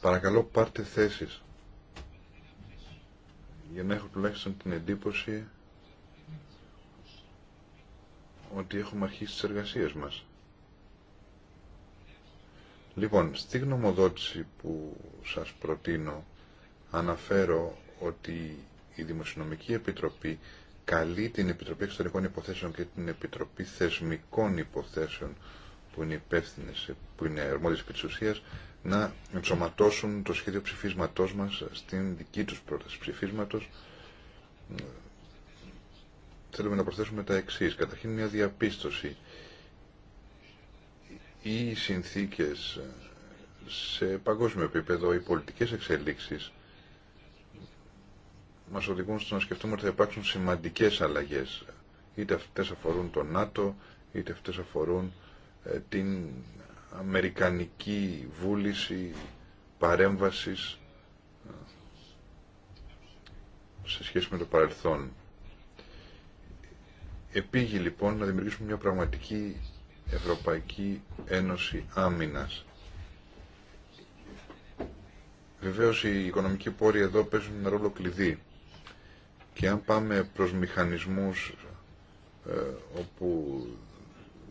Παρακαλώ πάρτε θέσεις για να έχω τουλάχιστον την εντύπωση ότι έχουμε αρχίσει τις εργασίες μας. Λοιπόν, στη γνωμοδότηση που σας προτείνω αναφέρω ότι η Δημοσιονομική Επιτροπή καλεί την Επιτροπή Εξωτερικών Υποθέσεων και την Επιτροπή Θεσμικών Υποθέσεων που είναι υπεύθυνε, που είναι αρμόδιε επί της να ενσωματώσουν το σχέδιο ψηφίσματός μας στην δική τους πρόταση ψηφίσματος. Θέλουμε να προσθέσουμε τα εξής. Καταρχήν μια διαπίστωση. Οι συνθήκες σε παγκόσμιο επίπεδο, οι πολιτικές εξελίξεις μας οδηγούν στο να σκεφτούμε ότι θα υπάρξουν σημαντικές αλλαγές. Είτε αυτές αφορούν το ΝΑΤΟ, είτε αυτές αφορούν ε, την αμερικανική βούληση παρέμβασης ε, σε σχέση με το παρελθόν. Επήγει λοιπόν να δημιουργήσουμε μια πραγματική Ευρωπαϊκή Ένωση Άμυνας. Βεβαίως οι οικονομικοί πόροι εδώ παίζουν ένα ρόλο κλειδί και αν πάμε προς μηχανισμούς ε, όπου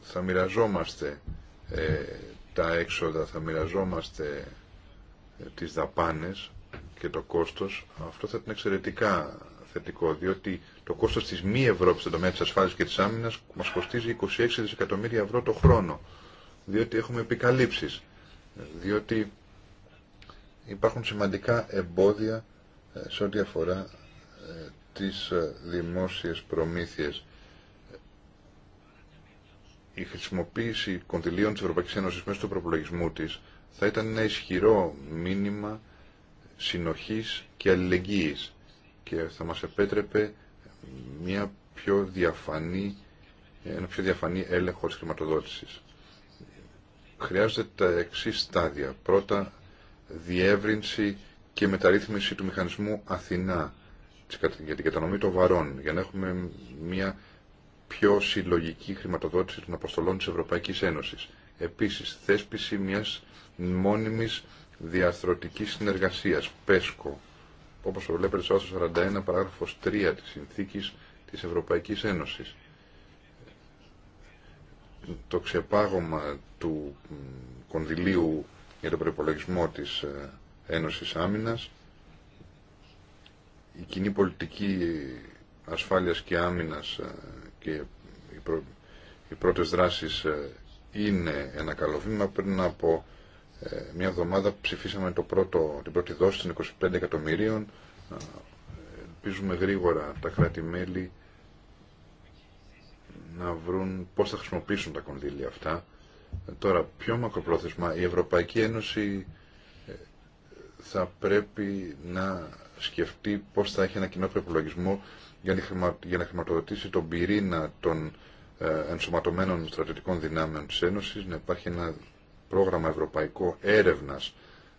θα μοιραζόμαστε ε, τα έξοδα, θα μοιραζόμαστε ε, τις δαπάνες και το κόστος, αυτό θα ήταν εξαιρετικά θετικό, διότι το κόστος της μη Ευρώπης στον τομέα της ασφάλισης και της άμυνας μας κοστίζει 26 δισεκατομμύρια ευρώ το χρόνο, διότι έχουμε επικαλύψεις, διότι υπάρχουν σημαντικά εμπόδια ε, σε ό,τι αφορά ε, τις δημόσιες προμήθειες η χρησιμοποίηση κοντιλίων της Ευρωπαϊκής Ένωσης μέσα του προπολογισμού της θα ήταν ένα ισχυρό μήνυμα συνοχής και αλληλεγγύης και θα μας επέτρεπε μια πιο διαφανή, ένα πιο διαφανή έλεγχο της χρηματοδότησης. Χρειάζεται τα εξή στάδια. Πρώτα, διεύρυνση και μεταρρύθμιση του μηχανισμού Αθηνά για την κατανομή των βαρών, για να έχουμε μια πιο συλλογική χρηματοδότηση των αποστολών της Ευρωπαϊκής Ένωσης. Επίσης, θέσπιση μιας μόνιμης διαρθρωτικής συνεργασίας, ΠΕΣΚΟ, όπως βλέπετε στο άρθρο 41 παράγραφος 3 της Συνθήκης της Ευρωπαϊκής Ένωσης. Το ξεπάγωμα του κονδυλίου για τον προπολογισμό της ε, Ένωσης Άμυνας, η κοινή πολιτική ασφάλειας και άμυνας ε, και οι, πρω... οι πρώτες δράσεις ε, είναι ένα καλό βήμα. Πριν από ε, μια εβδομάδα ψηφίσαμε το πρώτο, την πρώτη δόση των 25 εκατομμυρίων. Ελπίζουμε γρήγορα τα κράτη-μέλη να βρουν πώς θα χρησιμοποιήσουν τα κονδύλια αυτά. Τώρα, πιο μακροπρόθεσμα, η Ευρωπαϊκή Ένωση ε, θα πρέπει να σκεφτεί πώς θα έχει ένα κοινό προπολογισμό για να χρηματοδοτήσει τον πυρήνα των ε, ενσωματωμένων στρατιωτικών δυνάμεων της Ένωσης, να υπάρχει ένα πρόγραμμα ευρωπαϊκό έρευνας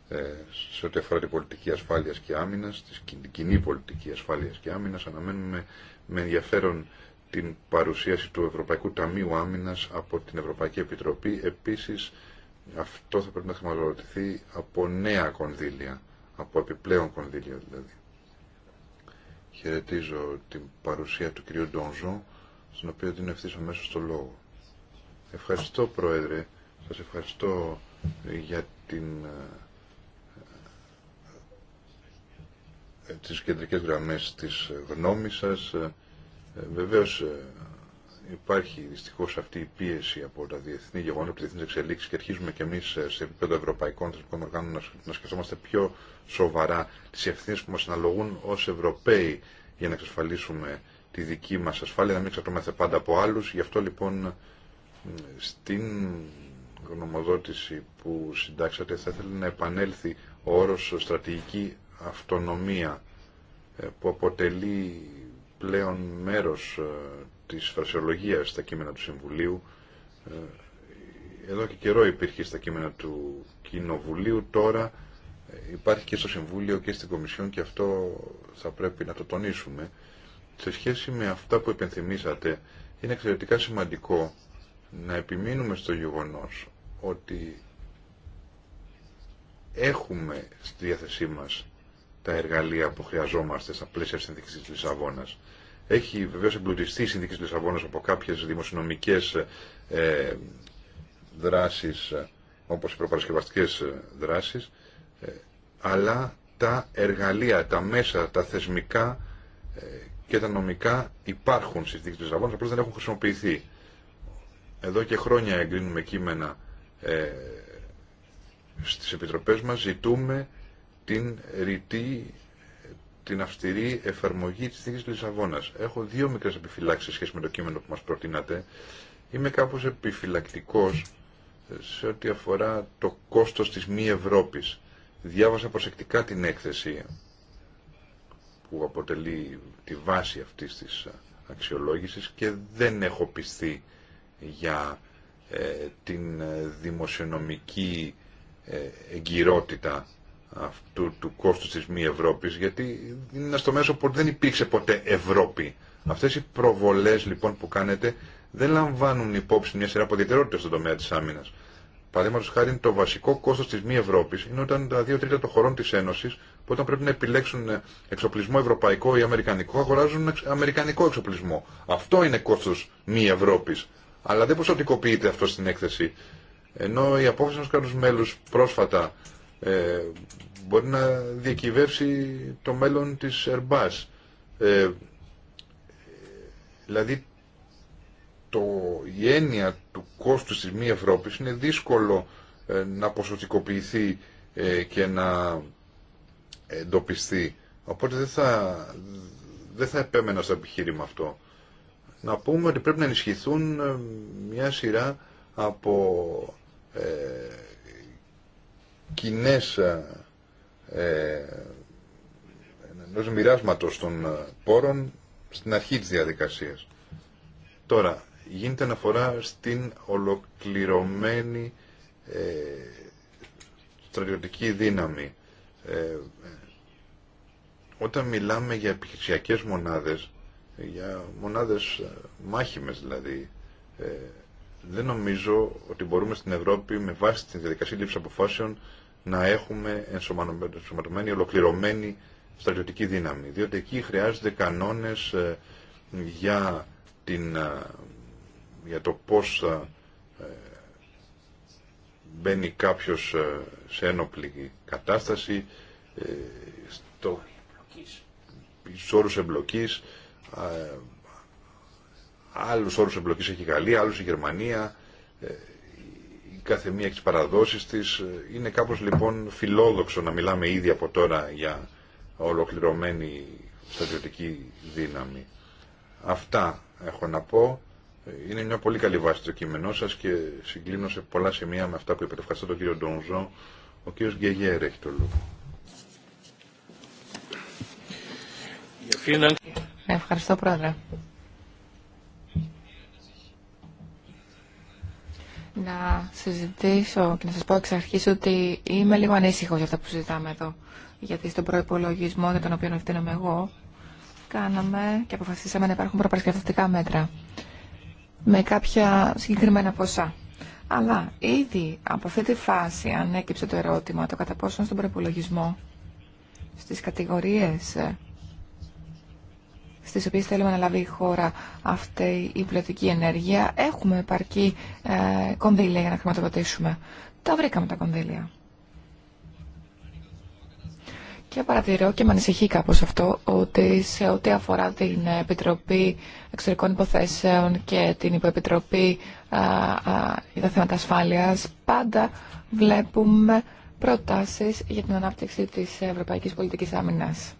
ε, σε ό,τι αφορά την πολιτική ασφάλειας και άμυνας, την κοινή πολιτική ασφάλειας και άμυνας. Αναμένουμε με ενδιαφέρον την παρουσίαση του Ευρωπαϊκού Ταμείου Άμυνας από την Ευρωπαϊκή Επιτροπή. Επίσης, αυτό θα πρέπει να χρηματοδοτηθεί από νέα κονδύλια, από επιπλέον κονδύλια δηλαδή χαιρετίζω την παρουσία του κυρίου Ντόνζο στον οποίο την ευθύσω αμέσως το λόγο. Ευχαριστώ Πρόεδρε, σας ευχαριστώ ε, για την ε, ε, τις κεντρικές γραμμές της γνώμης σας. Βεβαίως υπάρχει δυστυχώ αυτή η πίεση από τα διεθνή γεγονότα, από τι διεθνείς εξελίξεις και αρχίζουμε και εμεί ε, σε επίπεδο ευρωπαϊκών θεσμικών οργάνων να σκεφτόμαστε πιο σοβαρά τι ευθύνε που μα αναλογούν ω Ευρωπαίοι για να εξασφαλίσουμε τη δική μα ασφάλεια, να μην εξαρτώμαστε πάντα από άλλου. Γι' αυτό λοιπόν στην γνωμοδότηση που συντάξατε θα ήθελα να επανέλθει ο όρος στρατηγική αυτονομία ε, που αποτελεί πλέον μέρος ε, της φρασιολογίας στα κείμενα του Συμβουλίου. Ε, εδώ και καιρό υπήρχε στα κείμενα του Κοινοβουλίου, τώρα ε, υπάρχει και στο Συμβούλιο και στην Κομισιόν και αυτό θα πρέπει να το τονίσουμε. Σε σχέση με αυτά που επενθυμίσατε, είναι εξαιρετικά σημαντικό να επιμείνουμε στο γεγονός ότι έχουμε στη διάθεσή μας τα εργαλεία που χρειαζόμαστε στα πλαίσια τη συνθήκη τη Λισαβόνα. Έχει βεβαίω εμπλουτιστεί η συνθήκη τη Λισαβόνα από κάποιε δημοσιονομικέ ε, δράσει, ε, όπω οι προπαρασκευαστικέ ε, δράσει, ε, αλλά τα εργαλεία, τα μέσα, τα θεσμικά και τα νομικά υπάρχουν στη συνθήκη τη Λισαβόνα, απλώ δεν έχουν χρησιμοποιηθεί. Εδώ και χρόνια εγκρίνουμε κείμενα ε, στις επιτροπές μας ζητούμε την ρητή, την αυστηρή εφαρμογή της θήκης Λισαβόνας. Έχω δύο μικρές επιφυλάξεις σχέση με το κείμενο που μας προτείνατε. Είμαι κάπως επιφυλακτικός ε, σε ό,τι αφορά το κόστος της μη Ευρώπης. Διάβασα προσεκτικά την έκθεση που αποτελεί τη βάση αυτής της ε, αξιολόγησης και δεν έχω πιστεί για ε, την δημοσιονομική εγκυρότητα αυτού του κόστου της μη Ευρώπης, γιατί είναι στο μέσο που δεν υπήρξε ποτέ Ευρώπη. Αυτές οι προβολές λοιπόν που κάνετε δεν λαμβάνουν υπόψη μια σειρά από ιδιαιτερότητες στον τομέα της άμυνας. Παραδείγματο χάρη, το βασικό κόστο τη μη Ευρώπη είναι όταν τα δύο τρίτα των χωρών τη Ένωση, που όταν πρέπει να επιλέξουν εξοπλισμό ευρωπαϊκό ή αμερικανικό, αγοράζουν αμερικανικό εξοπλισμό. Αυτό είναι κόστο μη Ευρώπη. Αλλά δεν ποσοτικοποιείται αυτό στην έκθεση. Ενώ η απόφαση ενό κράτου μέλου πρόσφατα ε, μπορεί να διακυβεύσει το μέλλον της Ερμπάς. Ε, δηλαδή το, η έννοια του κόστου της μη Ευρώπης είναι δύσκολο ε, να ποσοτικοποιηθεί ε, και να εντοπιστεί. Οπότε δεν θα, δεν θα επέμενα στο επιχείρημα αυτό. Να πούμε ότι πρέπει να ενισχυθούν μια σειρά από κοινές ε, ε, ενός μοιράσματος των ε, πόρων στην αρχή της διαδικασίας. Τώρα, γίνεται αναφορά στην ολοκληρωμένη ε, στρατιωτική δύναμη. Ε, όταν μιλάμε για επιχειρησιακές μονάδες, για μονάδες μάχημες δηλαδή, δεν νομίζω ότι μπορούμε στην Ευρώπη με βάση τη διαδικασία λήψη αποφάσεων να έχουμε ενσωματωμένη, ολοκληρωμένη στρατιωτική δύναμη. Διότι εκεί χρειάζονται κανόνες ε, για, την, ε, για το πώς ε, μπαίνει κάποιος σε ένοπλη κατάσταση, στο, στους όρους εμπλοκής, άλλους όρους εμπλοκής έχει η Γαλλία, άλλους η Γερμανία, κάθε μία έχει παραδόσεις της. Είναι κάπως λοιπόν φιλόδοξο να μιλάμε ήδη από τώρα για ολοκληρωμένη στρατιωτική δύναμη. Αυτά έχω να πω. Είναι μια πολύ καλή βάση το κείμενό σας και συγκλίνω σε πολλά σημεία με αυτά που είπατε. Ευχαριστώ τον κύριο Ντονζό. Ο κύριος Γκεγέρ έχει το λόγο. Ε, ευχαριστώ πρόεδρε. να συζητήσω και να σας πω εξ αρχής ότι είμαι λίγο ανήσυχο για αυτά που συζητάμε εδώ. Γιατί στον προπολογισμό για τον οποίο ευθύνομαι εγώ, κάναμε και αποφασίσαμε να υπάρχουν προπαρασκευαστικά μέτρα με κάποια συγκεκριμένα ποσά. Αλλά ήδη από αυτή τη φάση ανέκυψε το ερώτημα το κατά πόσο στον προπολογισμό στις κατηγορίες στις οποίες θέλουμε να λάβει η χώρα αυτή η πλωτική ενέργεια, έχουμε επαρκή ε, κονδύλια για να χρηματοδοτήσουμε. Τα βρήκαμε τα κονδύλια. Και παρατηρώ και με ανησυχεί κάπως αυτό ότι σε ό,τι αφορά την Επιτροπή Εξωτερικών Υποθέσεων και την Υποεπιτροπή α, ε, α, ε, για τα θέματα ασφάλειας πάντα βλέπουμε προτάσεις για την ανάπτυξη της Ευρωπαϊκής Πολιτικής Άμυνας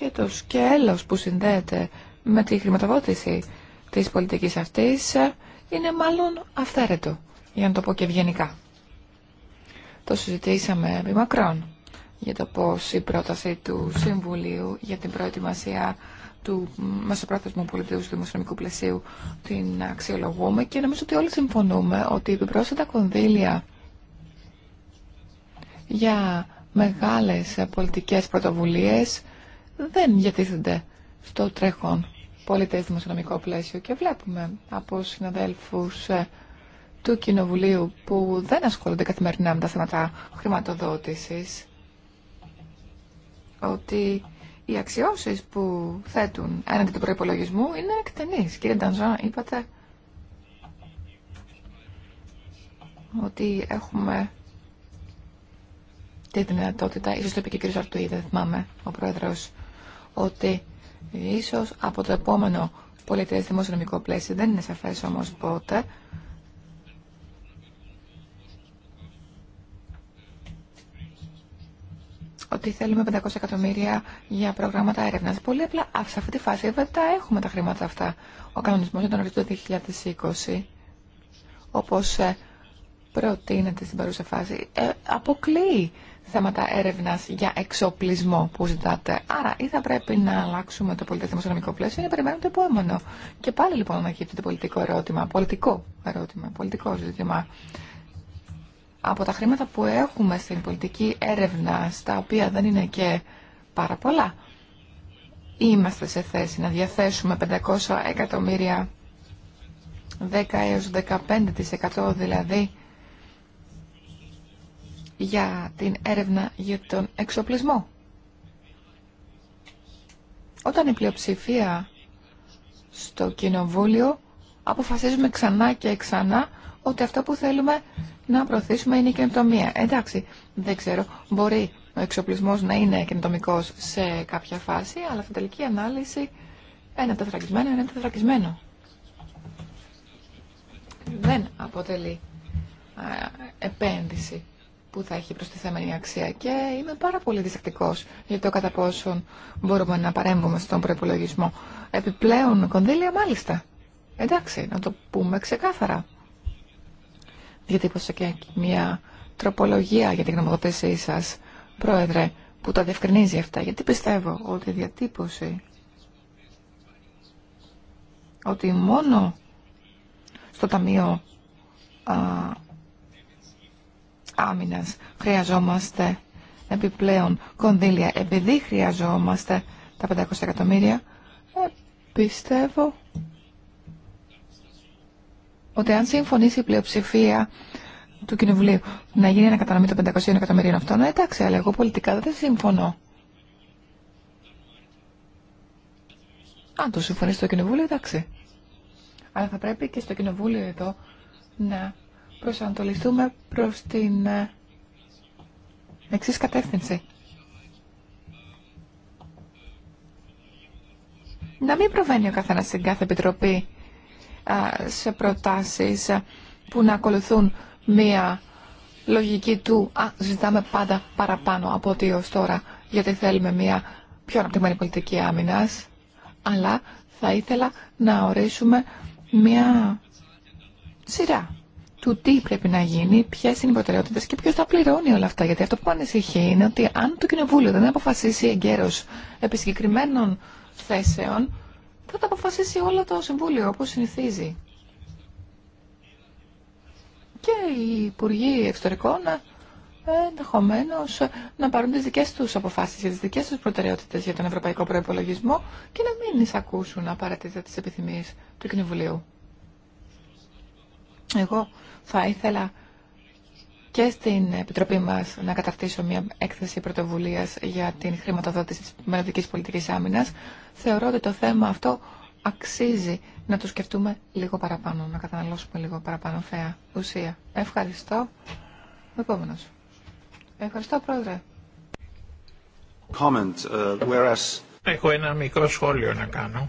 και το σκέλος που συνδέεται με τη χρηματοδότηση της πολιτικής αυτής ε, είναι μάλλον αυθαίρετο, για να το πω και ευγενικά. Το συζητήσαμε επί μακρόν για το πώς η πρόταση του Συμβουλίου για την προετοιμασία του μεσοπρόθεσμου του δημοσιονομικού πλαισίου την αξιολογούμε και νομίζω ότι όλοι συμφωνούμε ότι επιπρόσθετα κονδύλια για μεγάλες πολιτικές πρωτοβουλίες δεν διατίθενται στο τρέχον πολιτές δημοσιονομικό πλαίσιο και βλέπουμε από συναδέλφους ε, του Κοινοβουλίου που δεν ασχολούνται καθημερινά με τα θέματα χρηματοδότησης ότι οι αξιώσεις που θέτουν έναντι του προϋπολογισμού είναι εκτενείς. Κύριε Ντανζό, είπατε ότι έχουμε τη δυνατότητα, Ίσως το είπε και ο κ. Αρτουή, θυμάμαι, ο πρόεδρο, ότι ίσως από το επόμενο πολιτές δημοσιονομικό πλαίσιο, δεν είναι σαφές όμως πότε, ότι θέλουμε 500 εκατομμύρια για προγράμματα έρευνας. Πολύ απλά σε αυτή τη φάση δεν τα έχουμε τα χρήματα αυτά. Ο κανονισμός για τον ορίζοντα 2020, όπως ε, προτείνεται στην παρούσα φάση, ε, αποκλείει θέματα έρευνα για εξοπλισμό που ζητάτε. Άρα, ή θα πρέπει να αλλάξουμε το πολιτικό δημοσιονομικό πλαίσιο ή να περιμένουμε το επόμενο. Και πάλι λοιπόν να το πολιτικό ερώτημα, πολιτικό ερώτημα, πολιτικό ζήτημα. Από τα χρήματα που έχουμε στην πολιτική έρευνα, στα οποία δεν είναι και πάρα πολλά, είμαστε σε θέση να διαθέσουμε 500 εκατομμύρια 10 έως 15% δηλαδή για την έρευνα για τον εξοπλισμό. Όταν η πλειοψηφία στο κοινοβούλιο αποφασίζουμε ξανά και ξανά ότι αυτό που θέλουμε να προωθήσουμε είναι η καινοτομία. Εντάξει, δεν ξέρω, μπορεί ο εξοπλισμός να είναι καινοτομικό σε κάποια φάση, αλλά στην τελική ανάλυση ένα τεθρακισμένο είναι τεθρακισμένο. Δεν αποτελεί α, επένδυση που θα έχει προστιθέμενη αξία και είμαι πάρα πολύ διστακτικό για το κατά πόσον μπορούμε να παρέμβουμε στον προπολογισμό. Επιπλέον κονδύλια μάλιστα. Εντάξει, να το πούμε ξεκάθαρα. Διατύπωσα και μια τροπολογία για την γνωμοδότησή σα, Πρόεδρε, που τα διευκρινίζει αυτά, γιατί πιστεύω ότι η διατύπωση ότι μόνο στο Ταμείο άμυνας. Χρειαζόμαστε επιπλέον κονδύλια. Επειδή χρειαζόμαστε τα 500 εκατομμύρια, ε, πιστεύω ότι αν συμφωνήσει η πλειοψηφία του Κοινοβουλίου να γίνει ένα κατανομή των 500 εκατομμυρίων αυτών, ε, εντάξει, αλλά εγώ πολιτικά δεν συμφωνώ. Αν το συμφωνήσει το Κοινοβούλιο, εντάξει. Αλλά θα πρέπει και στο Κοινοβούλιο εδώ να προσανατολιστούμε προς την ε, εξής κατεύθυνση. Να μην προβαίνει ο καθένας στην κάθε επιτροπή σε προτάσεις ε, που να ακολουθούν μία λογική του «Α, ζητάμε πάντα παραπάνω από ό,τι ως τώρα, γιατί θέλουμε μία πιο αναπτυγμένη πολιτική άμυνας», αλλά θα ήθελα να ορίσουμε μία σειρά του τι πρέπει να γίνει, ποιε είναι οι προτεραιότητε και ποιο θα πληρώνει όλα αυτά. Γιατί αυτό που ανησυχεί είναι ότι αν το Κοινοβούλιο δεν αποφασίσει εγκαίρω επί συγκεκριμένων θέσεων, θα τα αποφασίσει όλο το Συμβούλιο, όπω συνηθίζει. Και οι Υπουργοί Εξωτερικών ε, ενδεχομένω να πάρουν τι δικέ του αποφάσει και τι δικέ του προτεραιότητε για τον Ευρωπαϊκό Προπολογισμό και να μην εισακούσουν απαραίτητα τι επιθυμίε του Κοινοβουλίου. Εγώ θα ήθελα και στην Επιτροπή μας να καταρτήσω μια έκθεση πρωτοβουλίας για την χρηματοδότηση της μελλοντικής πολιτικής άμυνας. Θεωρώ ότι το θέμα αυτό αξίζει να το σκεφτούμε λίγο παραπάνω, να καταναλώσουμε λίγο παραπάνω θέα ουσία. Ευχαριστώ. Επόμενος. Ευχαριστώ, Πρόεδρε. Comment, uh, whereas... Έχω ένα μικρό σχόλιο να κάνω.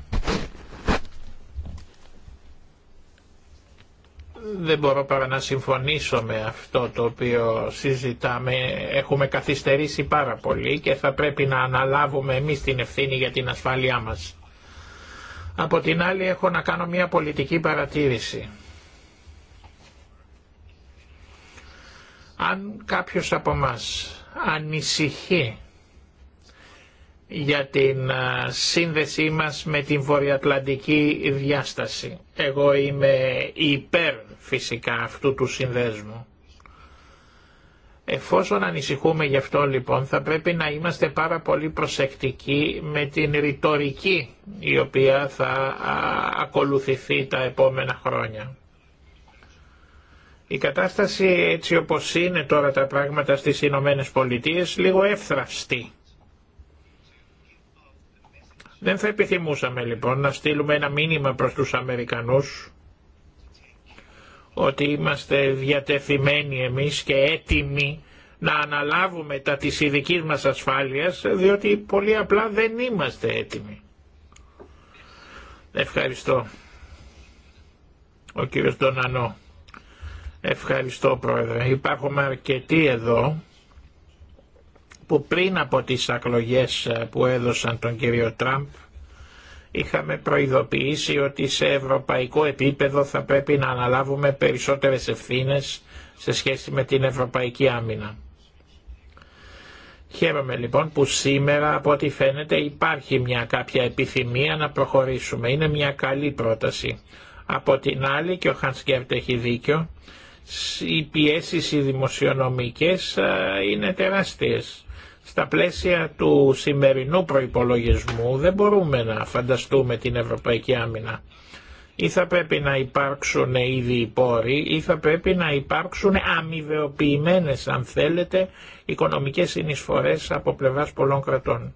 δεν μπορώ παρά να συμφωνήσω με αυτό το οποίο συζητάμε. Έχουμε καθυστερήσει πάρα πολύ και θα πρέπει να αναλάβουμε εμείς την ευθύνη για την ασφάλειά μας. Από την άλλη έχω να κάνω μια πολιτική παρατήρηση. Αν κάποιος από μας ανησυχεί για την σύνδεσή μας με την βορειοατλαντική διάσταση. Εγώ είμαι υπέρ φυσικά αυτού του συνδέσμου. Εφόσον ανησυχούμε γι' αυτό λοιπόν θα πρέπει να είμαστε πάρα πολύ προσεκτικοί με την ρητορική η οποία θα ακολουθηθεί τα επόμενα χρόνια. Η κατάσταση έτσι όπως είναι τώρα τα πράγματα στις Ηνωμένε Πολιτείες λίγο εύθραυστη. Δεν θα επιθυμούσαμε λοιπόν να στείλουμε ένα μήνυμα προς τους Αμερικανούς ότι είμαστε διατεθειμένοι εμείς και έτοιμοι να αναλάβουμε τα της ειδική μας ασφάλειας, διότι πολύ απλά δεν είμαστε έτοιμοι. Ευχαριστώ. Ο κύριος Ντονανό. Ευχαριστώ πρόεδρε. Υπάρχουμε αρκετοί εδώ που πριν από τις ακλογές που έδωσαν τον κύριο Τραμπ είχαμε προειδοποιήσει ότι σε ευρωπαϊκό επίπεδο θα πρέπει να αναλάβουμε περισσότερες ευθύνες σε σχέση με την ευρωπαϊκή άμυνα. Χαίρομαι λοιπόν που σήμερα από ό,τι φαίνεται υπάρχει μια κάποια επιθυμία να προχωρήσουμε. Είναι μια καλή πρόταση. Από την άλλη και ο Χανσκέρτ έχει δίκιο, οι πιέσεις οι δημοσιονομικές ε, είναι τεράστιες στα πλαίσια του σημερινού προϋπολογισμού δεν μπορούμε να φανταστούμε την Ευρωπαϊκή Άμυνα. Ή θα πρέπει να υπάρξουν ήδη οι πόροι ή θα πρέπει να υπάρξουν αμοιβεοποιημένες αν θέλετε οικονομικές συνεισφορές από πλευράς πολλών κρατών.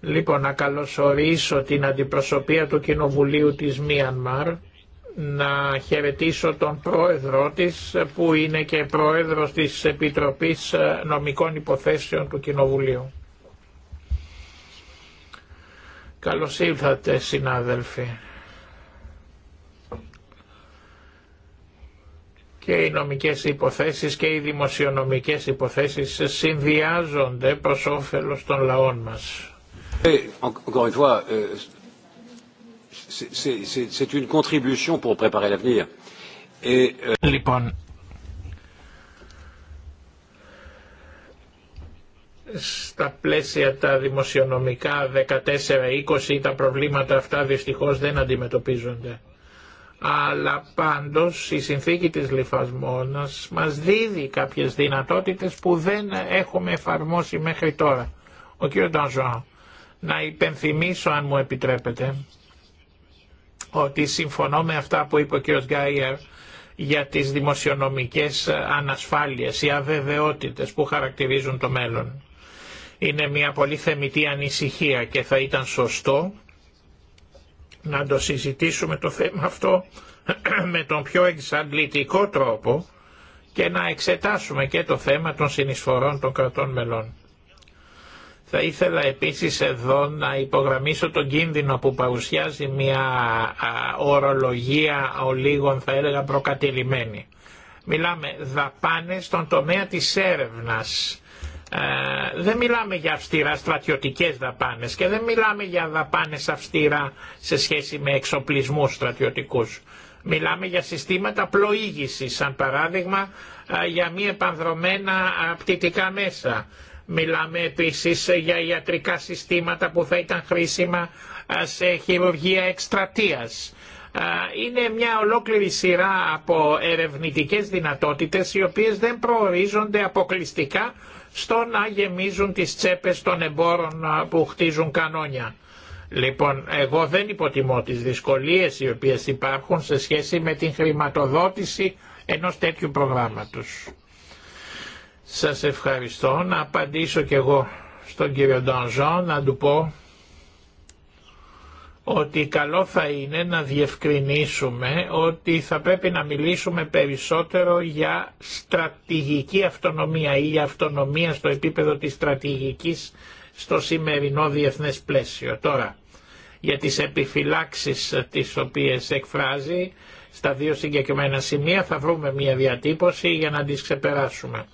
Λοιπόν, να καλωσορίσω την αντιπροσωπεία του Κοινοβουλίου της Μίανμαρ να χαιρετήσω τον πρόεδρό της που είναι και πρόεδρος της Επιτροπής Νομικών Υποθέσεων του Κοινοβουλίου. Καλώς ήλθατε συνάδελφοι. Και οι νομικές υποθέσεις και οι δημοσιονομικές υποθέσεις συνδυάζονται προς όφελος των λαών μας. Ε, Λοιπόν, στα πλαίσια τα δημοσιονομικά 14-20 τα προβλήματα αυτά δυστυχώς δεν αντιμετωπίζονται. Αλλά πάντως η συνθήκη της Λιφασμόνας μας δίδει κάποιες δυνατότητες που δεν έχουμε εφαρμόσει μέχρι τώρα. Ο κ. Ντανζουάν, να υπενθυμίσω αν μου επιτρέπετε ότι συμφωνώ με αυτά που είπε ο κ. Γκάιερ για τις δημοσιονομικές ανασφάλειες ή αβεβαιότητες που χαρακτηρίζουν το μέλλον. Είναι μια πολύ θεμητή ανησυχία και θα ήταν σωστό να το συζητήσουμε το θέμα αυτό με τον πιο εξαντλητικό τρόπο και να εξετάσουμε και το θέμα των συνεισφορών των κρατών μελών. Θα ήθελα επίσης εδώ να υπογραμμίσω τον κίνδυνο που παρουσιάζει μια ορολογία ολίγων θα έλεγα προκατηλημένη. Μιλάμε δαπάνες στον τομέα της έρευνας. Ε, δεν μιλάμε για αυστηρά στρατιωτικές δαπάνες και δεν μιλάμε για δαπάνες αυστηρά σε σχέση με εξοπλισμούς στρατιωτικούς. Μιλάμε για συστήματα πλοήγησης, σαν παράδειγμα ε, για μη επανδρομένα πτυτικά μέσα Μιλάμε επίσης για ιατρικά συστήματα που θα ήταν χρήσιμα σε χειρουργία εκστρατεία. Είναι μια ολόκληρη σειρά από ερευνητικές δυνατότητες οι οποίες δεν προορίζονται αποκλειστικά στο να γεμίζουν τις τσέπες των εμπόρων που χτίζουν κανόνια. Λοιπόν, εγώ δεν υποτιμώ τις δυσκολίες οι οποίες υπάρχουν σε σχέση με την χρηματοδότηση ενός τέτοιου προγράμματος. Σας ευχαριστώ. Να απαντήσω και εγώ στον κύριο Ντονζόν, να του πω ότι καλό θα είναι να διευκρινίσουμε ότι θα πρέπει να μιλήσουμε περισσότερο για στρατηγική αυτονομία ή για αυτονομία στο επίπεδο της στρατηγικής στο σημερινό διεθνές πλαίσιο. Τώρα, για τις επιφυλάξεις τις οποίες εκφράζει στα δύο συγκεκριμένα σημεία θα βρούμε μια διατύπωση για να τις ξεπεράσουμε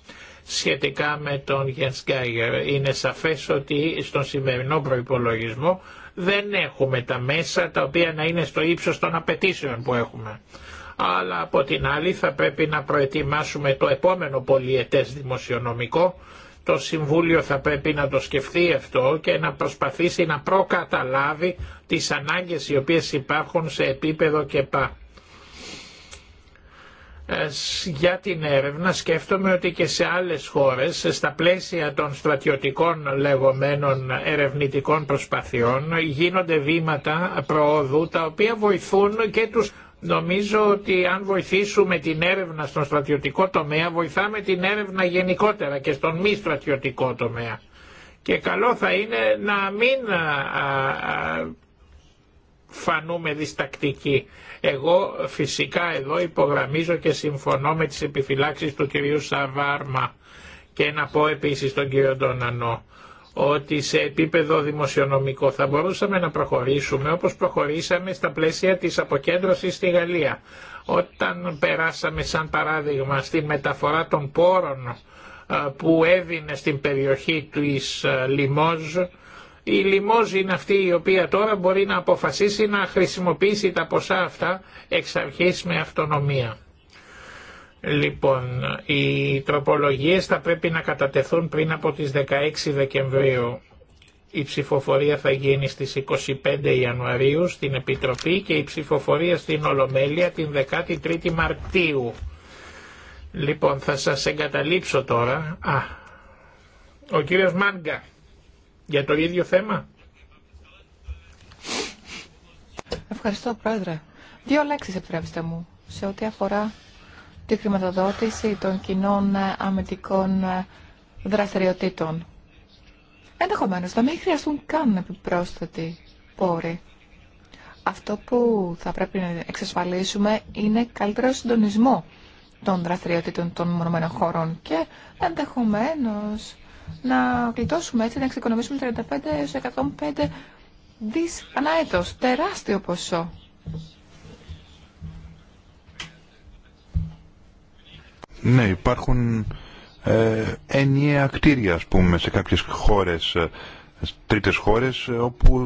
σχετικά με τον Γιάνς Γκάιγερ. Είναι σαφές ότι στον σημερινό προϋπολογισμό δεν έχουμε τα μέσα τα οποία να είναι στο ύψος των απαιτήσεων που έχουμε. Αλλά από την άλλη θα πρέπει να προετοιμάσουμε το επόμενο πολιετές δημοσιονομικό. Το Συμβούλιο θα πρέπει να το σκεφτεί αυτό και να προσπαθήσει να προκαταλάβει τις ανάγκες οι οποίες υπάρχουν σε επίπεδο και για την έρευνα σκέφτομαι ότι και σε άλλες χώρες στα πλαίσια των στρατιωτικών λεγόμενων ερευνητικών προσπαθειών γίνονται βήματα προόδου τα οποία βοηθούν και τους Νομίζω ότι αν βοηθήσουμε την έρευνα στον στρατιωτικό τομέα βοηθάμε την έρευνα γενικότερα και στον μη στρατιωτικό τομέα. Και καλό θα είναι να μην φανούμε διστακτικοί εγώ φυσικά εδώ υπογραμμίζω και συμφωνώ με τις επιφυλάξεις του κυρίου Σαβάρμα και να πω επίσης τον κύριο Ντονανό ότι σε επίπεδο δημοσιονομικό θα μπορούσαμε να προχωρήσουμε όπως προχωρήσαμε στα πλαίσια της αποκέντρωσης στη Γαλλία. Όταν περάσαμε σαν παράδειγμα στη μεταφορά των πόρων που έδινε στην περιοχή της Λιμόζ η λιμόζη είναι αυτή η οποία τώρα μπορεί να αποφασίσει να χρησιμοποιήσει τα ποσά αυτά εξ αρχής με αυτονομία. Λοιπόν, οι τροπολογίες θα πρέπει να κατατεθούν πριν από τις 16 Δεκεμβρίου. Η ψηφοφορία θα γίνει στις 25 Ιανουαρίου στην Επιτροπή και η ψηφοφορία στην Ολομέλεια την 13η Μαρτίου. Λοιπόν, θα σας εγκαταλείψω τώρα. Α, ο κύριος Μάνγκα για το ίδιο θέμα. Ευχαριστώ, Πρόεδρε. Δύο λέξεις επιτρέψτε μου σε ό,τι αφορά τη χρηματοδότηση των κοινών ε, αμυντικών ε, δραστηριοτήτων. Ενδεχομένως να μην χρειαστούν καν επιπρόσθετοι πόροι. Αυτό που θα πρέπει να εξασφαλίσουμε είναι καλύτερο συντονισμό των δραστηριοτήτων των μονομένων χωρών και ενδεχομένως να κλειτώσουμε έτσι, να εξοικονομήσουμε 35 έως 105 δις ανά έτος. Τεράστιο ποσό. Ναι, υπάρχουν ε, ενιαία κτίρια, ας πούμε, σε κάποιες χώρες, ε, τρίτες χώρες, ε, όπου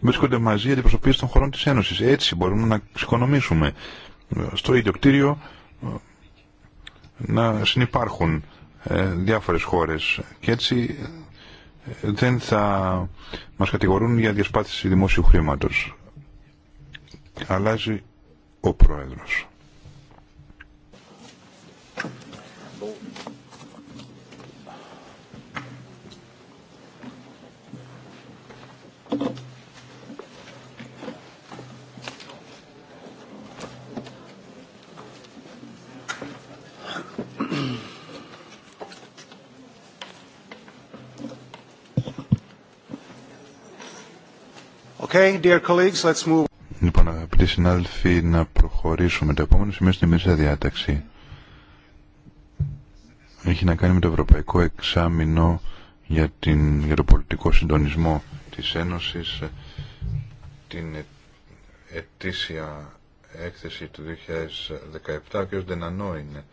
βρίσκονται μαζί αντιπροσωπείες των χωρών της Ένωσης. Έτσι μπορούμε να εξοικονομήσουμε ε, στο ίδιο κτίριο να συνεπάρχουν ε, διάφορες χώρες και έτσι ε, δεν θα μας κατηγορούν για διασπάθηση δημόσιου χρήματος. Αλλάζει ο Πρόεδρος. Λοιπόν, αγαπητοί συνάδελφοι, να προχωρήσουμε. Το επόμενο σημείο στην μέσα διάταξη έχει να κάνει με το Ευρωπαϊκό Εξάμεινο για, την, για το πολιτικό συντονισμό της Ένωσης, την ετήσια έκθεση του 2017. Ο κ. Ντενανό είναι,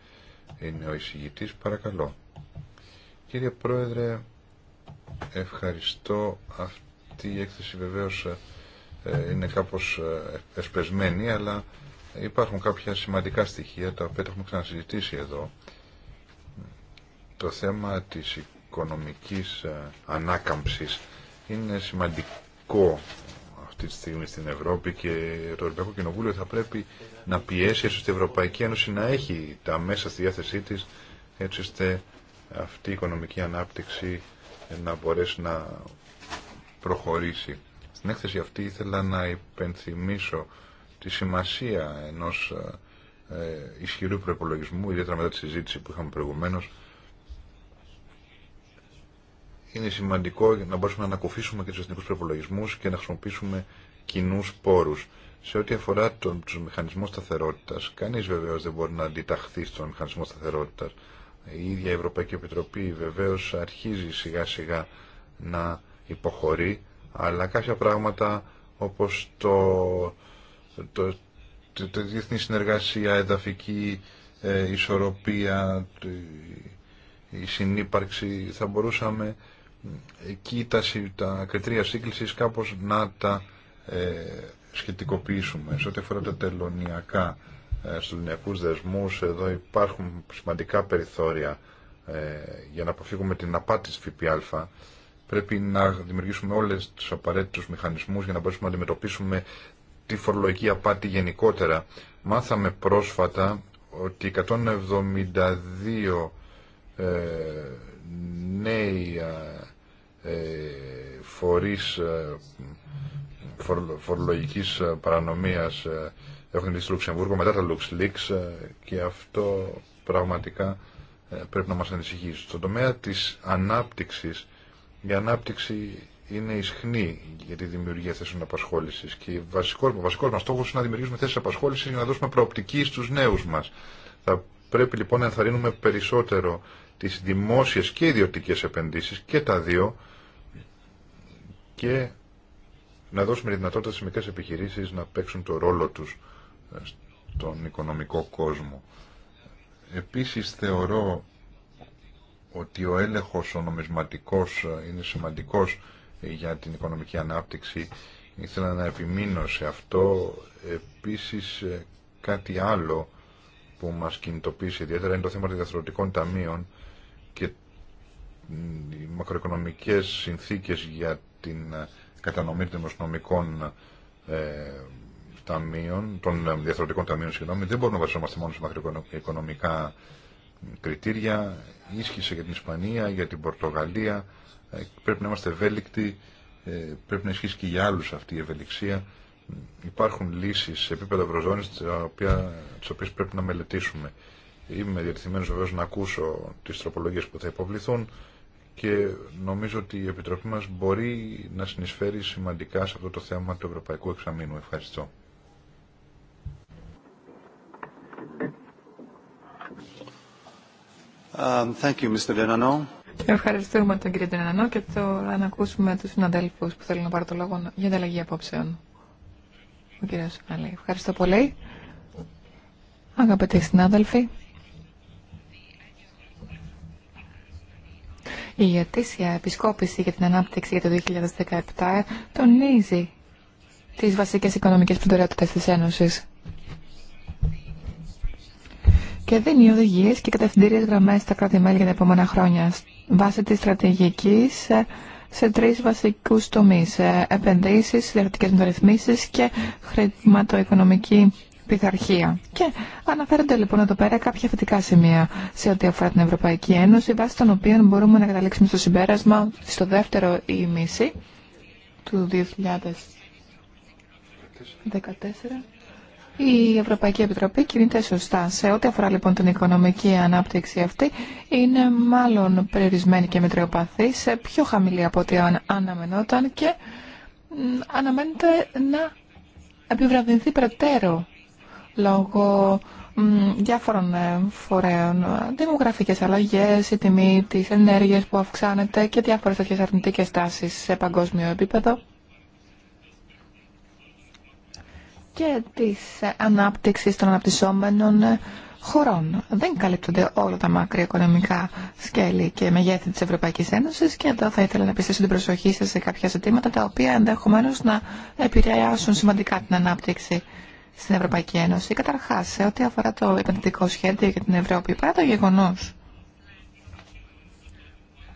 είναι ο εισηγητής. Παρακαλώ. Κύριε Πρόεδρε, ευχαριστώ αυτό. Αυτή η έκθεση βεβαίως ε, ε, είναι κάπως ε, εσπεσμένη, αλλά υπάρχουν κάποια σημαντικά στοιχεία τα οποία έχουμε ξανασυζητήσει εδώ. Το θέμα της οικονομικής ανάκαμψης είναι σημαντικό αυτή τη στιγμή στην Ευρώπη και το Ευρωπαϊκό Κοινοβούλιο θα πρέπει να πιέσει έτσι ώστε η Ευρωπαϊκή Ένωση να έχει τα μέσα στη διάθεσή της έτσι ώστε αυτή η οικονομική ανάπτυξη να μπορέσει να προχωρήσει. Στην έκθεση αυτή ήθελα να υπενθυμίσω τη σημασία ενός ε, ε, ισχυρού προπολογισμού, ιδιαίτερα μετά τη συζήτηση που είχαμε προηγουμένως. Είναι σημαντικό να μπορούμε να ανακουφίσουμε και τους εθνικούς προπολογισμού και να χρησιμοποιήσουμε κοινού πόρους. Σε ό,τι αφορά τον, τους μηχανισμούς σταθερότητας, κανείς βεβαίως δεν μπορεί να αντιταχθεί στον μηχανισμό σταθερότητας. Η ίδια η Ευρωπαϊκή Επιτροπή βεβαίως αρχίζει σιγά σιγά να υποχωρεί, αλλά κάποια πράγματα όπως το, το, το, το διεθνή συνεργασία, εδαφική ε, ισορροπία, η συνύπαρξη, θα μπορούσαμε εκεί τα, τα κριτήρια σύγκλησης κάπως να τα ε, σχετικοποιήσουμε. Σε ό,τι αφορά τα τελωνιακά ε, στους δεσμούς, εδώ υπάρχουν σημαντικά περιθώρια ε, για να αποφύγουμε την απάτη της ΦΠΑ Πρέπει να δημιουργήσουμε όλες τους απαραίτητου μηχανισμούς για να μπορέσουμε να αντιμετωπίσουμε τη φορολογική απάτη γενικότερα. Μάθαμε πρόσφατα ότι 172 ε, νέοι ε, ε φορείς ε, φορολογικής ε, παρανομίας ε, έχουν δει στο Λουξεμβούργο μετά τα LuxLeaks και αυτό πραγματικά πρέπει να μας ανησυχεί. Στον τομέα της ανάπτυξης η ανάπτυξη είναι ισχνή για τη δημιουργία θέσεων απασχόληση. Και ο βασικό μα στόχο είναι να δημιουργήσουμε θέσει απασχόληση για να δώσουμε προοπτική στου νέου μα. Θα πρέπει λοιπόν να ενθαρρύνουμε περισσότερο τι δημόσιε και ιδιωτικέ επενδύσει και τα δύο και να δώσουμε τη δυνατότητα στι μικρέ επιχειρήσει να παίξουν το ρόλο του στον οικονομικό κόσμο. Επίσης θεωρώ ότι ο έλεγχος ο νομισματικός ε, είναι σημαντικός ε, για την οικονομική ανάπτυξη. Ήθελα να επιμείνω σε αυτό. Επίσης ε, κάτι άλλο που μας κινητοποίησε ιδιαίτερα είναι το θέμα των διαθροτικών ταμείων και οι μακροοικονομικές συνθήκες για την κατανομή των δημοσιονομικών ταμείων, των διαθροτικών ταμείων, συγγνώμη, δεν μπορούμε να βασιζόμαστε μόνο σε μακροοικονομικά κριτήρια ίσχυσε για την Ισπανία, για την Πορτογαλία. Ε, πρέπει να είμαστε ευέλικτοι, ε, πρέπει να ισχύσει και για άλλους αυτή η ευελιξία. Υπάρχουν λύσεις σε επίπεδο ευρωζώνης τις οποίες πρέπει να μελετήσουμε. Είμαι διατηθειμένος βεβαίω να ακούσω τις τροπολογίες που θα υποβληθούν και νομίζω ότι η Επιτροπή μας μπορεί να συνεισφέρει σημαντικά σε αυτό το θέμα του Ευρωπαϊκού Εξαμήνου. Ευχαριστώ. Um, Ευχαριστούμε τον κύριο Τενανό και το να ακούσουμε τους συναντέλφους που θέλουν να πάρουν το λόγο για ανταλλαγή απόψεων. Ο κύριος Ευχαριστώ πολύ. Αγαπητοί συνάδελφοι, η αιτήσια επισκόπηση για την ανάπτυξη για το 2017 τονίζει τις βασικές οικονομικές προτεραιότητες της Ένωσης και δίνει οδηγίε και κατευθυντήριες γραμμές στα κράτη-μέλη για τα επόμενα χρόνια βάσει τη στρατηγική ε, σε τρεις βασικούς τομείς. Ε, επενδύσεις, συνταγματικέ μεταρρυθμίσεις και χρηματοοικονομική πειθαρχία. Και αναφέρονται λοιπόν εδώ πέρα κάποια θετικά σημεία σε ό,τι αφορά την Ευρωπαϊκή Ένωση, βάσει των οποίων μπορούμε να καταλήξουμε στο συμπέρασμα στο δεύτερο ημίση του 2014 η Ευρωπαϊκή Επιτροπή κινείται σωστά. Σε ό,τι αφορά λοιπόν την οικονομική ανάπτυξη αυτή, είναι μάλλον περιορισμένη και μετριοπαθή, σε πιο χαμηλή από ό,τι αναμενόταν και αναμένεται να επιβραδυνθεί περαιτέρω λόγω διάφορων ε, φορέων, δημογραφικές αλλαγές, η τιμή της ενέργειας που αυξάνεται και διάφορες τέτοιες αρνητικές τάσεις σε παγκόσμιο επίπεδο. και της ανάπτυξης των αναπτυσσόμενων χωρών. Δεν καλύπτονται όλα τα μακροοικονομικά σκέλη και μεγέθη της Ευρωπαϊκής Ένωσης και εδώ θα ήθελα να πιστήσω την προσοχή σας σε κάποια ζητήματα τα οποία ενδεχομένως να επηρεάσουν σημαντικά την ανάπτυξη στην Ευρωπαϊκή Ένωση. Καταρχάς, σε ό,τι αφορά το επενδυτικό σχέδιο για την Ευρώπη, παρά το γεγονός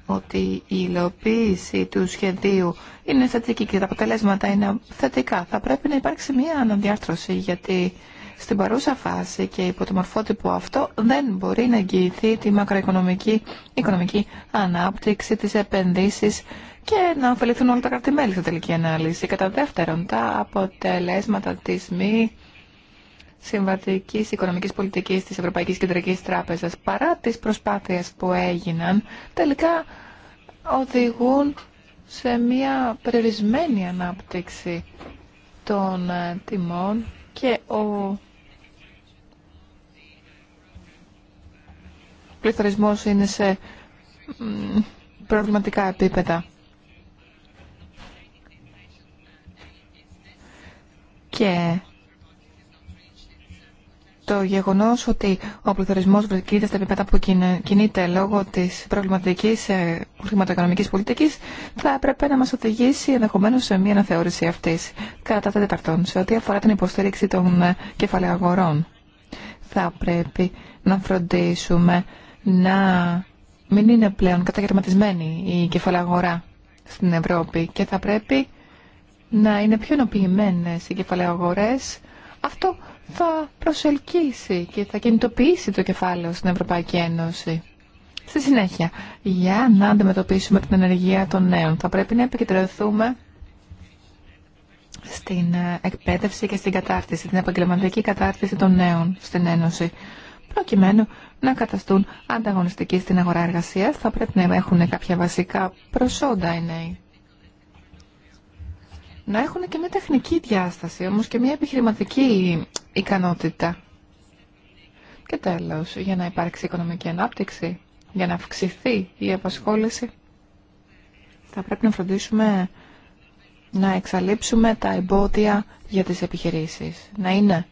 ότι η υλοποίηση του σχεδίου είναι θετική και τα αποτελέσματα είναι θετικά. Θα πρέπει να υπάρξει μια αναδιάρθρωση γιατί στην παρούσα φάση και υπό το μορφότυπο αυτό δεν μπορεί να εγγυηθεί τη μακροοικονομική οικονομική ανάπτυξη, τις επενδύσεις και να ωφεληθούν όλα τα κρατημέλη στη τελική ανάλυση. Κατά δεύτερον, τα αποτελέσματα της μη Συμβατική οικονομική πολιτική τη Ευρωπαϊκή Κεντρική Τράπεζα, παρά τι προσπάθειες που έγιναν, τελικά οδηγούν σε μια περιορισμένη ανάπτυξη των ε, τιμών και ο πληθωρισμός είναι σε προβληματικά επίπεδα. Και το γεγονό ότι ο πληθωρισμός βρίσκεται στα επίπεδα που κινείται λόγω τη προβληματική ε, χρηματοοικονομική πολιτική, θα έπρεπε να μα οδηγήσει ενδεχομένω σε μια αναθεώρηση αυτής κατά τα τέταρτον σε ό,τι αφορά την υποστήριξη των ε, κεφαλαίων αγορών. Θα πρέπει να φροντίσουμε να μην είναι πλέον καταγερματισμένη η κεφαλαία αγορά στην Ευρώπη και θα πρέπει να είναι πιο ενοποιημένε οι κεφαλαίοι αγορές. Αυτό θα προσελκύσει και θα κινητοποιήσει το κεφάλαιο στην Ευρωπαϊκή Ένωση. Στη συνέχεια, για να αντιμετωπίσουμε την ενεργεία των νέων, θα πρέπει να επικεντρωθούμε στην ε, εκπαίδευση και στην κατάρτιση, την επαγγελματική κατάρτιση των νέων στην Ένωση. Προκειμένου να καταστούν ανταγωνιστικοί στην αγορά εργασίας, θα πρέπει να έχουν κάποια βασικά προσόντα οι νέοι να έχουν και μια τεχνική διάσταση, όμως και μια επιχειρηματική ικανότητα. Και τέλος, για να υπάρξει οικονομική ανάπτυξη, για να αυξηθεί η απασχόληση, θα πρέπει να φροντίσουμε να εξαλείψουμε τα εμπόδια για τις επιχειρήσεις. Να είναι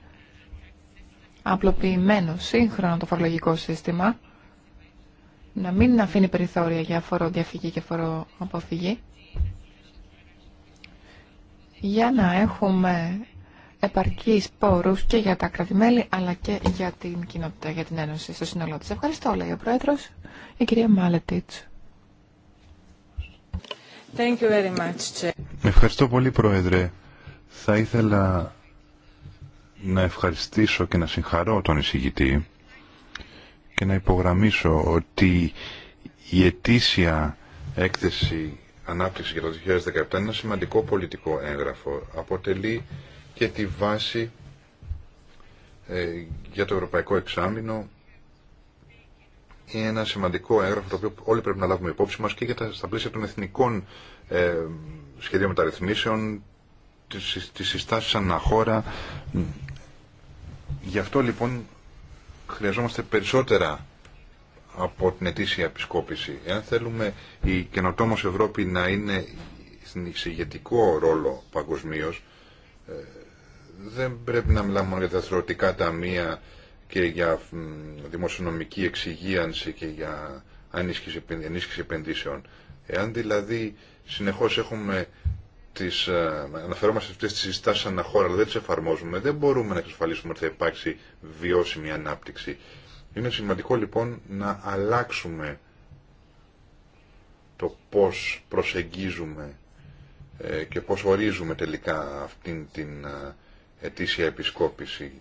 απλοποιημένο σύγχρονο το φορολογικό σύστημα, να μην αφήνει περιθώρια για φοροδιαφυγή και φοροαποφυγή για να έχουμε επαρκείς πόρους και για τα κρατημέλη αλλά και για την κοινότητα, για την Ένωση στο σύνολό της. Ευχαριστώ, λέει ο Πρόεδρος, η κυρία Μάλετιτς. Thank you very much. Ευχαριστώ πολύ, Πρόεδρε. Θα ήθελα να ευχαριστήσω και να συγχαρώ τον εισηγητή και να υπογραμμίσω ότι η ετήσια έκθεση Ανάπτυξη για το 2017 είναι ένα σημαντικό πολιτικό έγγραφο. Αποτελεί και τη βάση ε, για το Ευρωπαϊκό Εξάμεινο. Είναι ένα σημαντικό έγγραφο το οποίο όλοι πρέπει να λάβουμε υπόψη μας και για τα, στα πλαίσια των εθνικών ε, σχεδίων μεταρρυθμίσεων, τις, συστάσεις αναχώρα. Γι' αυτό λοιπόν χρειαζόμαστε περισσότερα από την ετήσια επισκόπηση. Εάν θέλουμε η καινοτόμος Ευρώπη να είναι στην εξηγετικό ρόλο παγκοσμίω, ε, δεν πρέπει να μιλάμε για τα θεωρητικά ταμεία και για δημοσιονομική εξυγίανση και για ενίσχυση επενδύσεων. Εάν δηλαδή συνεχώς έχουμε τις, ε, αναφερόμαστε σε αυτές τις συστάσεις χώρα, αλλά δεν τις εφαρμόζουμε, δεν μπορούμε να εξασφαλίσουμε ότι θα υπάρξει βιώσιμη ανάπτυξη. Είναι σημαντικό λοιπόν να αλλάξουμε το πώς προσεγγίζουμε ε, και πώς ορίζουμε τελικά αυτήν την ε, ετήσια επισκόπηση.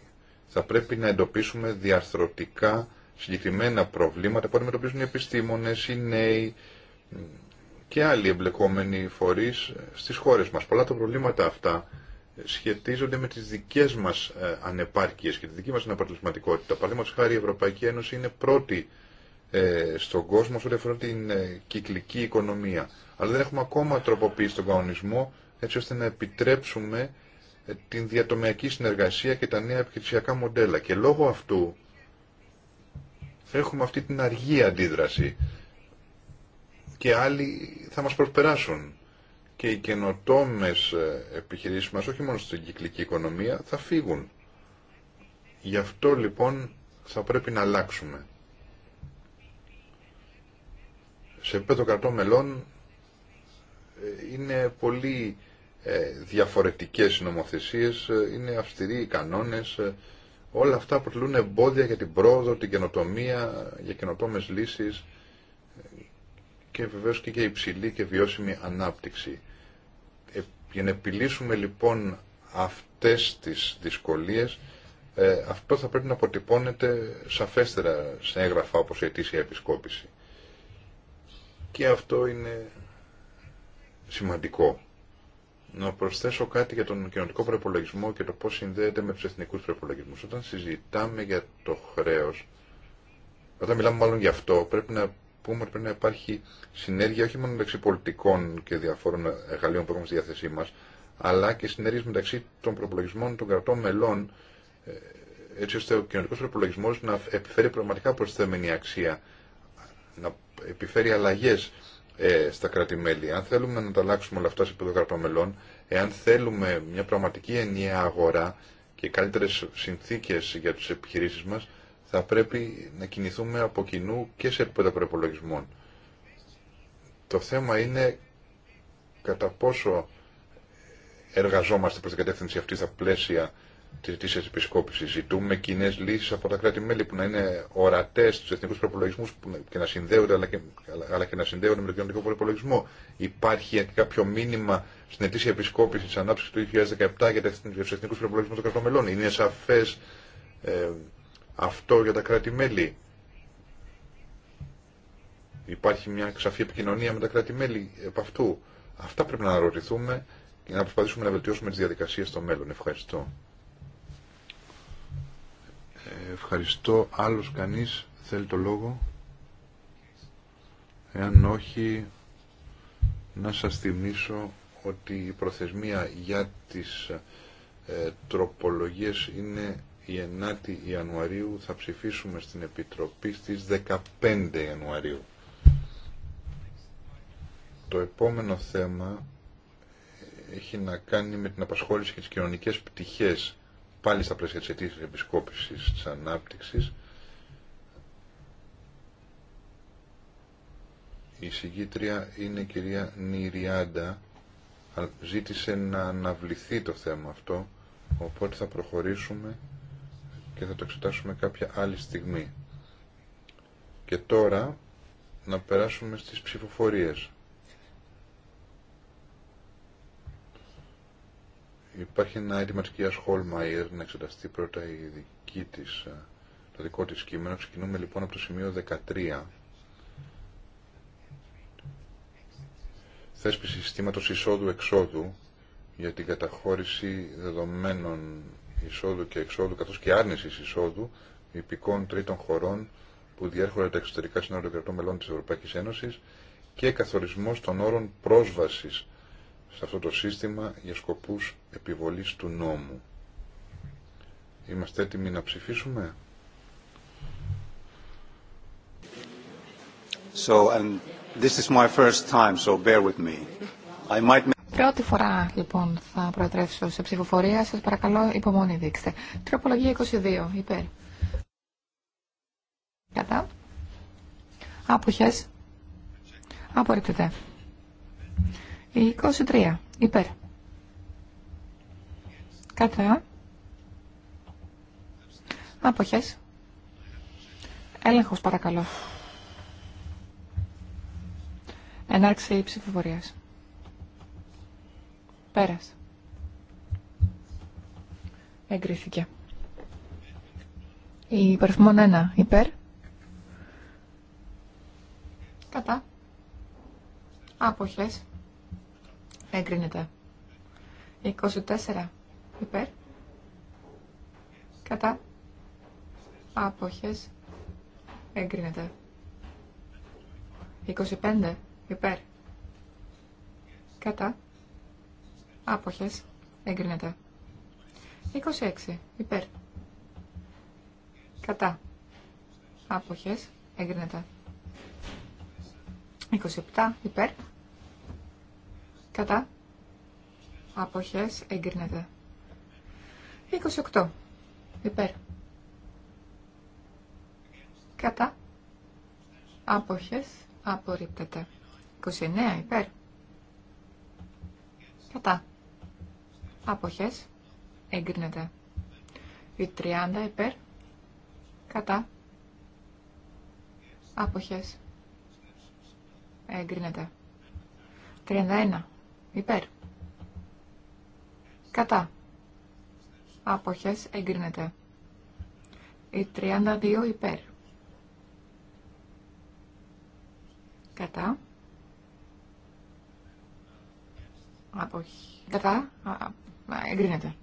Θα πρέπει να εντοπίσουμε διαρθρωτικά συγκεκριμένα προβλήματα που αντιμετωπίζουν οι επιστήμονες, οι νέοι και άλλοι εμπλεκόμενοι φορείς ε, στις χώρες μας. Πολλά τα προβλήματα αυτά σχετίζονται με τις δικές μας ε, ανεπάρκειες και τη δική μας αναπαρτισματικότητα. Παραδείγματος χάρη η Ευρωπαϊκή Ένωση είναι πρώτη ε, στον κόσμο σε ό,τι αφορά την ε, κυκλική οικονομία. Αλλά δεν έχουμε ακόμα τροποποιήσει τον κανονισμό έτσι ώστε να επιτρέψουμε την διατομιακή συνεργασία και τα νέα επιχειρησιακά μοντέλα. Και λόγω αυτού έχουμε αυτή την αργή αντίδραση και άλλοι θα μας προσπεράσουν και οι καινοτόμε ε, επιχειρήσεις μας, όχι μόνο στην κυκλική οικονομία, θα φύγουν. Γι' αυτό λοιπόν θα πρέπει να αλλάξουμε. Σε επίπεδο κρατών μελών ε, είναι πολύ ε, διαφορετικές νομοθεσίες, είναι αυστηροί οι κανόνες, όλα αυτά αποτελούν εμπόδια για την πρόοδο, την καινοτομία, για καινοτόμες λύσεις και βεβαίως και για υψηλή και βιώσιμη ανάπτυξη. Ε, για να επιλύσουμε λοιπόν αυτές τις δυσκολίες, ε, αυτό θα πρέπει να αποτυπώνεται σαφέστερα σε έγγραφα όπως η αιτήσια επισκόπηση. Και αυτό είναι σημαντικό. Να προσθέσω κάτι για τον κοινωνικό προπολογισμό και το πώς συνδέεται με τους εθνικούς προπολογισμούς. Όταν συζητάμε για το χρέος, όταν μιλάμε μάλλον για αυτό, πρέπει να πούμε ότι πρέπει να υπάρχει συνέργεια όχι μόνο μεταξύ πολιτικών και διαφόρων εργαλείων που έχουμε στη διάθεσή μας, αλλά και συνέργειες μεταξύ των προπολογισμών των κρατών μελών, ε, έτσι ώστε ο κοινωνικός προπολογισμό να επιφέρει πραγματικά προσθέμενη αξία, να επιφέρει αλλαγές ε, στα κράτη-μέλη. Αν θέλουμε να τα αλλάξουμε όλα αυτά σε επίπεδο κρατών μελών, εάν θέλουμε μια πραγματική ενιαία αγορά και καλύτερες συνθήκες για τις επιχειρήσεις μας, θα πρέπει να κινηθούμε από κοινού και σε επίπεδο προπολογισμών. Το θέμα είναι κατά πόσο εργαζόμαστε προς την κατεύθυνση αυτή στα πλαίσια τη της επισκόπησης. Ζητούμε κοινέ λύσεις από τα κράτη-μέλη που να είναι ορατές στους εθνικούς προπολογισμού και να συνδέονται, αλλά και, αλλά και να συνδέονται με τον κοινωνικό προπολογισμό. Υπάρχει κάποιο μήνυμα στην ετήσια επισκόπηση της ανάπτυξης του 2017 για τους εθνικούς προπολογισμού των κρατών Είναι σαφές ε, αυτό για τα κράτη-μέλη. Υπάρχει μια ξαφή επικοινωνία με τα κράτη-μέλη επ' αυτού. Αυτά πρέπει να αναρωτηθούμε και να προσπαθήσουμε να βελτιώσουμε τις διαδικασίες στο μέλλον. Ευχαριστώ. Ευχαριστώ. Άλλος κανείς θέλει το λόγο. Εάν όχι, να σας θυμίσω ότι η προθεσμία για τις ε, τροπολογίες είναι η 9η Ιανουαρίου θα ψηφίσουμε στην Επιτροπή στις 15 Ιανουαρίου. Το επόμενο θέμα έχει να κάνει με την απασχόληση και τις κοινωνικές πτυχές πάλι στα πλαίσια της αιτήσης επισκόπησης της ανάπτυξης. Η συγκήτρια είναι η κυρία Νιριάντα. Ζήτησε να αναβληθεί το θέμα αυτό, οπότε θα προχωρήσουμε θα το εξετάσουμε κάποια άλλη στιγμή. Και τώρα να περάσουμε στις ψηφοφορίες. Υπάρχει ένα έτοιμα της κυρίας Χόλμαϊρ να εξεταστεί πρώτα η δική της, ε, το δικό της κείμενο. Ξεκινούμε λοιπόν από το σημείο 13. Θέσπιση συστήματος εισόδου-εξόδου για την καταχώρηση δεδομένων εισόδου και εξόδου καθώς και άρνηση εισόδου υπηκών τρίτων χωρών που διέρχονται τα εξωτερικά σύνορα των κρατών μελών της Ευρωπαϊκής Ένωσης και καθορισμός των όρων πρόσβασης σε αυτό το σύστημα για σκοπούς επιβολής του νόμου. Είμαστε έτοιμοι να ψηφίσουμε. So, and this is my first time, so bear with me. I might Πρώτη φορά λοιπόν θα προτρέψω σε ψηφοφορία. Σας παρακαλώ υπομονή δείξτε. Τροπολογία 22. Υπέρ. Κατά. Άποχες. Απορρίπτεται. 23. Υπέρ. Κατά. Άποχες. Έλεγχος παρακαλώ. Ενάρξη ψηφοφορίας. Πέρας. Εγκρίθηκε. Η υπερφημόν 1 υπέρ. Κατά. Άποχες. Εγκρίνεται. 24 υπέρ. Κατά. Άποχες. Εγκρίνεται. 25 υπέρ. Κατά. Άποχες. Εγκρίνεται. 26. Υπέρ. Κατά. Άποχες. Εγκρίνεται. 27. Υπέρ. Κατά. Άποχες. Εγκρίνεται. 28. Υπέρ. Κατά. Άποχες. Απορρίπτεται. 29. Υπέρ. Κατά. Αποχές. Εγκρίνεται. Η 30 υπέρ. Κατά. Αποχές. Εγκρίνεται. 31 υπέρ. Κατά. Αποχές. Εγκρίνεται. Η 32 υπέρ. Κατά. αποχές. Κατά εγκρίνεται.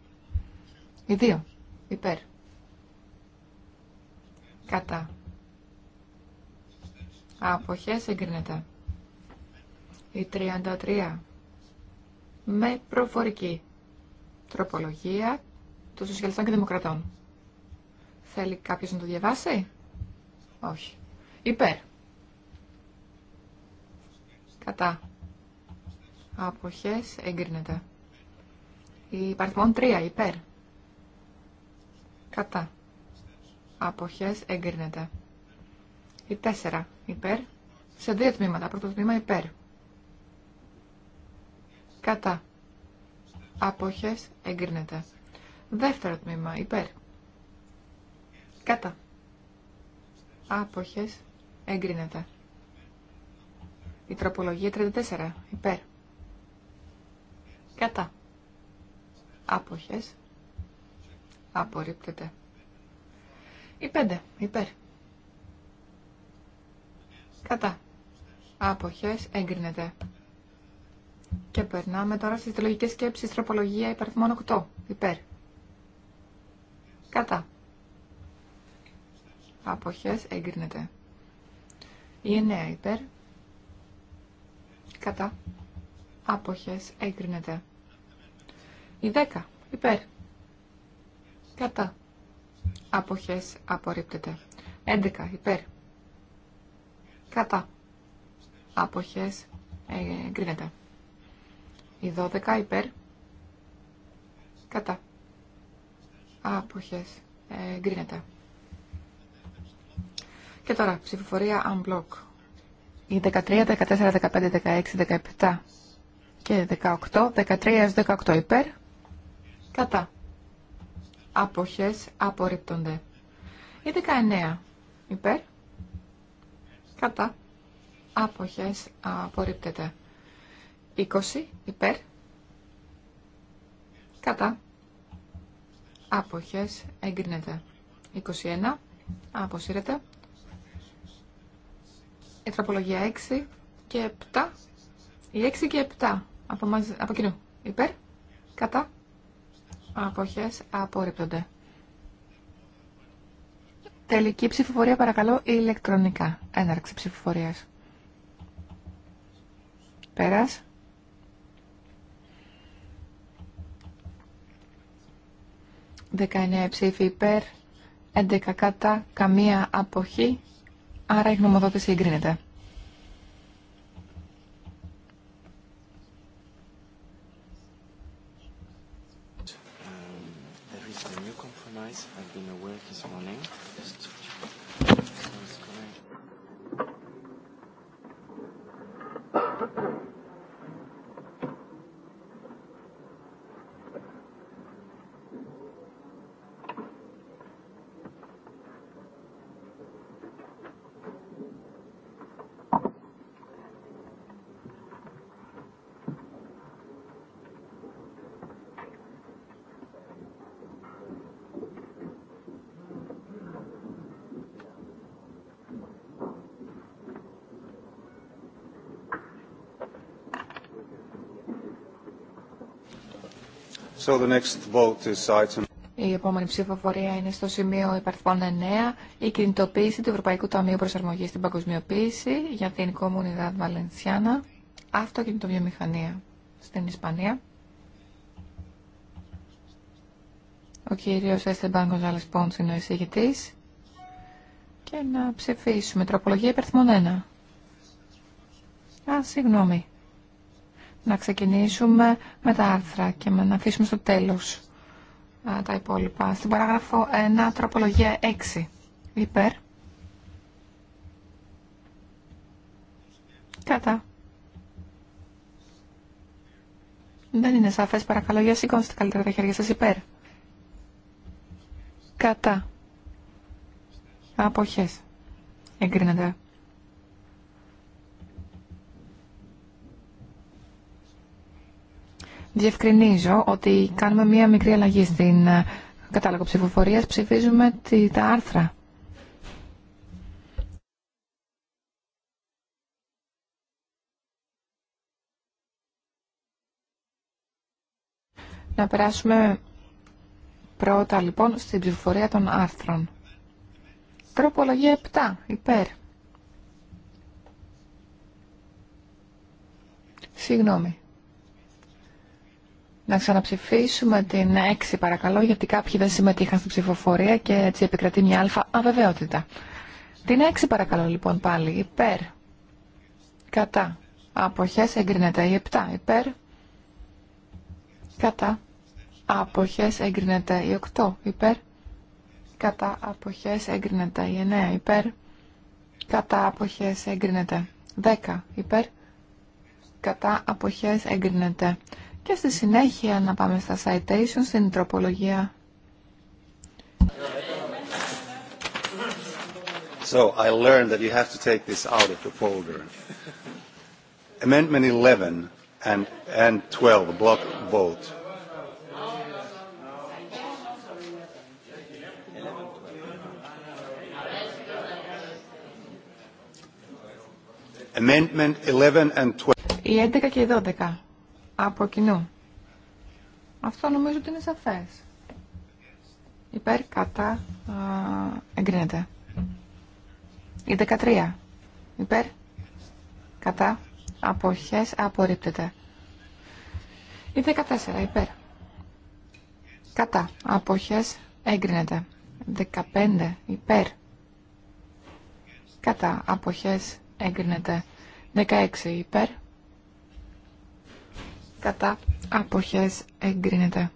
Οι δύο. Υπέρ. Κατά. Αποχές εγκρίνεται. Η 33. Με προφορική τροπολογία των Σοσιαλιστών και Δημοκρατών. Θέλει κάποιος να το διαβάσει? Όχι. Υπέρ. Κατά. Αποχές εγκρίνεται. Υπαριθμόν 3 υπέρ. Κατά. Αποχές εγκρίνεται. Η 4 υπέρ. Σε δύο τμήματα. Πρώτο τμήμα υπέρ. Κατά. Αποχές εγκρίνεται. Δεύτερο τμήμα υπέρ. Κατά. Άποχες εγκρίνεται. Η τροπολογία 34. Υπέρ. Κατά. Άποχες. Απορρίπτεται. Η 5. Υπέρ. Κατά. Άποχες. Έγκρινεται. Και περνάμε τώρα στις τελογικές σκέψεις. Τροπολογία υπαριθμών 8. Υπέρ. Κατά. Άποχες. Έγκρινεται. Η 9. Υπέρ. Κατά. Άποχες. Έγκρινεται. Η 10. Υπέρ. Κατά. Αποχές απορρίπτεται. 11. Υπέρ. Κατά. Αποχές εγκρίνεται. Η 12. Υπέρ. Κατά. Αποχές εγκρίνεται. Και τώρα ψηφοφορία unblock. Η 13, 14, 15, 16, 17 και 18. 13 18 υπέρ. Κατά. Αποχές απορρίπτονται. Η 19. Υπέρ. Κατά. Αποχές απορρίπτεται. 20. Υπέρ. Κατά. Αποχές εγκρίνεται. 21. Αποσύρεται. Η τροπολογία 6 και 7. Η 6 και 7 από, από κοινού. Υπέρ. Κατά. Αποχές απορρίπτονται. Τελική ψηφοφορία παρακαλώ ηλεκτρονικά. Έναρξη ψηφοφορίας. Πέρας. Δεκαεννέα ψηφι υπέρ, 11 κατά, καμία αποχή, άρα η γνωμοδότηση εγκρίνεται. Η επόμενη ψηφοφορία είναι στο σημείο υπαρθών 9, η κινητοποίηση του Ευρωπαϊκού Ταμείου Προσαρμογής στην Παγκοσμιοποίηση για την Κομμουνιδά Βαλενσιάνα, αυτοκινητοβιομηχανία στην Ισπανία. Ο κύριος Έστεμπαν Κοζάλης Πόντς είναι ο εισηγητής. Και να ψηφίσουμε τροπολογία υπερθμών 1. Α, συγγνώμη να ξεκινήσουμε με τα άρθρα και να αφήσουμε στο τέλος τα υπόλοιπα. Στην παράγραφο 1, τροπολογία 6. Υπέρ. Κατά. Δεν είναι σαφές, παρακαλώ, για σηκώνστε καλύτερα τα χέρια σας υπέρ. Κατά. Αποχές. Εγκρίνεται. Διευκρινίζω ότι κάνουμε μία μικρή αλλαγή στην ε, κατάλογο ψηφοφορίας. Ψηφίζουμε τα άρθρα. Να περάσουμε πρώτα λοιπόν στην ψηφοφορία των άρθρων. Τροπολογία 7, υπέρ. Συγγνώμη. Να ξαναψηφίσουμε την 6 παρακαλώ, γιατί κάποιοι δεν συμμετείχαν στην ψηφοφορία και έτσι επικρατεί μια αλφα αβεβαιότητα. Την 6 παρακαλώ λοιπόν πάλι, υπέρ, κατά, αποχές εγκρίνεται, η 7 υπέρ, κατά, αποχές εγκρίνεται, η 8 υπέρ, κατά, αποχές εγκρίνεται, η 9 υπέρ, κατά, αποχές εγκρίνεται, 10 υπέρ, κατά, αποχές εγκρίνεται και στη συνέχεια να πάμε στα citation στην τροπολογία. So I learned that you have to take this out of the folder. Amendment 11 and, and 12, block vote. Amendment 11 and 12. 11 12 από κοινού. Αυτό νομίζω ότι είναι σαφές. Υπέρ, κατά, εγκρίνεται. Η 13. Υπέρ, κατά, αποχές, απορρίπτεται. Η 14. Υπέρ, κατά, αποχές, εγκρίνεται. 15. Υπέρ, κατά, αποχές, εγκρίνεται. 16. Υπέρ, κατά αποχές εγκρίνεται.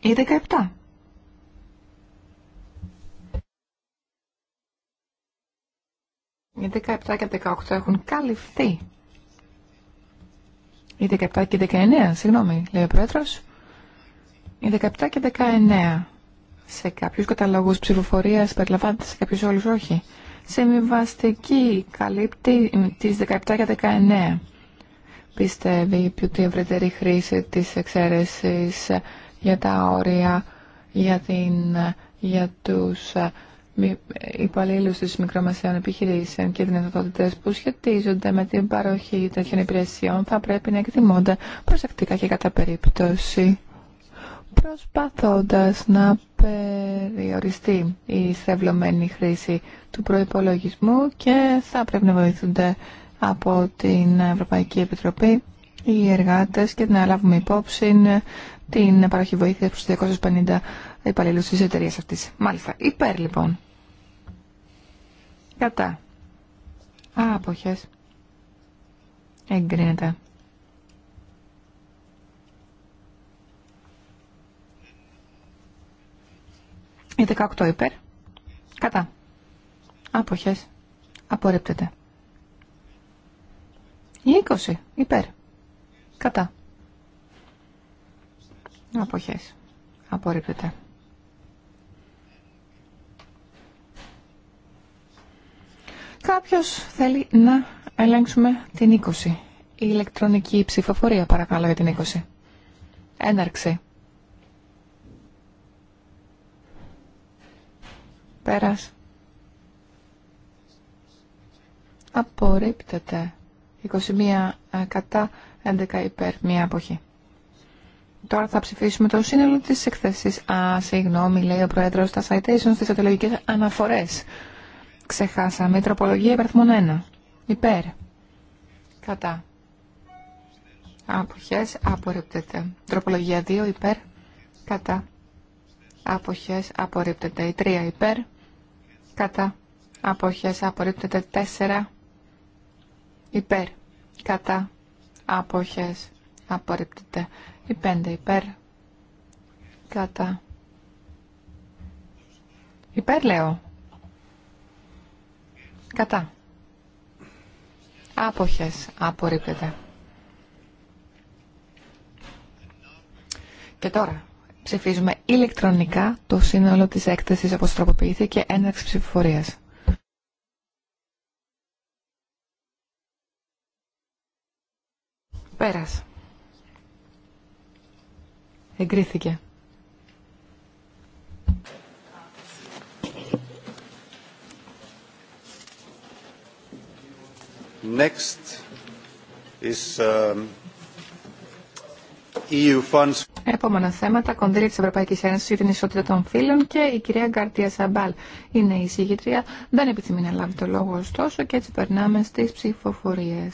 Ή 17. Οι 17 και 18 έχουν καλυφθεί. Οι 17 και 19, συγγνώμη, λέει ο Πρόεδρος. Οι 17 και 19 σε κάποιους καταλόγους ψηφοφορίας περιλαμβάνεται, σε κάποιους όλους όχι συμβιβαστική καλύπτει τις 17 και 19. Πιστεύει πιο τη ευρύτερη χρήση της εξαίρεσης για τα όρια για, την, για τους ε, ε, υπαλλήλου τη μικρομεσαίων επιχειρήσεων και δυνατότητε που σχετίζονται με την παροχή τέτοιων υπηρεσιών θα πρέπει να εκτιμώνται προσεκτικά και κατά περίπτωση προσπαθώντας να περιοριστεί η στρεβλωμένη χρήση του προϋπολογισμού και θα πρέπει να βοηθούνται από την Ευρωπαϊκή Επιτροπή οι εργάτες και να λάβουμε υπόψη την παροχή βοήθεια προς 250 υπαλλήλους της εταιρείας αυτής. Μάλιστα, υπέρ λοιπόν. Κατά. Α, αποχές. Εγκρίνεται. Η 18 υπέρ. Κατά. Αποχές. Απορρίπτεται. Η 20 υπέρ. Κατά. Αποχές. Απορρίπτεται. Κάποιος θέλει να ελέγξουμε την 20. Η ηλεκτρονική ψηφοφορία παρακαλώ για την 20. Έναρξη. Πέρας. Απορρίπτεται. 21 ε, κατά 11 υπέρ. Μία αποχή. Τώρα θα ψηφίσουμε το σύνολο της εκθέσης. Α, συγγνώμη, λέει ο Πρόεδρος, τα citations στις ατολογικές αναφορές. Ξεχάσαμε. Η τροπολογία υπερθμών 1. Υπέρ. Κατά. Αποχές απορρίπτεται. Τροπολογία 2 υπέρ. Κατά. Αποχές απορρίπτεται. Η 3 υπέρ κατά αποχές απορρίπτεται τέσσερα υπέρ κατά αποχές απορρίπτεται η πέντε υπέρ κατά υπέρ λέω κατά άποχες απορρίπτεται και τώρα Ψηφίζουμε ηλεκτρονικά το σύνολο της έκθεσης όπως τροποποιήθηκε έναρξη ψηφοφορίας. Πέρας. Εγκρίθηκε. Next is... Um, E Επόμενα θέματα, κονδύλια τη Ευρωπαϊκή Ένωση για την ισότητα των φύλων και η κυρία Γκαρτία Σαμπάλ είναι η συγγήτρια. Δεν επιθυμεί να λάβει το λόγο ωστόσο και έτσι περνάμε στι ψηφοφορίε.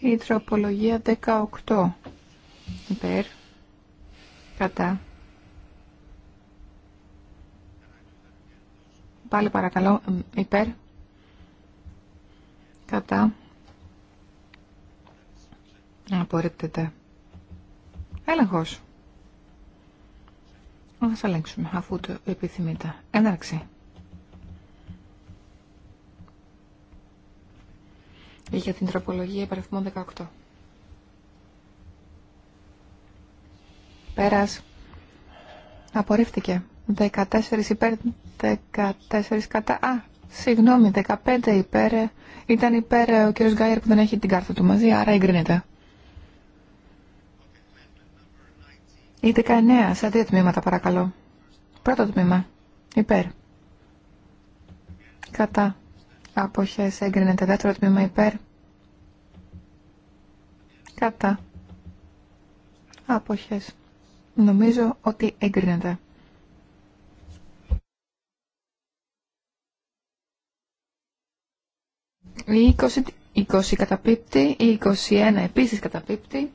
Η τροπολογία 18. Υπέρ. Κατά. Πάλι παρακαλώ. Υπέρ. Κατά. Απορρίπτεται. Έλεγχος. Θα σας ελέγξουμε αφού το επιθυμείτε. Έναρξη. Για την τροπολογία υπαριθμών 18. Πέρας. Απορρίφθηκε. 14 υπέρ, 14 κατά. Α, συγγνώμη, 15 υπέρ. Ήταν υπέρ ο κύριος Γκάιερ που δεν έχει την κάρτα του μαζί, άρα εγκρίνεται. Η 19 σε δύο τμήματα παρακαλώ. Πρώτο τμήμα. Υπέρ. Κατά. Αποχές έγκρινεται. Δεύτερο τμήμα υπέρ. Κατά. Αποχές. Νομίζω ότι έγκρινεται. Η 20, 20 καταπίπτει, η 21 επίσης καταπίπτει.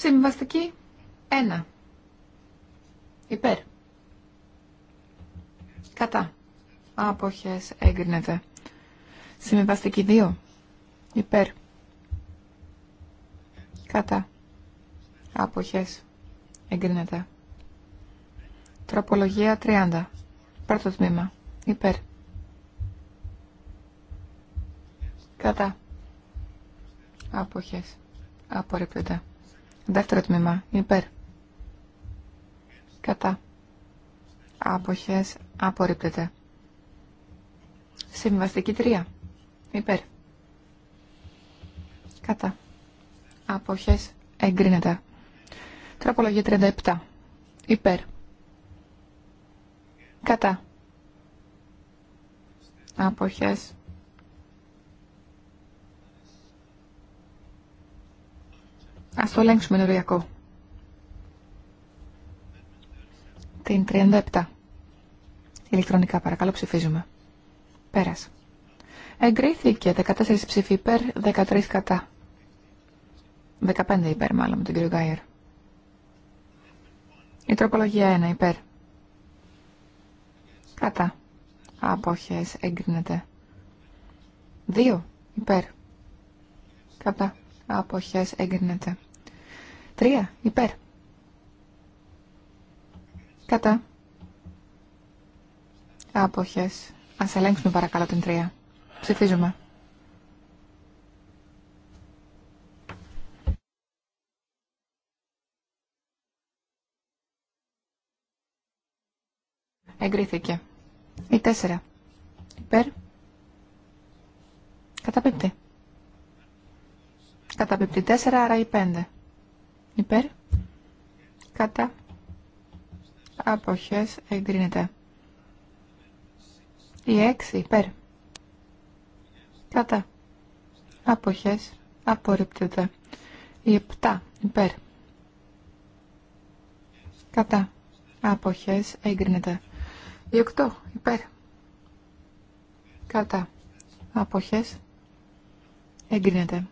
Συμβαστική 1. Υπέρ. Κατά. Άποχες έγκρινεται. Συμβαστική 2. Υπέρ. Κατά. Άποχες έγκρινεται. Τροπολογία 30. Πρώτο τμήμα. Υπέρ. Κατά. Άποχες. Απορρίπτεται. Δεύτερο τμήμα. Υπέρ. Κατά. Αποχές. Απορρίπτεται. Συμβαστική 3. Υπέρ. Κατά. Αποχές. Εγκρίνεται. Τροπολογία 37. Υπέρ. Κατά. Αποχές. Ας το ελέγξουμε νοριακό. Την 37. Ηλεκτρονικά παρακαλώ ψηφίζουμε. Πέρασε. Εγκρίθηκε 14 ψήφοι υπέρ, 13 κατά. 15 υπέρ μάλλον με τον κύριο Γκάιερ. Η τροπολογία 1 υπέρ. Κατά. Απόχες εγκρίνεται. 2 υπέρ. Κατά. Απόχες εγκρίνεται. Τρία. Υπέρ. Κατά. Άποχες. Ας ελέγξουμε παρακαλώ την τρία. Ψηφίζουμε. Εγκρίθηκε. Η τέσσερα. Υπέρ. Καταπίπτει. Καταπίπτει τέσσερα, άρα η πέντε. Υπέρ. Κατά. Αποχές εγκρίνεται. Η έξι υπέρ. Κατά. Αποχές απορρίπτεται. Η επτά υπέρ. Κατά. Αποχές εγκρίνεται. Η οκτώ υπέρ. Κατά. Αποχές εγκρίνεται.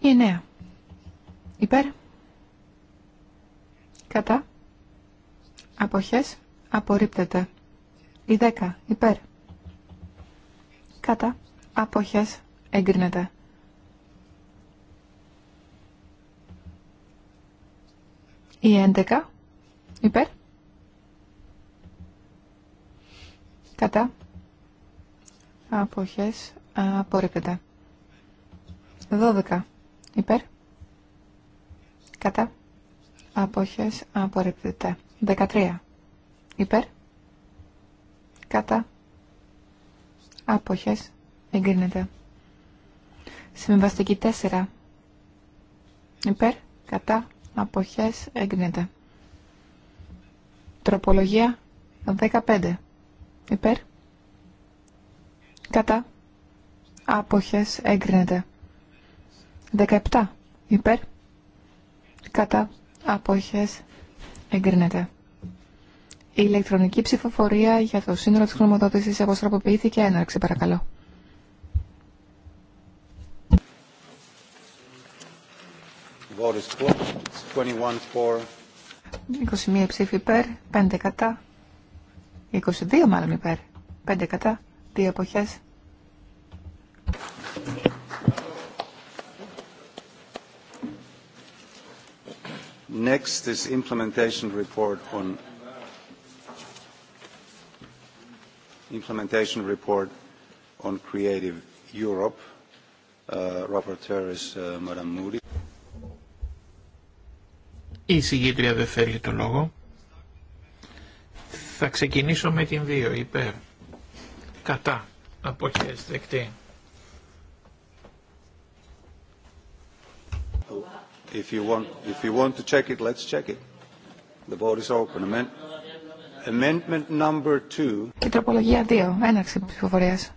Η εννέα υπέρ. Κατά. Αποχές. Απορρίπτεται. Η 10. Υπέρ. Κατά. Αποχές. Εγκρίνεται. Η 11. Υπέρ. Κατά. Αποχές. Απορρίπτεται. Δώδεκα Υπέρ. Κατά. Αποχές απορρίπτεται. 13. Υπέρ. Κατά. Αποχές εγκρίνεται. Συμβαστική 4. Υπέρ. Κατά. Αποχές εγκρίνεται. Τροπολογία 15. Υπέρ. Κατά. Άποχες εγκρίνεται. 17. Υπέρ. Κατά αποχές εγκρίνεται. Η ηλεκτρονική ψηφοφορία για το σύνολο της χρηματοδότησης αποστροποποιήθηκε έναρξη, παρακαλώ. 21 ψήφοι υπέρ, 5 κατά, 22 μάλλον υπέρ, 5 κατά, 2 εποχές. Next is implementation report on implementation report on Creative Europe. Rapporteur is Madam Moody. Η συγγήτρια δεν θέλει το λόγο. Θα ξεκινήσω με την δύο, υπέρ. Κατά. Αποχές δεκτή. If you want, if you want to check it, let's check it. The vote is open. Amend amendment number two. Η τροπολογία 2. Έναρξη ψηφοφορίας.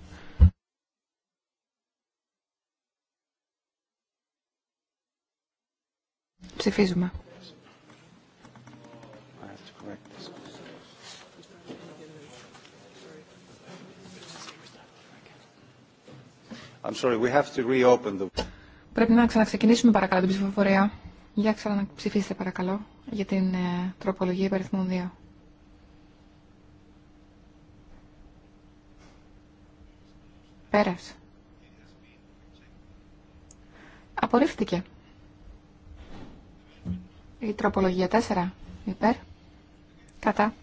Ψηφίζουμε. I'm sorry, we have to reopen the... Πρέπει να ξαναξεκινήσουμε παρακαλώ την ψηφοφορία. Για ξαναψηφίστε παρακαλώ για την ε, τροπολογία 2. Πέρασε. Απορρίφθηκε. Η τροπολογία 4. Υπέρ. Κατά.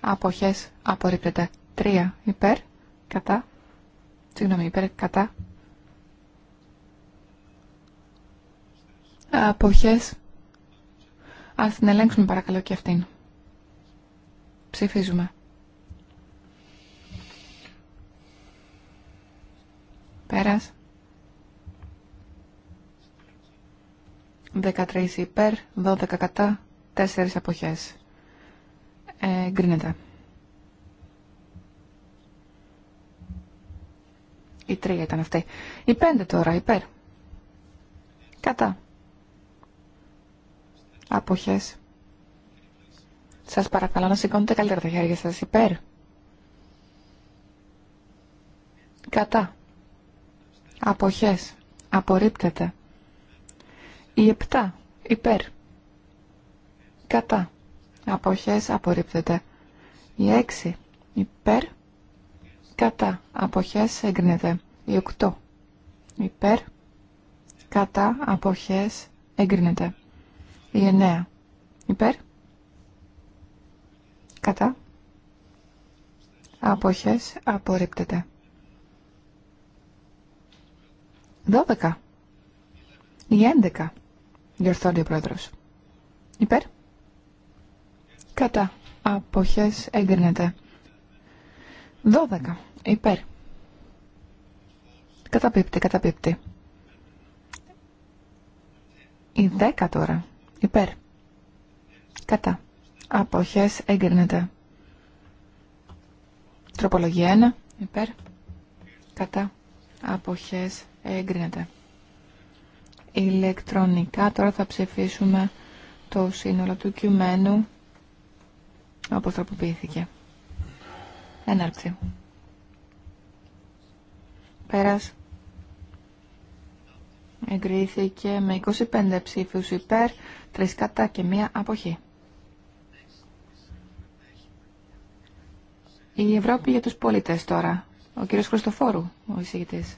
Αποχές. Απορρίπτεται. 3. Υπέρ. Κατά. Συγγνώμη. Υπέρ. Κατά. Αποχές. Ας την ελέγξουμε παρακαλώ και αυτήν. Ψηφίζουμε. Πέρας. 13 υπέρ, 12 κατά, 4 αποχές. Εγκρίνεται. γκρίνεται. Η 3 ήταν αυτή. Η πέντε τώρα, υπέρ. Κατά. Αποχές. Σας παρακαλώ να σηκώνετε καλύτερα τα χέρια σας. Υπέρ. Κατά. Αποχές. Απορρίπτεται. Η επτά, Υπέρ. Κατά. Αποχές. Απορρίπτεται. Η έξι, Υπέρ. Κατά. Αποχές. Εγκρίνεται. Η οκτώ, Υπέρ. Κατά. Αποχές. Εγκρίνεται. Η 9. Υπέρ. Κατά. Αποχές απορρίπτεται. 12. Η 11. Διορθώνει ο πρόεδρος. Υπέρ. Κατά. Αποχές εγκρίνεται. 12. Υπέρ. Καταπίπτει, καταπίπτει. Η 10 τώρα. Υπέρ. Κατά. Αποχές εγκρίνεται. Τροπολογία 1. Υπέρ. Κατά. Αποχές εγκρίνεται. Ηλεκτρονικά τώρα θα ψηφίσουμε το σύνολο του κειμένου όπως τροποποιήθηκε. Έναρξη. Πέρας. Εγκρίθηκε με 25 ψήφους υπέρ, 3 κατά και μία αποχή. Η Ευρώπη για τους πολίτες τώρα. Ο κύριος Χριστοφόρου, ο εισηγητής.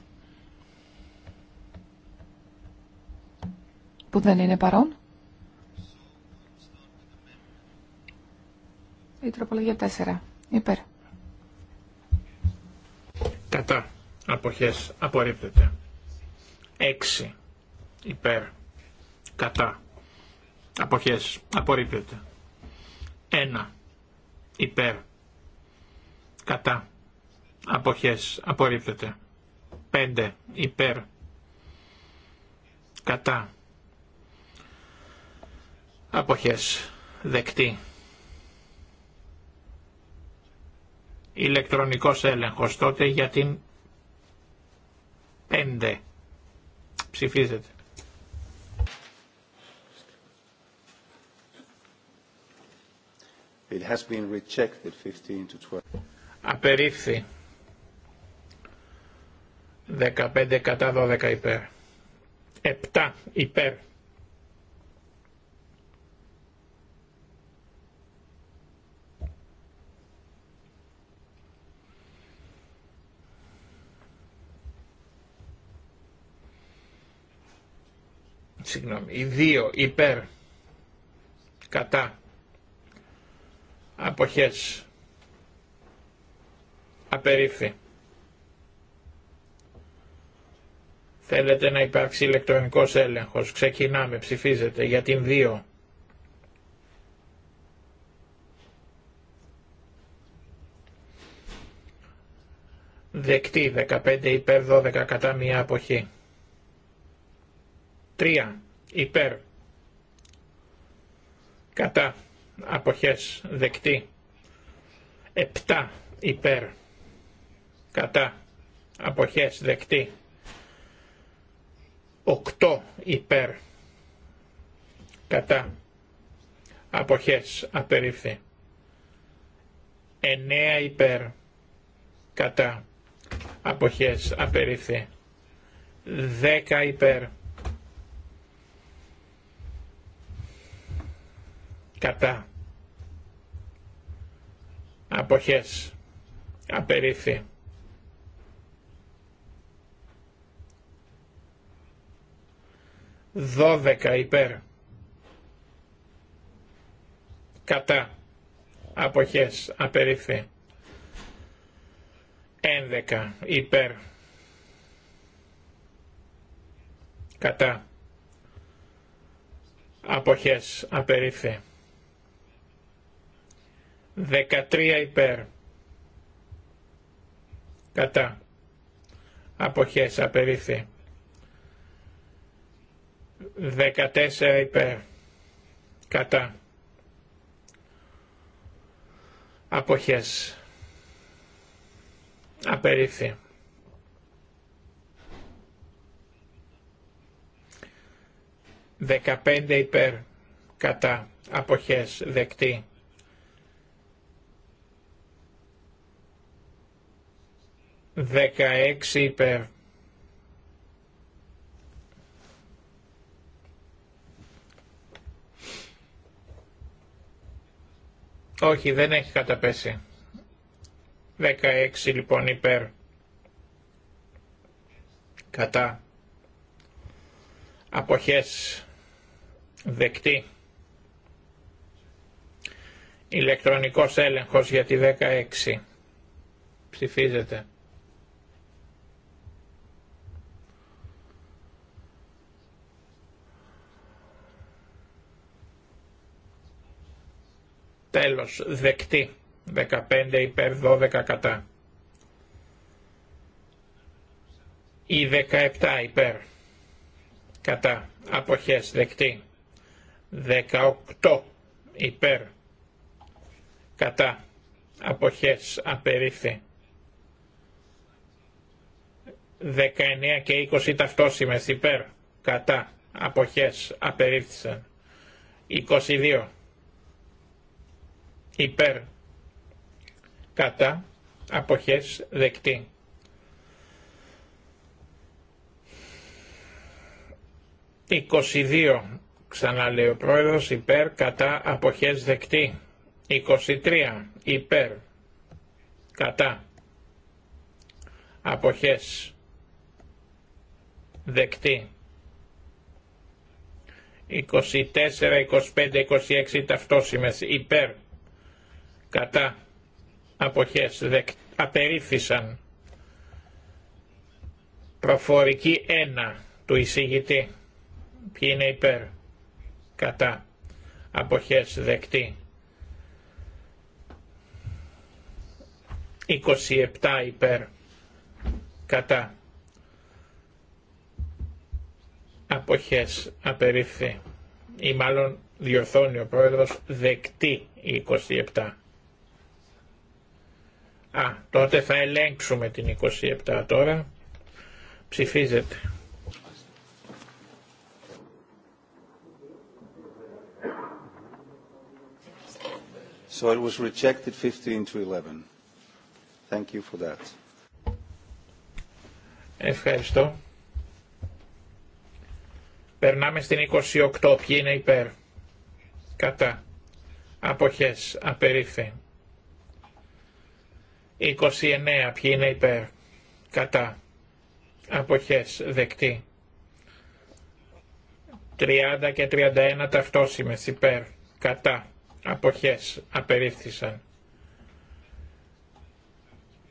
Που δεν είναι παρόν. Η τροπολογία 4. Υπέρ. Κατά. Αποχές. Απορρίπτεται. 6 υπέρ κατά αποχές απορρίπτεται 1 υπέρ κατά αποχές απορρίπτεται 5 υπέρ κατά αποχές δεκτή ηλεκτρονικός έλεγχος τότε για την 5 Ψηφίζεται. It has been rejected 15 to 12. Απερίφθη. 15 κατά 12 υπέρ. 7 υπέρ. συγγνώμη, οι δύο υπέρ κατά αποχές απερίφθη. Θέλετε να υπάρξει ηλεκτρονικός έλεγχος. Ξεκινάμε, ψηφίζετε για την 2. Δεκτή 15 υπέρ 12 κατά μία αποχή. 3 υπέρ κατά αποχές δεκτή Επτά υπέρ κατά αποχές δεκτή Οκτώ υπέρ κατά αποχές απερίφθη Εννέα υπέρ κατά αποχές απερίφθη Δέκα υπέρ κατά αποχές απερίφθη δώδεκα υπέρ κατά αποχές απερίφθη ένδεκα υπέρ κατά αποχές απερίφθη Δεκατρία υπέρ. Κατά. Αποχές απερίφθη. Δεκατέσσερα υπέρ. Κατά. Αποχές. Απερίφθη. Δεκαπέντε υπέρ. Κατά. Αποχές. Δεκτή. 16 υπέρ. Όχι, δεν έχει καταπέσει. 16 λοιπόν υπέρ. Κατά. Αποχές. Δεκτή. Ηλεκτρονικός έλεγχος για τη 16. Ψηφίζεται. Τέλος, δεκτή. 15 υπέρ 12 κατά. Ή 17 υπέρ κατά. Αποχές δεκτή. 18 υπέρ κατά. Αποχές απερίφθη. 19 και 20 ταυτόσημες υπέρ κατά. Αποχές απερίφθησαν. 22 υπέρ κατά αποχές δεκτή. «22» ξαναλέει ο πρόεδρος υπέρ κατά αποχές δεκτή. «23» υπέρ κατά αποχές δεκτή. 24, 25, 26 ταυτόσημες υπέρ κατά αποχές δεκ, απερίφθησαν προφορική 1 του εισηγητή ποιοι είναι υπέρ κατά αποχές δεκτή 27 υπέρ κατά αποχές απερίφθη ή μάλλον διορθώνει ο πρόεδρος δεκτή 27 Α, τότε θα ελέγξουμε την 27 τώρα. Ψηφίζεται. So it was rejected 15 to 11. Thank you for that. Ευχαριστώ. Περνάμε στην 28. Ποιοι είναι υπέρ. Κατά. Αποχές. Απερίφθη. 29 ποιοι είναι υπέρ, κατά, αποχές, δεκτή. 30 και 31 ταυτόσημες υπέρ, κατά, αποχές, απερίφθησαν.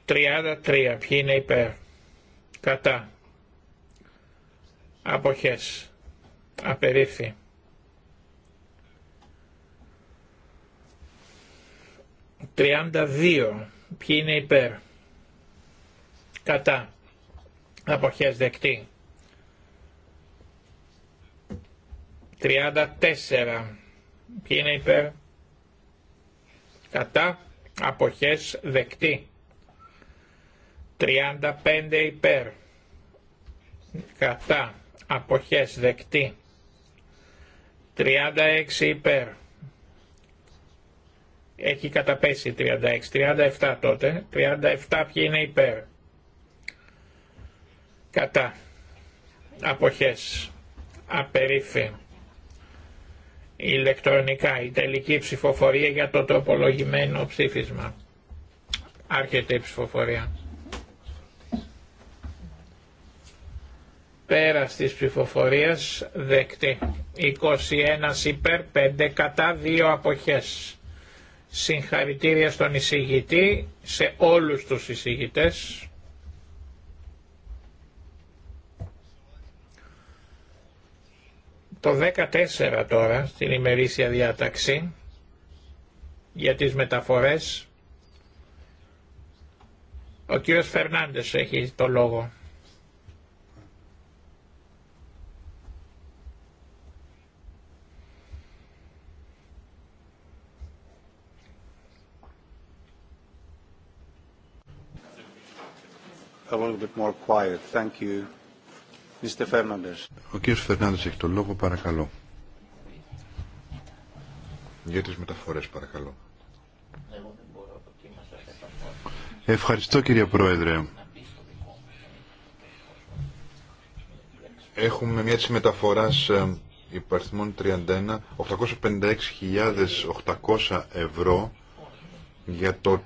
33 ποιοι είναι υπέρ, κατά, αποχές, απερίφθη. 32 Ποιοι είναι υπέρ. Κατά. Αποχές δεκτή. 34. Ποιοι είναι υπέρ. Κατά. Αποχές δεκτή. 35 υπέρ. Κατά. Αποχές δεκτή. 36 υπέρ έχει καταπέσει 36, 37 τότε, 37 ποιοι είναι υπέρ. Κατά. Αποχές. Απερίφη. Ηλεκτρονικά η τελική ψηφοφορία για το τροπολογημένο ψήφισμα. Άρχεται η ψηφοφορία. πέρα της ψηφοφορίας δεκτή. 21 υπέρ 5 κατά 2 αποχές. Συγχαρητήρια στον εισηγητή, σε όλους τους εισηγητές. Το 14 τώρα στην ημερήσια διάταξη για τις μεταφορές. Ο κύριος Φερνάντες έχει το λόγο. Ο κύριος Φερνάνδης έχει το λόγο, παρακαλώ. Για τις μεταφορές, παρακαλώ. Ευχαριστώ, κύριε Πρόεδρε. Έχουμε μια τη μεταφοράς ε, υπαριθμών 31, 856.800 ευρώ για το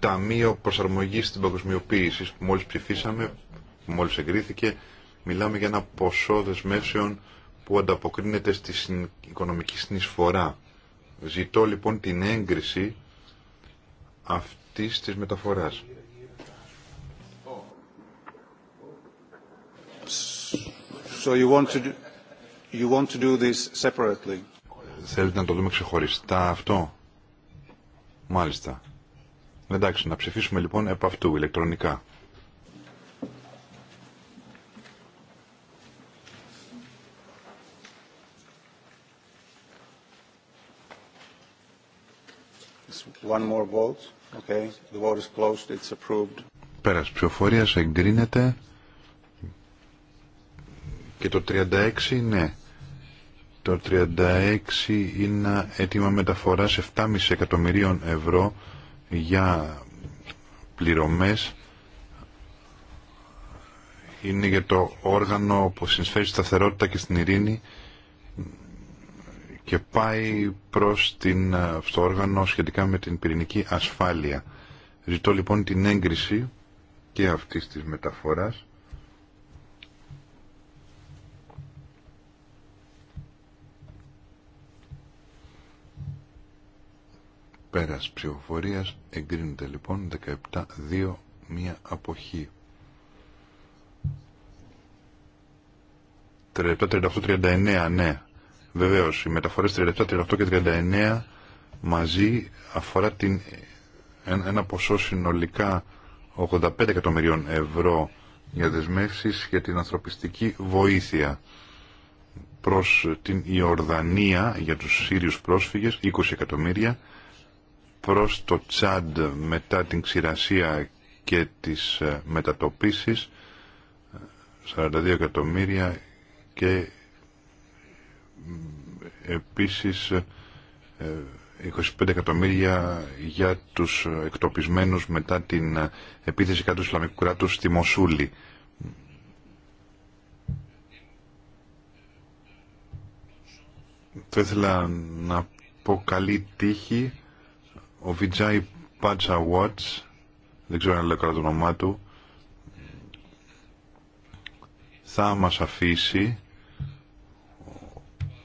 Ταμείο Προσαρμογής στην Παγκοσμιοποίηση που μόλις ψηφίσαμε, που μόλις εγκρίθηκε. Μιλάμε για ένα ποσό δεσμεύσεων που ανταποκρίνεται στην οικονομική συνεισφορά. Ζητώ λοιπόν την έγκριση αυτής της μεταφοράς. to want to do Θέλετε να το δούμε ξεχωριστά αυτό. Μάλιστα. Εντάξει, να ψηφίσουμε λοιπόν επ' αυτού ηλεκτρονικά. One more vote. Okay. The vote is closed. It's approved. Πέρας ψηφοφορίας εγκρίνεται και το 36 ναι. Το 36 είναι έτοιμα μεταφοράς 7,5 εκατομμυρίων ευρώ για πληρωμές είναι για το όργανο που συνσφέρει σταθερότητα και στην ειρήνη και πάει προς την, στο όργανο σχετικά με την πυρηνική ασφάλεια. Ζητώ λοιπόν την έγκριση και αυτής της μεταφοράς Πέρας ψηφοφορίας εγκρίνεται λοιπόν 17-2 μία αποχή. 37-38-39 ναι. Βεβαίως οι μεταφορές 37-38 και 39 μαζί αφορά την, ένα ποσό συνολικά 85 εκατομμυρίων ευρώ για δεσμεύσεις για την ανθρωπιστική βοήθεια προς την Ιορδανία για τους Σύριους πρόσφυγες 20 εκατομμύρια προς το Τσάντ μετά την ξηρασία και τις ε, μετατοπίσεις 42 εκατομμύρια και ε, επίσης 25 ε, εκατομμύρια για τους εκτοπισμένους μετά την επίθεση κατά του Ισλαμικού κράτους στη Μοσούλη. Θα ήθελα να πω καλή τύχη ο Βιτζάι Πάτσα Watts, δεν ξέρω αν λέω καλά το όνομά του, θα μας αφήσει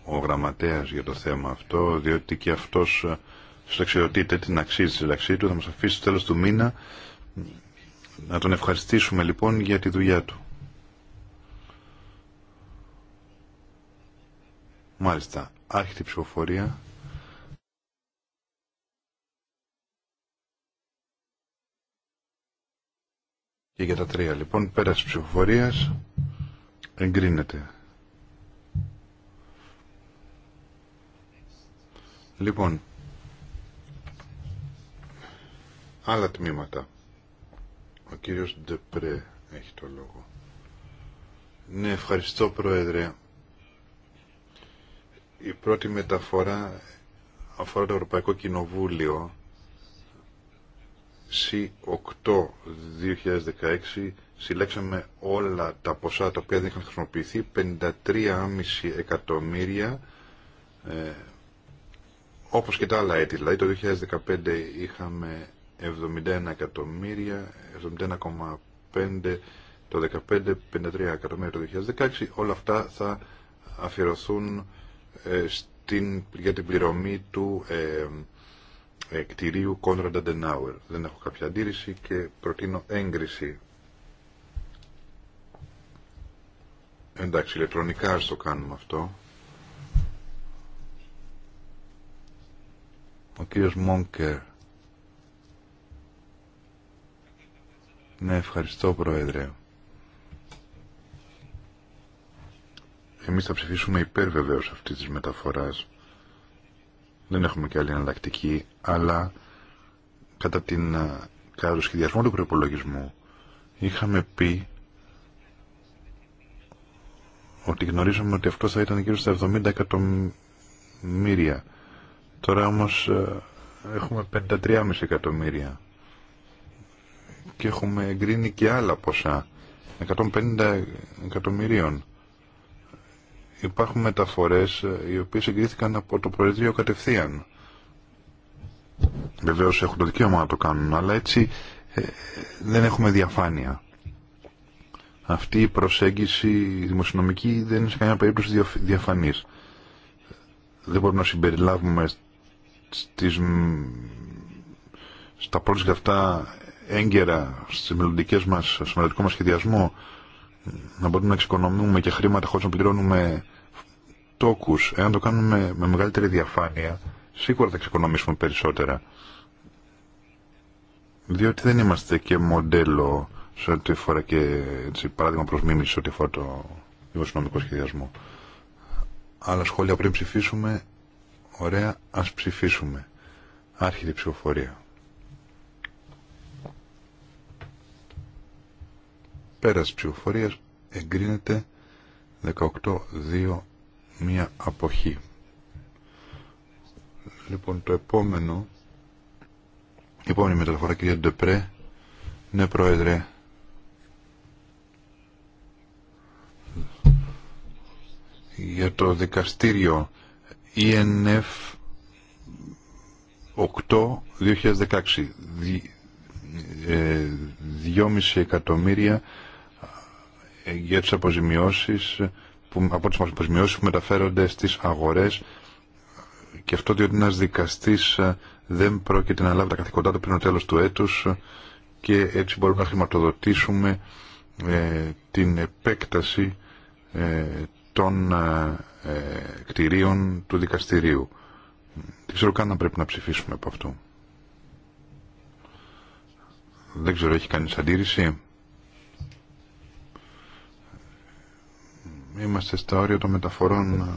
ο γραμματέας για το θέμα αυτό, διότι και αυτός εξαιρετείται την αξία της συνταξή του, θα μας αφήσει στο τέλος του μήνα να τον ευχαριστήσουμε λοιπόν για τη δουλειά του. Μάλιστα, άρχιτη ψηφοφορία. Και για τα τρία λοιπόν, πέρας ψηφοφορίας, εγκρίνεται. Λοιπόν, άλλα τμήματα. Ο κύριος Ντεπρέ έχει το λόγο. Ναι, ευχαριστώ Πρόεδρε. Η πρώτη μεταφορά αφορά το Ευρωπαϊκό Κοινοβούλιο C8 2016 συλλέξαμε όλα τα ποσά τα οποία δεν είχαν χρησιμοποιηθεί 53,5 εκατομμύρια ε, όπως και τα άλλα έτη δηλαδή το 2015 είχαμε 71 εκατομμύρια 71,5 το 2015 53 εκατομμύρια το 2016 όλα αυτά θα αφιερωθούν ε, στην, για την πληρωμή του ε, κτηρίου Κόνραντα Ντενάουερ. Δεν έχω κάποια αντίρρηση και προτείνω έγκριση. Εντάξει, ηλεκτρονικά ας το κάνουμε αυτό. Ο κύριος Μόνκερ. Ναι, ευχαριστώ Πρόεδρε. Εμείς θα ψηφίσουμε υπέρ βεβαίως αυτής της μεταφοράς δεν έχουμε και άλλη εναλλακτική, αλλά κατά, την, ε, κατά το σχεδιασμό του προπολογισμού είχαμε πει ότι γνωρίζαμε ότι αυτό θα ήταν γύρω στα 70 εκατομμύρια. Τώρα όμως ε, έχουμε 53,5 εκατομμύρια και έχουμε εγκρίνει και άλλα ποσά 150 εκατομμυρίων υπάρχουν μεταφορές ε, οι οποίες εγκρίθηκαν από το Προεδρείο κατευθείαν. Βεβαίω έχουν το δικαίωμα να το κάνουν, αλλά έτσι ε, δεν έχουμε διαφάνεια. Αυτή η προσέγγιση δημοσιονομική δεν είναι σε κανένα περίπτωση διαφανής. Δεν μπορούμε να συμπεριλάβουμε στις, στα project αυτά έγκαιρα στις μελλοντικές μας, στο μελλοντικό μας σχεδιασμό να μπορούμε να εξοικονομούμε και χρήματα χωρίς να πληρώνουμε τόκους. Εάν το κάνουμε με μεγαλύτερη διαφάνεια, σίγουρα θα εξοικονομήσουμε περισσότερα. Διότι δεν είμαστε και μοντέλο σε ό,τι αφορά και παράδειγμα προς μίμηση σε ό,τι αφορά το υποσυνόμικο σχεδιασμό. Άλλα σχόλια πριν ψηφίσουμε. Ωραία, ας ψηφίσουμε. Άρχεται η ψηφοφορία. Πέρας ψηφοφορίας εγκρίνεται 18-2 μία αποχή. Λοιπόν, το επόμενο, η επόμενη μεταφορά, κυρία Ντεπρέ, ναι, Πρόεδρε, για το δικαστήριο ENF 8 2016 2,5 εκατομμύρια για τις αποζημιώσεις που, από τις αποζημιώσεις που μεταφέρονται στις αγορές και αυτό διότι ένας δικαστής ε, δεν πρόκειται να λάβει τα καθηκοντά του πριν το τέλος του έτους και έτσι μπορούμε να χρηματοδοτήσουμε ε, την επέκταση ε, των κτηρίων του δικαστηρίου. Δεν ξέρω καν να πρέπει να ψηφίσουμε από αυτό. Δεν ξέρω, έχει κανείς αντίρρηση. είμαστε στα όρια των μεταφορών ε,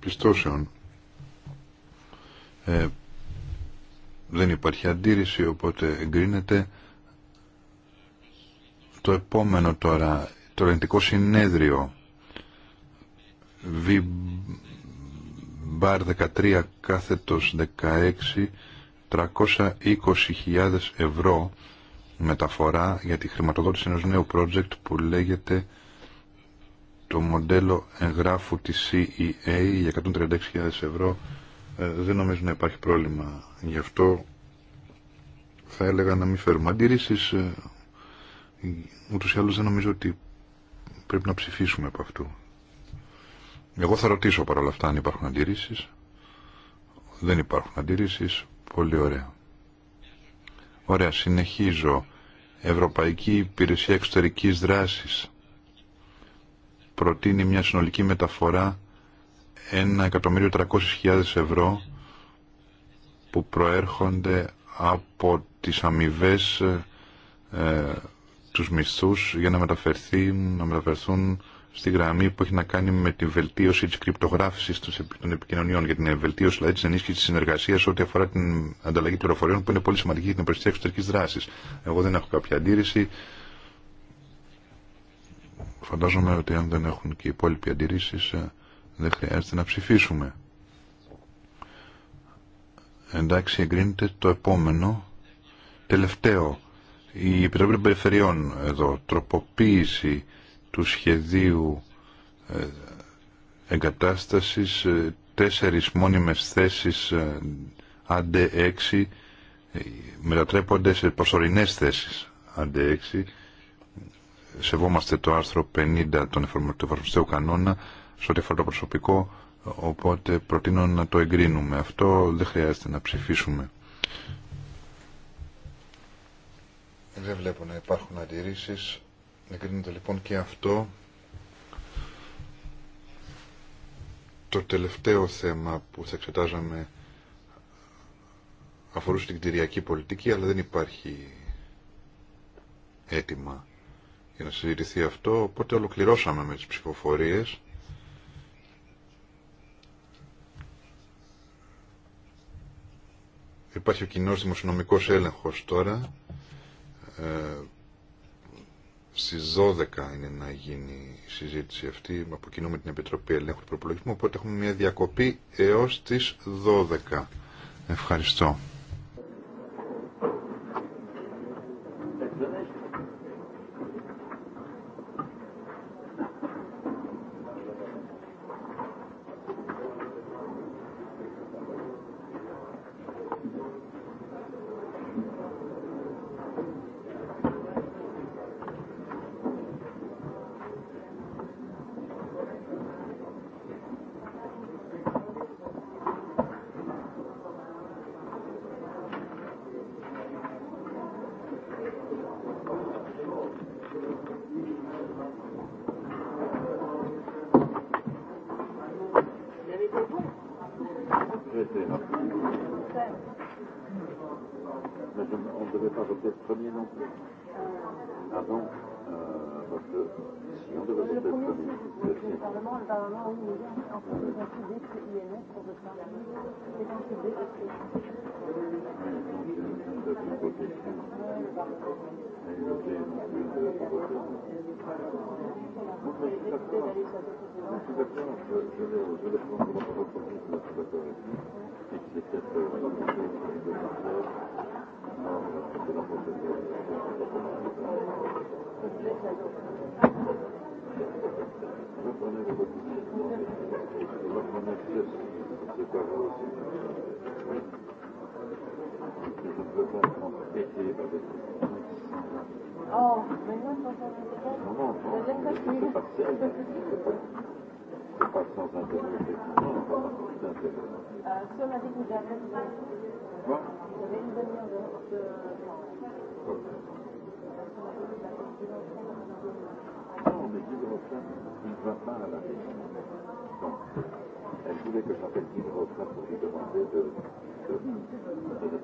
πιστώσεων. Ε, δεν υπάρχει αντίρρηση, οπότε εγκρίνεται το επόμενο τώρα, το ελληνικό συνέδριο V 13 κάθετος 16 320.000 ευρώ μεταφορά για τη χρηματοδότηση ενός νέου project που λέγεται το μοντέλο εγγράφου της CEA για 136.000 ευρώ ε, δεν νομίζω να υπάρχει πρόβλημα. Γι' αυτό θα έλεγα να μην φέρουμε αντιρρήσεις. Ε, ούτως ή άλλως δεν νομίζω ότι πρέπει να ψηφίσουμε από αυτού. Εγώ θα ρωτήσω παρόλα αυτά αν υπάρχουν αντιρρήσεις. Δεν υπάρχουν αντιρρήσεις. Πολύ ωραία. Ωραία, συνεχίζω. Ευρωπαϊκή Υπηρεσία Εξωτερικής Δράσης προτείνει μια συνολική μεταφορά 1.300.000 ευρώ που προέρχονται από τις αμοιβέ ε, τους μισθούς για να, μεταφερθούν στη γραμμή που έχει να κάνει με τη βελτίωση της κρυπτογράφησης των επικοινωνιών για την ε, βελτίωση δηλαδή της ενίσχυσης της συνεργασίας ό,τι αφορά την ανταλλαγή πληροφοριών που είναι πολύ σημαντική για την προστασία εξωτερικής δράσης. Εγώ δεν έχω κάποια αντίρρηση. Φαντάζομαι ότι αν δεν έχουν και οι υπόλοιποι αντιρρήσει, ε, δεν χρειάζεται να ψηφίσουμε. Εντάξει, εγκρίνεται το επόμενο, τελευταίο. Η Επιτροπή Περιφερειών εδώ, τροποποίηση του σχεδίου ε, εγκατάστασης, ε, τέσσερις μόνιμες θέσεις αντέ 6 μετατρέπονται σε προσωρινές θέσεις αντέ 6 σεβόμαστε το άρθρο 50 των εφαρμοστέου κανόνα σε ό,τι αφορά το προσωπικό, οπότε προτείνω να το εγκρίνουμε. Αυτό δεν χρειάζεται να ψηφίσουμε. Δεν βλέπω να υπάρχουν αντιρρήσεις. Εγκρίνεται λοιπόν και αυτό. Το τελευταίο θέμα που θα εξετάζαμε αφορούσε την κτηριακή πολιτική, αλλά δεν υπάρχει έτοιμα για να συζητηθεί αυτό, οπότε ολοκληρώσαμε με τις ψηφοφορίες. Υπάρχει ο κοινός δημοσιονομικός έλεγχος τώρα. Ε, στις 12 είναι να γίνει η συζήτηση αυτή από κοινού με την Επιτροπή Ελέγχου του Προπολογισμού, οπότε έχουμε μια διακοπή έως τις 12. Ευχαριστώ. je, non, non, non, Non, mais elle voulait que j'appelle Guy pour lui demander de,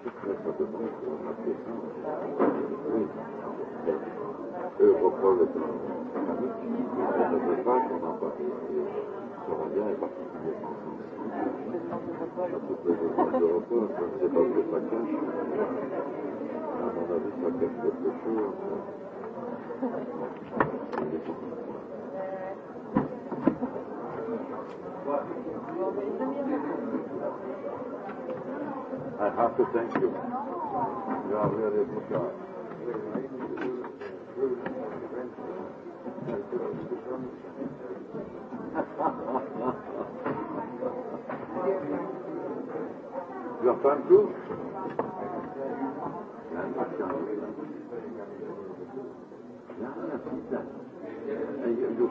Eux reprennent ne pas de I have to thank you. You are really a good guy. you are fun too? no. you, you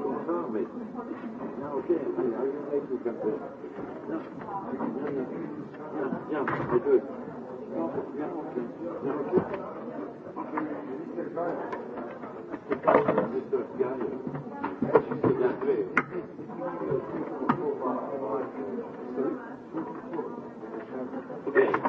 Okay.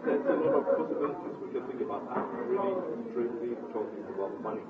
There's a lot of possibilities which can think about. I'm really, talking about money.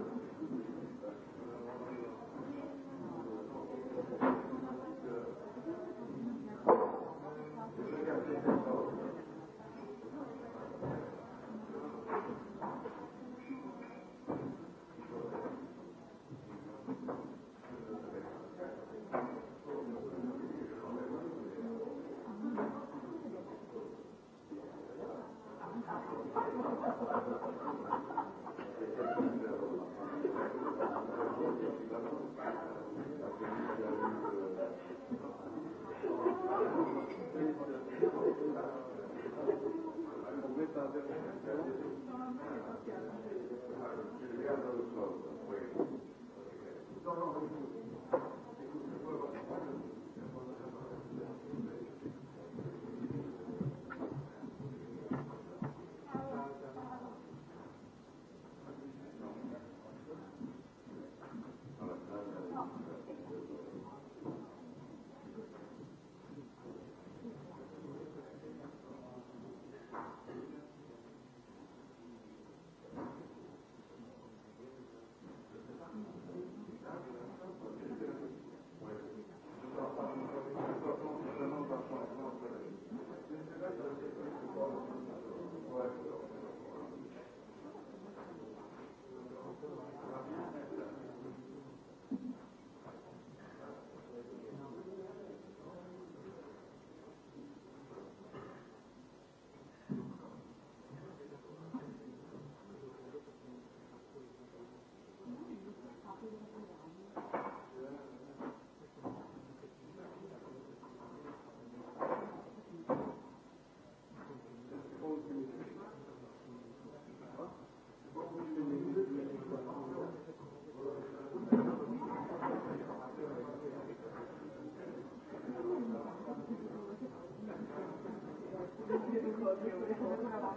you. No, no,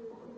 Υπότιτλοι AUTHORWAVE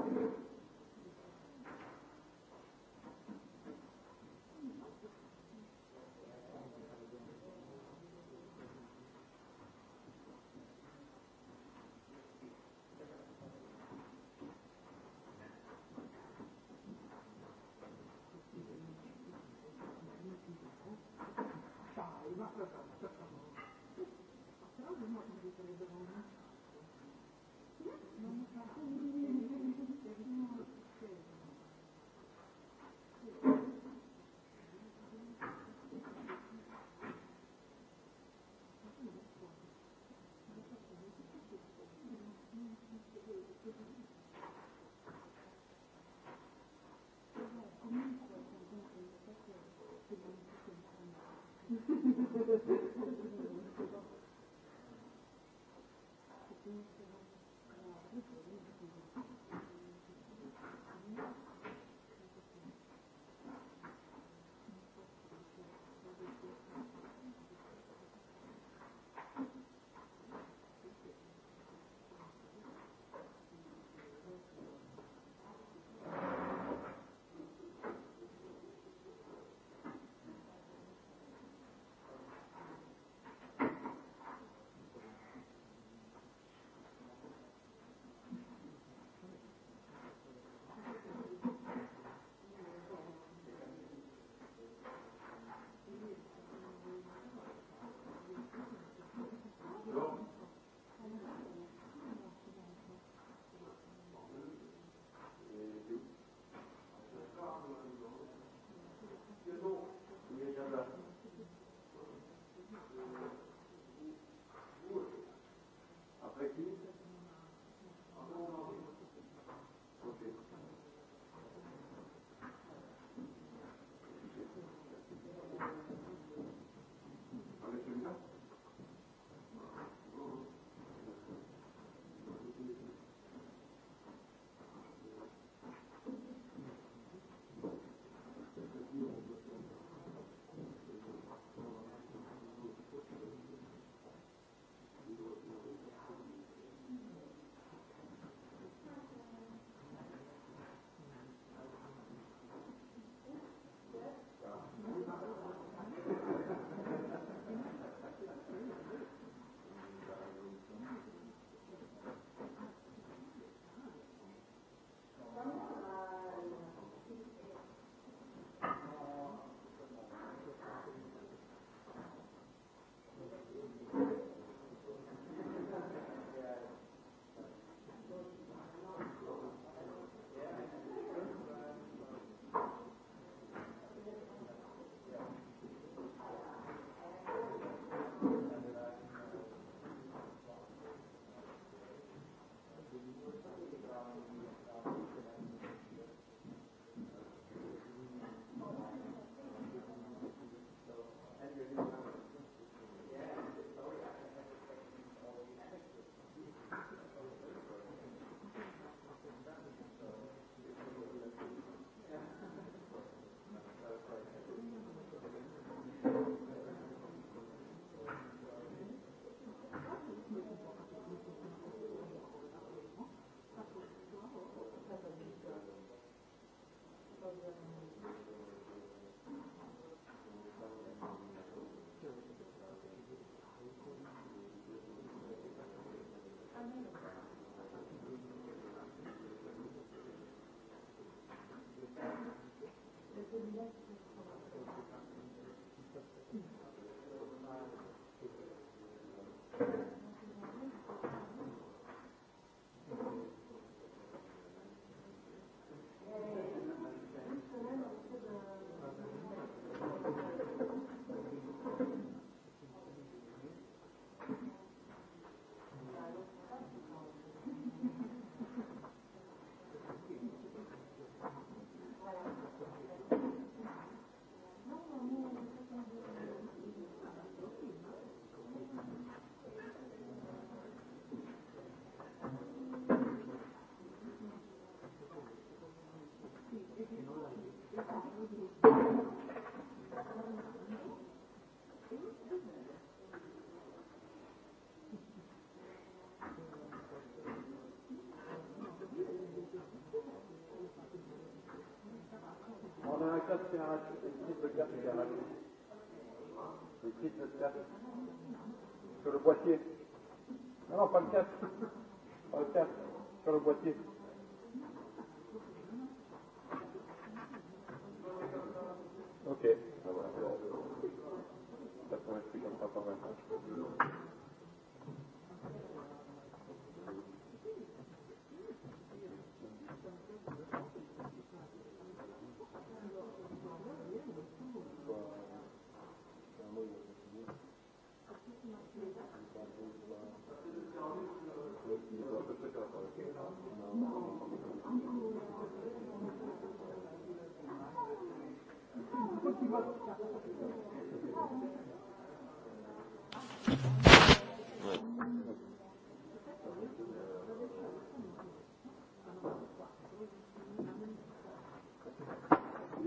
Υπότιτλοι AUTHORWAVE Thank you. Sur le boîtier. Non, non, pas le casque. Pas le casque. Sur le boîtier.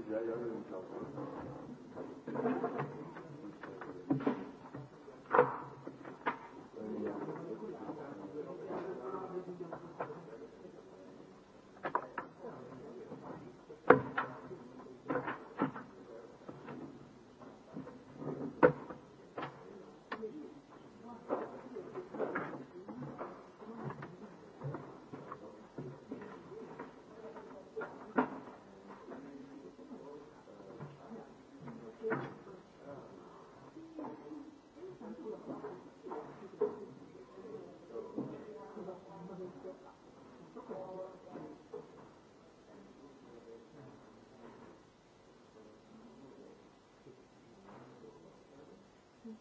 Ja, ja,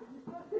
Thank you.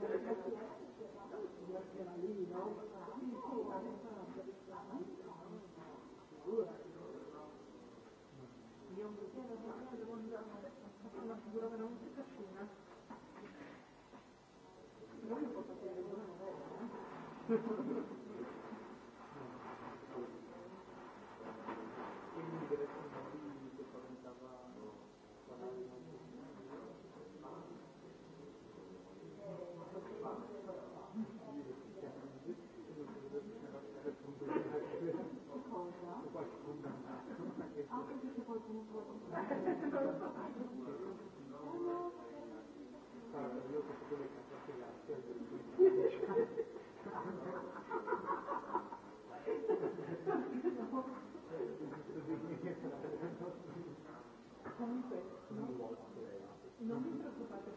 Thank you. No me preocupa que,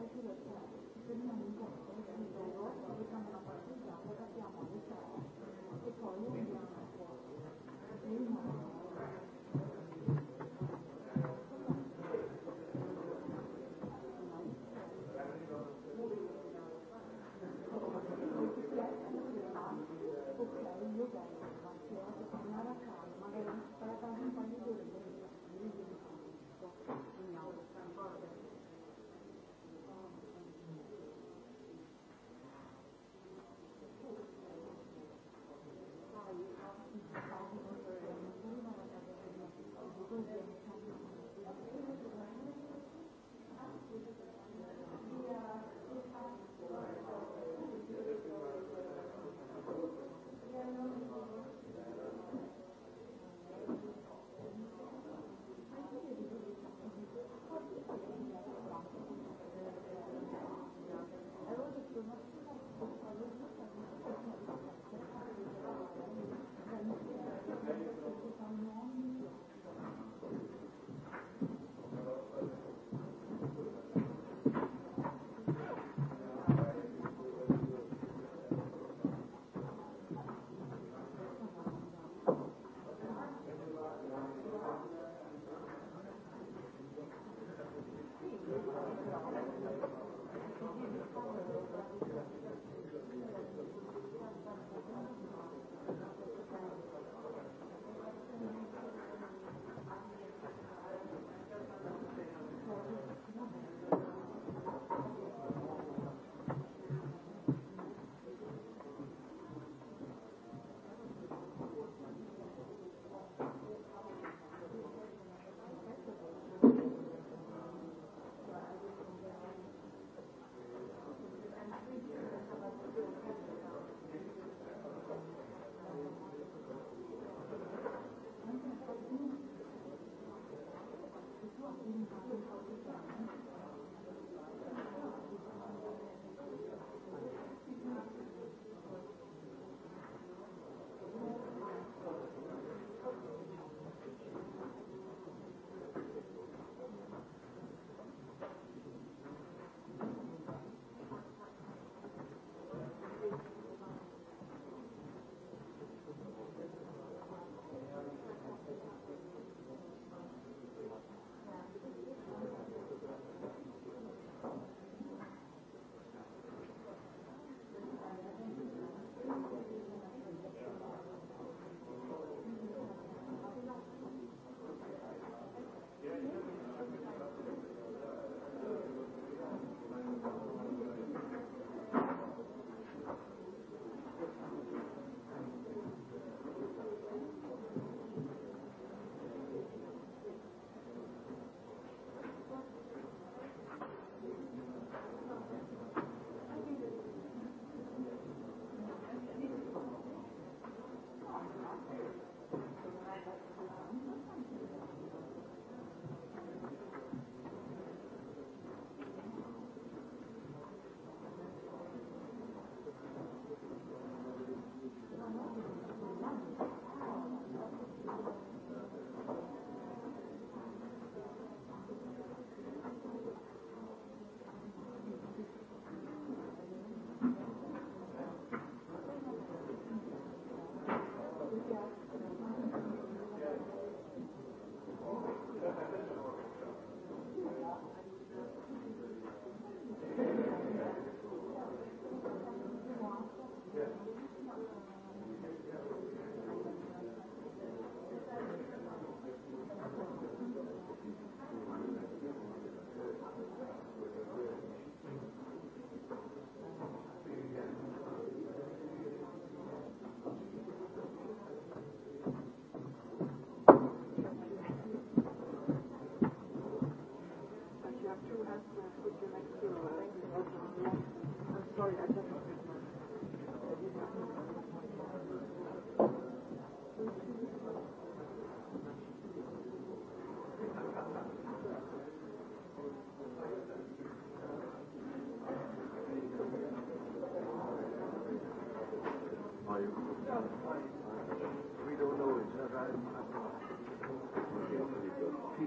Thank you.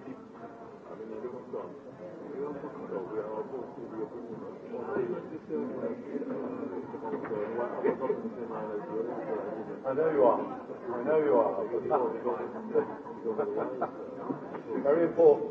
I know you are. I know you are. Very important.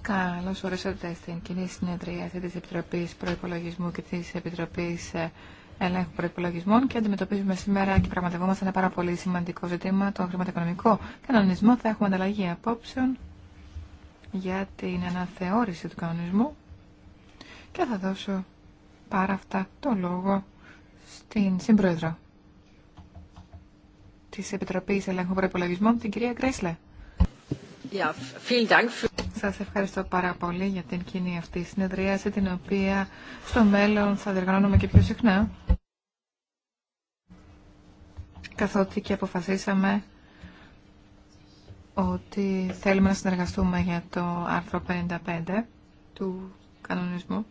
Καλώς ορίσατε στην κοινή συνεδρία της Επιτροπής Προϋπολογισμού και της Επιτροπής ε, Ελέγχου Προϋπολογισμών και αντιμετωπίζουμε σήμερα και πραγματευόμαστε ένα πάρα πολύ σημαντικό ζητήμα, τον χρηματοοικονομικό κανονισμό. Θα έχουμε ανταλλαγή απόψεων για την αναθεώρηση του κανονισμού και θα δώσω πάρα αυτά το λόγο στην Συμπρόεδρο της Επιτροπής Ελέγχου την κυρία Γκρέσλε. Σας ευχαριστώ πάρα πολύ για την κοινή αυτή συνεδρίαση, την οποία στο μέλλον θα διεργανώνουμε και πιο συχνά. Καθότι και αποφασίσαμε ότι θέλουμε να συνεργαστούμε για το άρθρο 55 του κανονισμού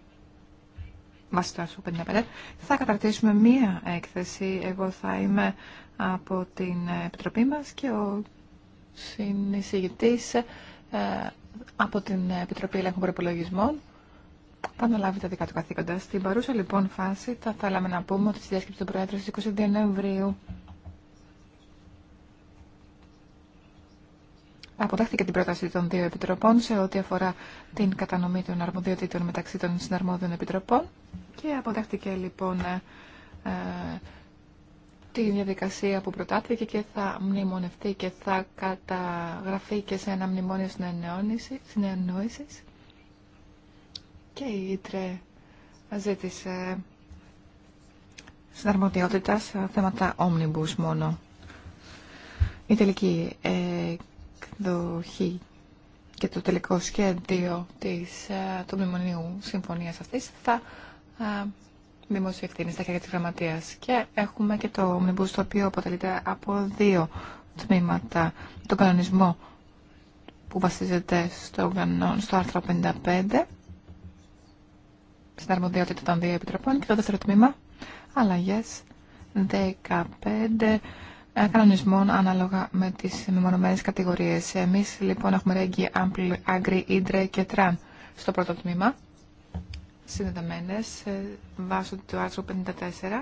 βάσει του 55, θα καταρτήσουμε μία έκθεση. Εγώ θα είμαι από την Επιτροπή μας και ο συνεισηγητής ε, από την Επιτροπή Ελέγχου Προπολογισμών θα αναλάβει τα δικά του καθήκοντα. Στην παρούσα λοιπόν φάση θα θέλαμε να πούμε ότι στη διάσκεψη του Προέδρου στις 22 Νοεμβρίου αποδέχτηκε την πρόταση των δύο επιτροπών σε ό,τι αφορά την κατανομή των αρμοδιοτήτων μεταξύ των συναρμόδιων επιτροπών και αποδέχτηκε λοιπόν ε, ε τη διαδικασία που προτάθηκε και θα μνημονευτεί και θα καταγραφεί και σε ένα μνημόνιο συνεννόησης. Και η ΙΤΡΕ ζήτησε συναρμοδιότητα σε θέματα όμνιμπους μόνο. Η τελική ε, εκδοχή και το τελικό σχέδιο της, ε, του μνημονίου συμφωνίας αυτής θα ε, δημοσιευτεί στα χέρια της γραμματείας. Και έχουμε και το Μνημπούς το οποίο αποτελείται από δύο τμήματα. το κανονισμό που βασίζεται στο, άρθρο 55 στην αρμοδιότητα των δύο επιτροπών και το δεύτερο τμήμα αλλαγές 15 κανονισμών ανάλογα με τις μεμονωμένε κατηγορίες. Εμείς λοιπόν έχουμε ρέγγι, άγκρι, ίντρε και τραν στο πρώτο τμήμα, συνδεδεμένε. Ε, βάσει του άρθρου 54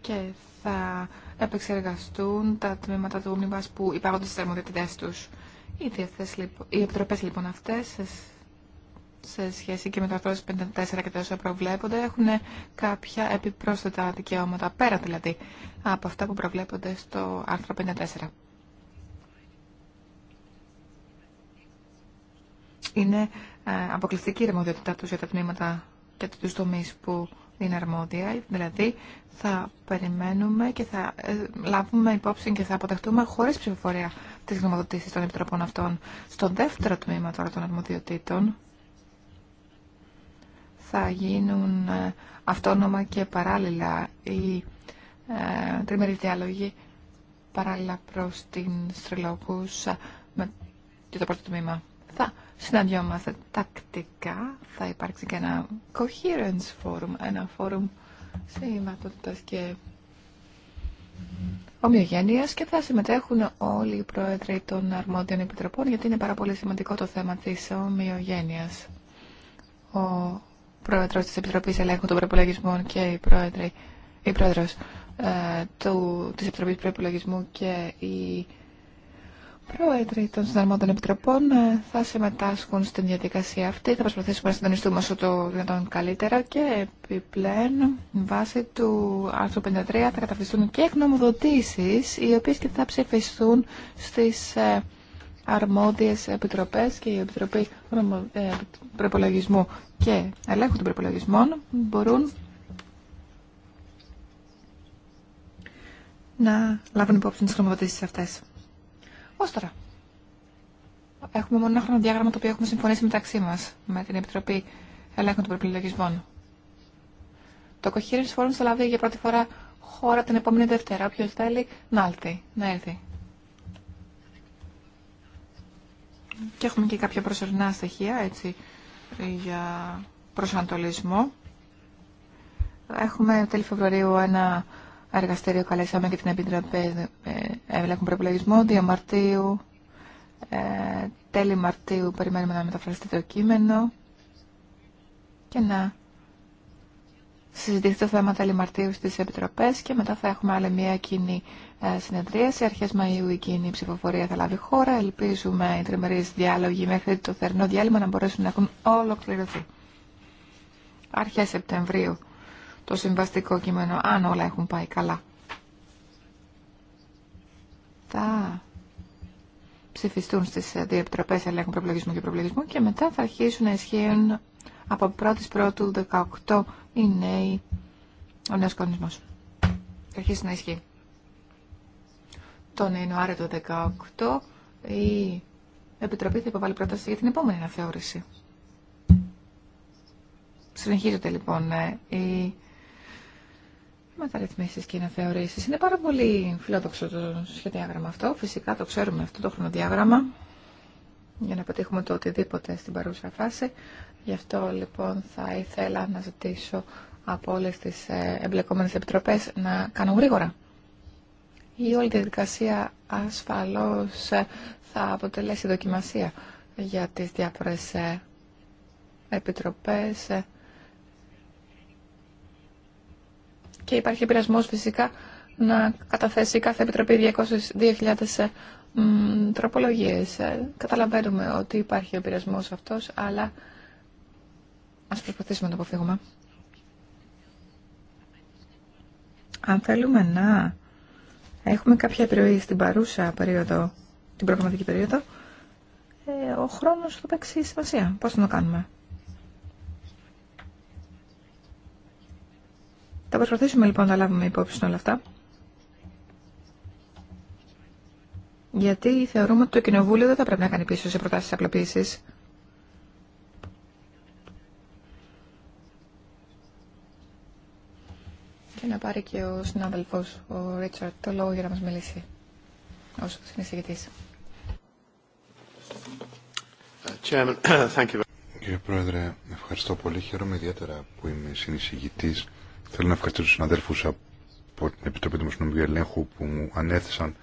και θα επεξεργαστούν τα τμήματα του μνημάς που υπάρχουν στι θερμοδιατητές του. Οι, λοιπόν, οι επιτροπές λοιπόν αυτές σε σχέση και με το άρθρο 54 και τα όσα προβλέπονται έχουν κάποια επιπρόσθετα δικαιώματα, πέρα δηλαδή από αυτά που προβλέπονται στο άρθρο 54. Είναι ε, αποκλειστική η αρμοδιότητά τους για τα τμήματα και του τομεί που είναι αρμόδια, δηλαδή θα περιμένουμε και θα ε, λάβουμε υπόψη και θα αποτεχτούμε χωρίς ψηφοφορία τις γνωμοδοτήσεις των επιτροπών αυτών. Στο δεύτερο τμήμα τώρα των αρμοδιοτήτων, θα γίνουν ε, αυτόνομα και παράλληλα η ε, τριμερή διάλογοι παράλληλα προς την Στρελόκουσα ε, με και το πρώτο τμήμα. Θα συναντιόμαστε τακτικά, θα υπάρξει και ένα coherence forum, ένα forum συμβατότητας και ομοιογένειας και θα συμμετέχουν όλοι οι πρόεδροι των αρμόδιων επιτροπών γιατί είναι πάρα πολύ σημαντικό το θέμα της ομοιογένειας. Ο Πρόεδρο τη Επιτροπή Ελέγχου των Προπολογισμών και η, πρόεδρο η πρόεδρος ε, του, της Προπολογισμού και η πρόεδροι των των επιτροπών ε, θα συμμετάσχουν στην διαδικασία αυτή. Θα προσπαθήσουμε να συντονιστούμε όσο το δυνατόν καλύτερα και επιπλέον βάσει του άρθρου 53 θα καταφυστούν και εκνομοδοτήσεις οι οποίες και θα ψηφιστούν στις ε, αρμόδιες επιτροπές και η Επιτροπή ε, Προπολογισμού και Ελέγχου των Προπολογισμών μπορούν να λάβουν υπόψη τις χρηματοδοτήσεις αυτές. Ως Έχουμε μόνο ένα χρονοδιάγραμμα το οποίο έχουμε συμφωνήσει μεταξύ μας με την Επιτροπή Ελέγχου των Προπολογισμών. Το Coherence Forum θα λάβει για πρώτη φορά χώρα την επόμενη Δευτέρα. Όποιος θέλει να έρθει. Να Και έχουμε και κάποια προσωρινά στοιχεία, έτσι, για προσανατολισμό. Έχουμε τέλη Φεβρουαρίου ένα εργαστήριο, καλέσαμε και την Επιτροπή Ευλέγχου Προπολογισμού, 2 Μαρτίου, ε, τέλη Μαρτίου περιμένουμε να μεταφραστεί το κείμενο και να συζητηθεί το θέμα τέλη Μαρτίου στις Επιτροπές και μετά θα έχουμε άλλη μια κοινή ε, συνεδρίαση. Αρχές Μαΐου η κοινή ψηφοφορία θα λάβει χώρα. Ελπίζουμε οι τριμερείς διάλογοι μέχρι το θερινό διάλειμμα να μπορέσουν να έχουν ολοκληρωθεί. Αρχές Σεπτεμβρίου το συμβαστικό κείμενο, αν όλα έχουν πάει καλά. Θα ψηφιστούν στις δύο επιτροπές ελέγχου προπλογισμού και προπλογισμού και μετά θα αρχίσουν να ισχύουν από 1η Πρώτου 18 οι νέοι, ο νέος κονισμός. Θα αρχίσει να ισχύει τον Ιανουάριο του 2018 η Επιτροπή θα υποβάλει πρόταση για την επόμενη αναθεώρηση. Συνεχίζονται λοιπόν ε, οι μεταρρυθμίσει και οι αναθεωρήσει. Είναι πάρα πολύ φιλόδοξο το σχεδιάγραμμα αυτό. Φυσικά το ξέρουμε αυτό το χρονοδιάγραμμα για να πετύχουμε το οτιδήποτε στην παρούσα φάση. Γι' αυτό λοιπόν θα ήθελα να ζητήσω από όλε τι ε, εμπλεκόμενε επιτροπέ να κάνω γρήγορα η όλη διαδικασία ασφαλώς ε, θα αποτελέσει δοκιμασία για τις διάφορες ε, επιτροπές ε. και υπάρχει πειρασμός φυσικά να καταθέσει κάθε επιτροπή 2.000 τροπολογίες. Καταλαβαίνουμε ότι υπάρχει ο πειρασμός αυτός, αλλά ας προσπαθήσουμε να το αποφύγουμε. Αν θέλουμε να έχουμε κάποια επιρροή στην παρούσα περίοδο, την προγραμματική περίοδο, ε, ο χρόνος θα παίξει σημασία. Πώς θα το κάνουμε. Θα προσπαθήσουμε λοιπόν να λάβουμε υπόψη όλα αυτά. Γιατί θεωρούμε ότι το Κοινοβούλιο δεν θα πρέπει να κάνει πίσω σε προτάσει απλοποίηση. και να πάρει και ο συνάδελφος, ο Ρίτσαρτ, το λόγο για να μας μιλήσει ως συνεισηγητής. Uh, Κύριε Πρόεδρε, ευχαριστώ πολύ. Χαίρομαι ιδιαίτερα που είμαι συνεισηγητής. Θέλω να ευχαριστήσω τους συναδέλφους από την Επιτροπή του Ελέγχου που μου ανέθεσαν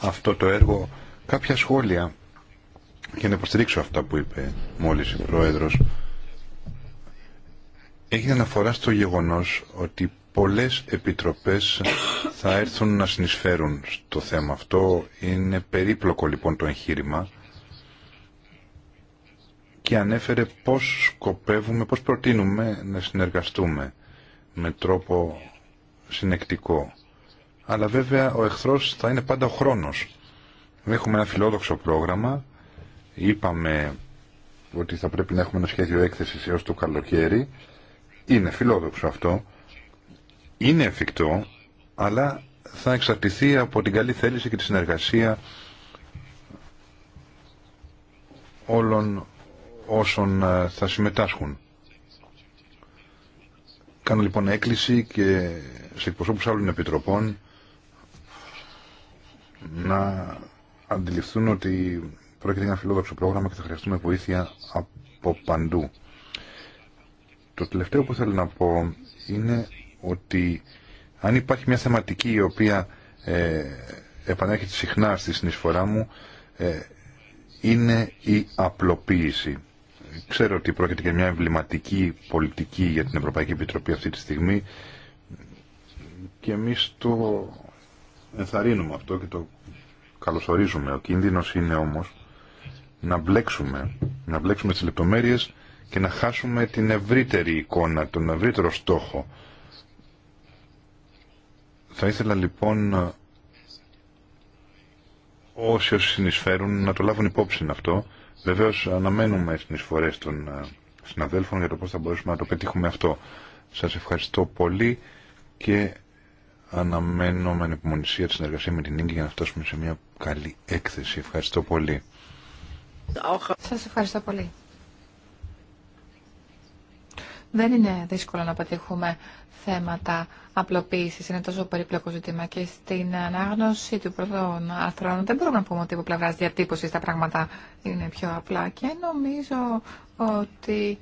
αυτό το έργο. Κάποια σχόλια για να υποστηρίξω αυτά που είπε μόλις η Πρόεδρος. Έγινε αναφορά στο γεγονός ότι πολλές επιτροπές θα έρθουν να συνεισφέρουν στο θέμα αυτό. Είναι περίπλοκο λοιπόν το εγχείρημα και ανέφερε πώς σκοπεύουμε, πώς προτείνουμε να συνεργαστούμε με τρόπο συνεκτικό. Αλλά βέβαια ο εχθρός θα είναι πάντα ο χρόνος. Έχουμε ένα φιλόδοξο πρόγραμμα, είπαμε ότι θα πρέπει να έχουμε ένα σχέδιο έκθεσης έως το καλοκαίρι, είναι φιλόδοξο αυτό, είναι εφικτό, αλλά θα εξαρτηθεί από την καλή θέληση και τη συνεργασία όλων όσων ε, θα συμμετάσχουν. Κάνω λοιπόν έκκληση και σε εκπροσώπους άλλων επιτροπών να αντιληφθούν ότι πρόκειται για ένα φιλόδοξο πρόγραμμα και θα χρειαστούμε βοήθεια από παντού. Το τελευταίο που θέλω να πω είναι ότι αν υπάρχει μια θεματική η οποία ε, επανέρχεται συχνά στη συνεισφορά μου ε, είναι η απλοποίηση. Ξέρω ότι πρόκειται για μια εμβληματική πολιτική για την Ευρωπαϊκή Επιτροπή αυτή τη στιγμή και εμείς το ενθαρρύνουμε αυτό και το καλωσορίζουμε. Ο κίνδυνος είναι όμως να μπλέξουμε, να μπλέξουμε τις λεπτομέρειες και να χάσουμε την ευρύτερη εικόνα, τον ευρύτερο στόχο θα ήθελα λοιπόν όσοι όσοι συνεισφέρουν να το λάβουν υπόψη αυτό. Βεβαίως αναμένουμε συνεισφορές των ε, συναδέλφων για το πώς θα μπορέσουμε να το πετύχουμε αυτό. Σας ευχαριστώ πολύ και αναμένω με ανεπιμονησία τη συνεργασία με την Ίγκη για να φτάσουμε σε μια καλή έκθεση. Ευχαριστώ πολύ. Σας ευχαριστώ πολύ. Δεν είναι δύσκολο να πετύχουμε θέματα απλοποίησης είναι τόσο περίπλοκο ζήτημα και στην ανάγνωση του πρώτων αρθρών δεν μπορούμε να πούμε ότι από πλευρά διατύπωση τα πράγματα είναι πιο απλά και νομίζω ότι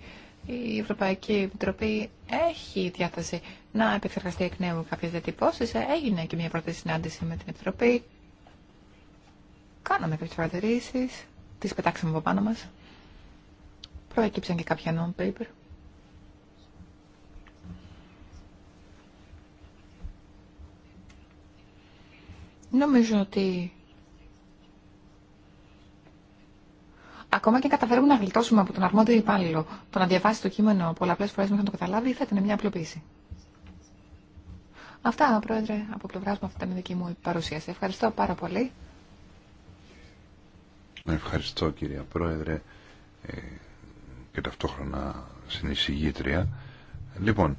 η Ευρωπαϊκή Επιτροπή έχει διάθεση να επεξεργαστεί εκ νέου κάποιες διατυπώσεις. Έγινε και μια πρώτη συνάντηση με την Επιτροπή. Κάναμε κάποιες παρατηρήσεις, τις πετάξαμε από πάνω μας. Προέκυψαν και κάποια non-paper. Νομίζω ότι ακόμα και καταφέρουμε να γλιτώσουμε από τον αρμόδιο υπάλληλο το να διαβάσει το κείμενο πολλαπλέ φορέ μέχρι να το καταλάβει, θα ήταν μια απλοποίηση. Αυτά, Πρόεδρε, από πλευρά μου, αυτή ήταν η δική μου παρουσίαση. Ευχαριστώ πάρα πολύ. Ευχαριστώ, κυρία Πρόεδρε, ε, και ταυτόχρονα συνεισηγήτρια. Λοιπόν,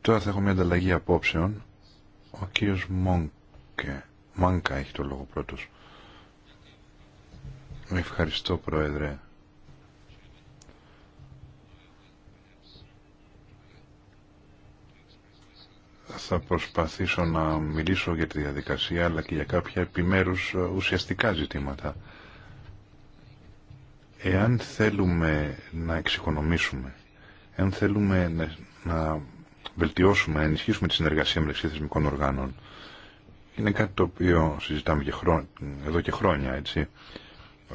τώρα θα έχω μια ανταλλαγή απόψεων. Ο κύριος Μόγκ και Μάνκα έχει το λόγο πρώτος. Ευχαριστώ Πρόεδρε. Θα προσπαθήσω να μιλήσω για τη διαδικασία αλλά και για κάποια επιμέρους ε, ουσιαστικά ζητήματα. Εάν θέλουμε να εξοικονομήσουμε, εάν θέλουμε να βελτιώσουμε, να ενισχύσουμε τη συνεργασία μεταξύ θεσμικών οργάνων, είναι κάτι το οποίο συζητάμε και εδώ και χρόνια, έτσι.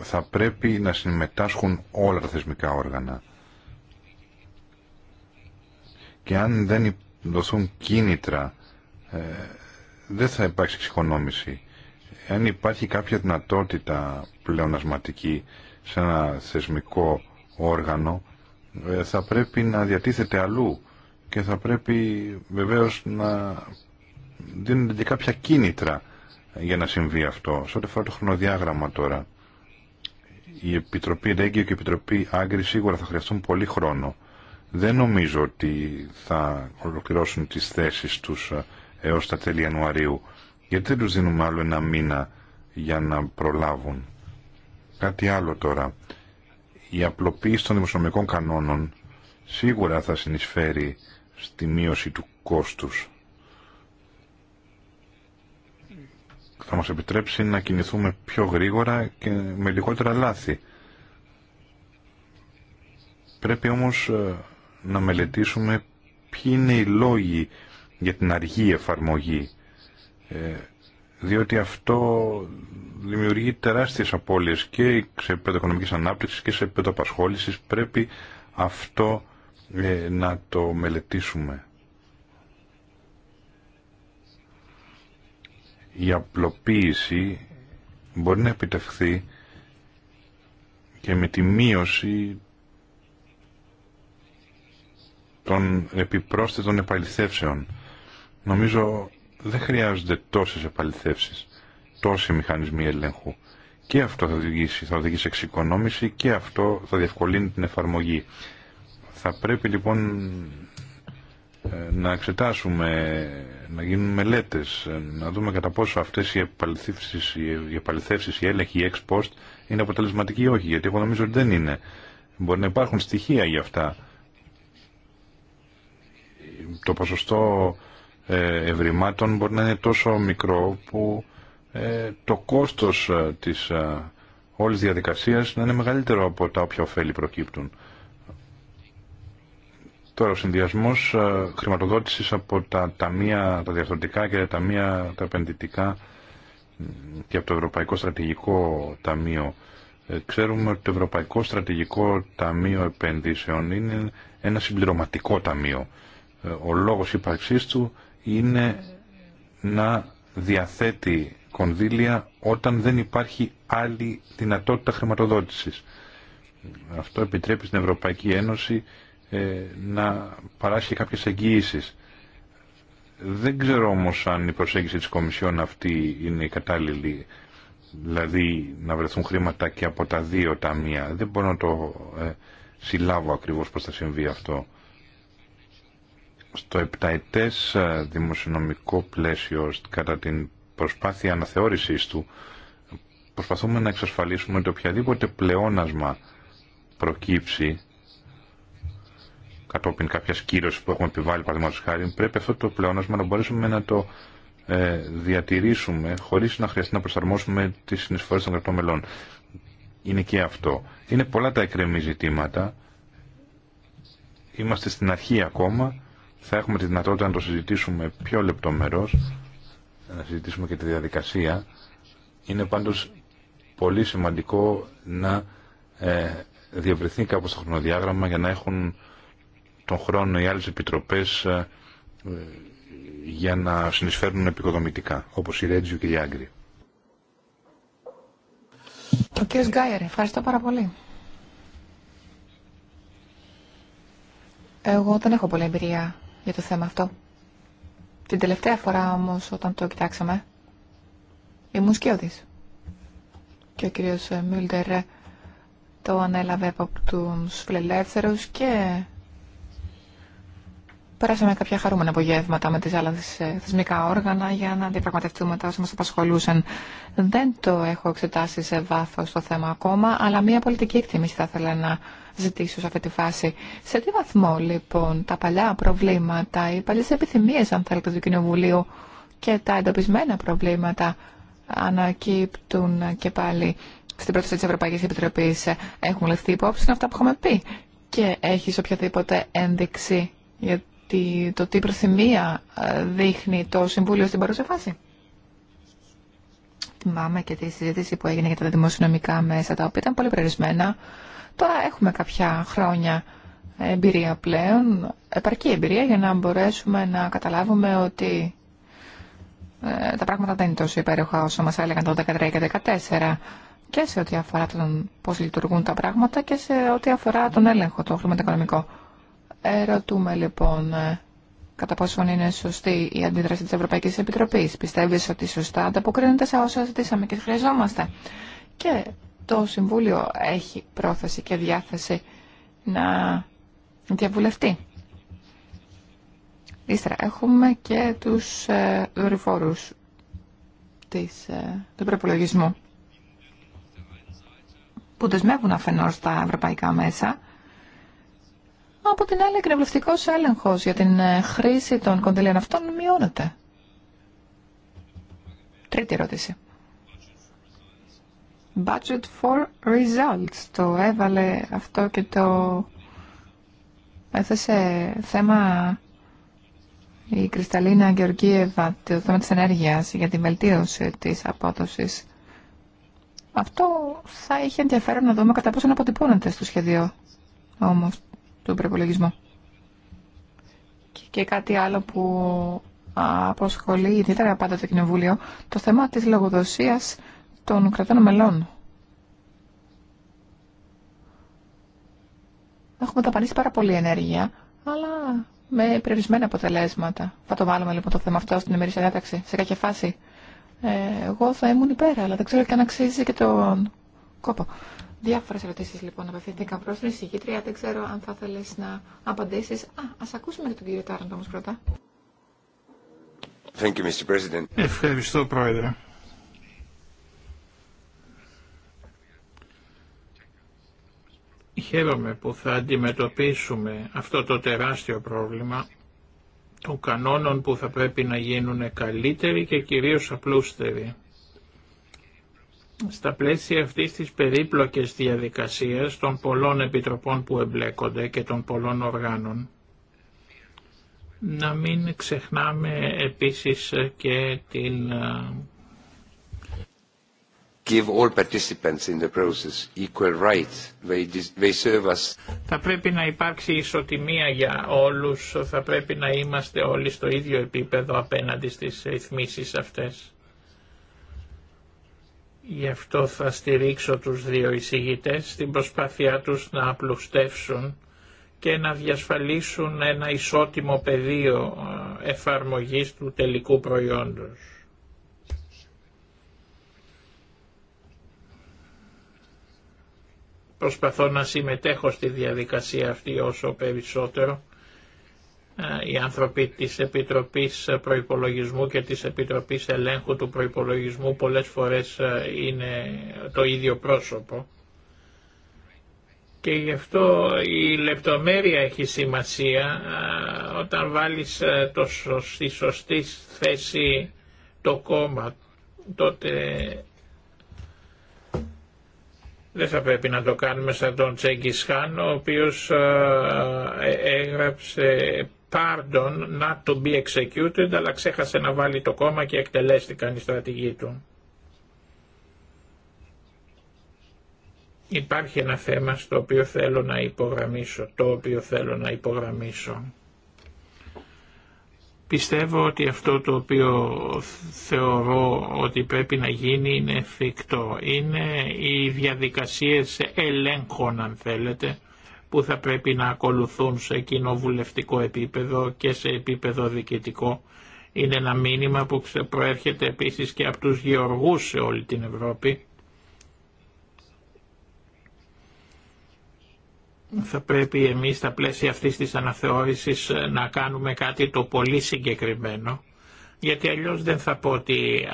Θα πρέπει να συμμετάσχουν όλα τα θεσμικά όργανα. Και αν δεν δοθούν κίνητρα, ε, δεν θα υπάρξει εξοικονόμηση. Αν υπάρχει κάποια δυνατότητα πλεονασματική σε ένα θεσμικό όργανο, ε, θα πρέπει να διατίθεται αλλού και θα πρέπει βεβαίως να δίνονται και κάποια κίνητρα για να συμβεί αυτό. Σε ό,τι αφορά το χρονοδιάγραμμα τώρα, η Επιτροπή Ρέγγιο και η Επιτροπή Άγκρη σίγουρα θα χρειαστούν πολύ χρόνο. Δεν νομίζω ότι θα ολοκληρώσουν τις θέσεις τους ε, έως τα τέλη Ιανουαρίου. Γιατί δεν τους δίνουμε άλλο ένα μήνα για να προλάβουν. Κάτι άλλο τώρα. Η απλοποίηση των δημοσιονομικών κανόνων σίγουρα θα συνεισφέρει στη μείωση του κόστους. θα μας επιτρέψει να κινηθούμε πιο γρήγορα και με λιγότερα λάθη. Πρέπει όμως ε, να μελετήσουμε ποιοι είναι οι λόγοι για την αργή εφαρμογή. Ε, διότι αυτό δημιουργεί τεράστιες απώλειες και σε επίπεδο οικονομικής ανάπτυξης και σε επίπεδο απασχόλησης. Πρέπει αυτό ε, να το μελετήσουμε. η απλοποίηση μπορεί να επιτευχθεί και με τη μείωση των επιπρόσθετων επαληθεύσεων. Νομίζω δεν χρειάζονται τόσες επαληθεύσεις, τόσοι μηχανισμοί ελέγχου. Και αυτό θα οδηγήσει, θα οδηγήσει εξοικονόμηση και αυτό θα διευκολύνει την εφαρμογή. Θα πρέπει λοιπόν ε, να εξετάσουμε, να γίνουν μελέτες, ε, να δούμε κατά πόσο αυτές οι επαληθεύσεις, οι, επαληθεύσεις, οι έλεγχοι, οι ex post είναι αποτελεσματικοί ή όχι, γιατί εγώ νομίζω ότι δεν είναι. Μπορεί να υπάρχουν στοιχεία για αυτά. Το ποσοστό ε, ευρημάτων μπορεί να είναι τόσο μικρό που το κόστος της όλης διαδικασίας να είναι μεγαλύτερο από τα όποια ωφέλη προκύπτουν. Τώρα ο συνδυασμό ε, χρηματοδότηση από τα ταμεία, τα διαφορετικά και τα ταμεία, τα επενδυτικά και από το Ευρωπαϊκό Στρατηγικό Ταμείο. Ε, ξέρουμε ότι το Ευρωπαϊκό Στρατηγικό Ταμείο Επενδύσεων είναι ένα συμπληρωματικό ταμείο. Ε, ο λόγος ύπαρξής του είναι να διαθέτει κονδύλια όταν δεν υπάρχει άλλη δυνατότητα χρηματοδότησης. Αυτό επιτρέπει στην Ευρωπαϊκή Ένωση ε, να παράσχει κάποιες εγγύησεις. Δεν ξέρω όμως αν η προσέγγιση της Κομισιόν αυτή είναι η κατάλληλη, δηλαδή να βρεθούν χρήματα και από τα δύο ταμεία. Δεν μπορώ να το ε, συλλάβω ακριβώς πώς θα συμβεί αυτό. Στο επταετές ε, δημοσιονομικό πλαίσιο, κατά την προσπάθεια αναθεώρησής του, προσπαθούμε να εξασφαλίσουμε ότι οποιαδήποτε πλεόνασμα προκύψει κατόπιν κάποια κύρωση που έχουμε επιβάλει, παραδείγματο χάρη, πρέπει αυτό το πλεόνασμα να μπορέσουμε να το ε, διατηρήσουμε χωρί να χρειαστεί να προσαρμόσουμε τι συνεισφορέ των κρατών μελών. Είναι και αυτό. Είναι πολλά τα εκκρεμή ζητήματα. Είμαστε στην αρχή ακόμα. Θα έχουμε τη δυνατότητα να το συζητήσουμε πιο λεπτομερώ, να συζητήσουμε και τη διαδικασία. Είναι πάντως πολύ σημαντικό να ε, διευρυθεί κάπως το χρονοδιάγραμμα για να έχουν τον χρόνο οι άλλες επιτροπές ε, για να συνεισφέρουν επικοδομητικά, όπως η Ρέτζιου και η Άγκρη. Ο κ. Γκάιερ, ευχαριστώ πάρα πολύ. Εγώ δεν έχω πολλή εμπειρία για το θέμα αυτό. Την τελευταία φορά όμως όταν το κοιτάξαμε, ήμουν σκιώδης. Και ο κύριος Μιλτερ το ανέλαβε από τους φιλελεύθερους και Πέρασαμε κάποια χαρούμενα απογεύματα με τις άλλα ε, θεσμικά όργανα για να αντιπραγματευτούμε τα όσα μας απασχολούσαν. Δεν το έχω εξετάσει σε βάθος το θέμα ακόμα, αλλά μια πολιτική εκτίμηση θα ήθελα να ζητήσω σε αυτή τη φάση. Σε τι βαθμό λοιπόν τα παλιά προβλήματα, οι παλιές επιθυμίες αν θέλετε του Κοινοβουλίου και τα εντοπισμένα προβλήματα ανακύπτουν και πάλι στην πρόταση της Ευρωπαϊκής Επιτροπής έχουν λεφθεί υπόψη αυτά που έχουμε πει και έχεις οποιαδήποτε ένδειξη για το τι προθυμία ε, δείχνει το Συμβούλιο στην παρούσα φάση. Θυμάμαι και τη συζήτηση που έγινε για τα δημοσιονομικά μέσα, τα οποία ήταν πολύ περιορισμένα. Τώρα έχουμε κάποια χρόνια εμπειρία πλέον, επαρκή εμπειρία για να μπορέσουμε να καταλάβουμε ότι ε, τα πράγματα δεν είναι τόσο υπέροχα όσο μας έλεγαν το 2013 και 2014 και σε ό,τι αφορά τον πώς λειτουργούν τα πράγματα και σε ό,τι αφορά τον έλεγχο, το χρηματοοικονομικό. Ερωτούμε λοιπόν ε, κατά πόσον είναι σωστή η αντίδραση της Ευρωπαϊκής Επιτροπής. Πιστεύεις ότι σωστά ανταποκρίνεται σε όσα ζητήσαμε και χρειαζόμαστε. Και το Συμβούλιο έχει πρόθεση και διάθεση να διαβουλευτεί. Ύστερα έχουμε και τους ε, δορυφόρους της, ε, του προπολογισμού που δεσμεύουν αφενός τα ευρωπαϊκά μέσα από την άλλη, εκνευλευτικό έλεγχο για την ε, χρήση των κονδυλίων αυτών μειώνεται. Τρίτη ερώτηση. Budget for results. Το έβαλε αυτό και το έθεσε θέμα η Κρυσταλίνα Γεωργίευα, το θέμα της ενέργειας για τη βελτίωση της απόδοσης. Αυτό θα είχε ενδιαφέρον να δούμε κατά πόσο αποτυπώνεται στο σχέδιο όμως του προπολογισμού. Και κάτι άλλο που απασχολεί ιδιαίτερα πάντα το Κοινοβούλιο, το θέμα της λογοδοσίας των κρατών μελών. Έχουμε ταπανίσει πάρα πολύ ενέργεια, αλλά με περιορισμένα αποτελέσματα. Θα το βάλουμε λοιπόν το θέμα αυτό στην ημερήσια διάταξη, σε κάποια φάση. Ε, εγώ θα ήμουν υπέρα, αλλά δεν ξέρω και αν αξίζει και τον κόπο. Διάφορε ερωτήσει, λοιπόν απευθύνθηκαν προ την εισηγήτρια. Δεν ξέρω αν θα θέλεις να απαντήσεις. Α, ας ακούσουμε τον κύριο Τάραντ όμω πρώτα. Thank you, Mr. Ευχαριστώ Πρόεδρε. Χαίρομαι που θα αντιμετωπίσουμε αυτό το τεράστιο πρόβλημα των κανόνων που θα πρέπει να γίνουν καλύτεροι και κυρίως απλούστεροι. Στα πλαίσια αυτής της περίπλοκης διαδικασίας των πολλών επιτροπών που εμπλέκονται και των πολλών οργάνων, να μην ξεχνάμε επίσης και την ε, Give all participants in the process equal rights. They serve us. Θα πρέπει να υπάρξει ισοτιμία για όλους, θα πρέπει να είμαστε όλοι στο ίδιο επίπεδο απέναντι στις ρυθμίσεις αυτές. Γι' αυτό θα στηρίξω τους δύο εισηγητές στην προσπάθειά τους να απλουστεύσουν και να διασφαλίσουν ένα ισότιμο πεδίο ε, εφαρμογής του τελικού προϊόντος. Προσπαθώ να συμμετέχω στη διαδικασία αυτή όσο περισσότερο ε, οι άνθρωποι της Επιτροπής Προϋπολογισμού και της Επιτροπής Ελέγχου του Προϋπολογισμού πολλές φορές ε, είναι το ίδιο πρόσωπο. Και γι' αυτό η λεπτομέρεια έχει σημασία ε, όταν βάλεις το, στη σωστή θέση το κόμμα τότε δεν θα πρέπει να το κάνουμε σαν τον Τσέγκης Χάν, ο οποίος έγραψε pardon not to be executed, αλλά ξέχασε να βάλει το κόμμα και εκτελέστηκαν οι στρατηγοί του. Υπάρχει ένα θέμα στο οποίο θέλω να υπογραμμίσω, το οποίο θέλω να υπογραμμίσω. Πιστεύω ότι αυτό το οποίο θεωρώ ότι πρέπει να γίνει είναι εφικτό. Είναι οι διαδικασίες ελέγχων αν θέλετε που θα πρέπει να ακολουθούν σε κοινοβουλευτικό επίπεδο και σε επίπεδο διοικητικό. Είναι ένα μήνυμα που προέρχεται επίσης και από τους γεωργούς σε όλη την Ευρώπη. Θα πρέπει εμείς στα πλαίσια αυτής της αναθεώρησης ε, να κάνουμε κάτι το πολύ συγκεκριμένο, γιατί αλλιώς δεν θα πω ότι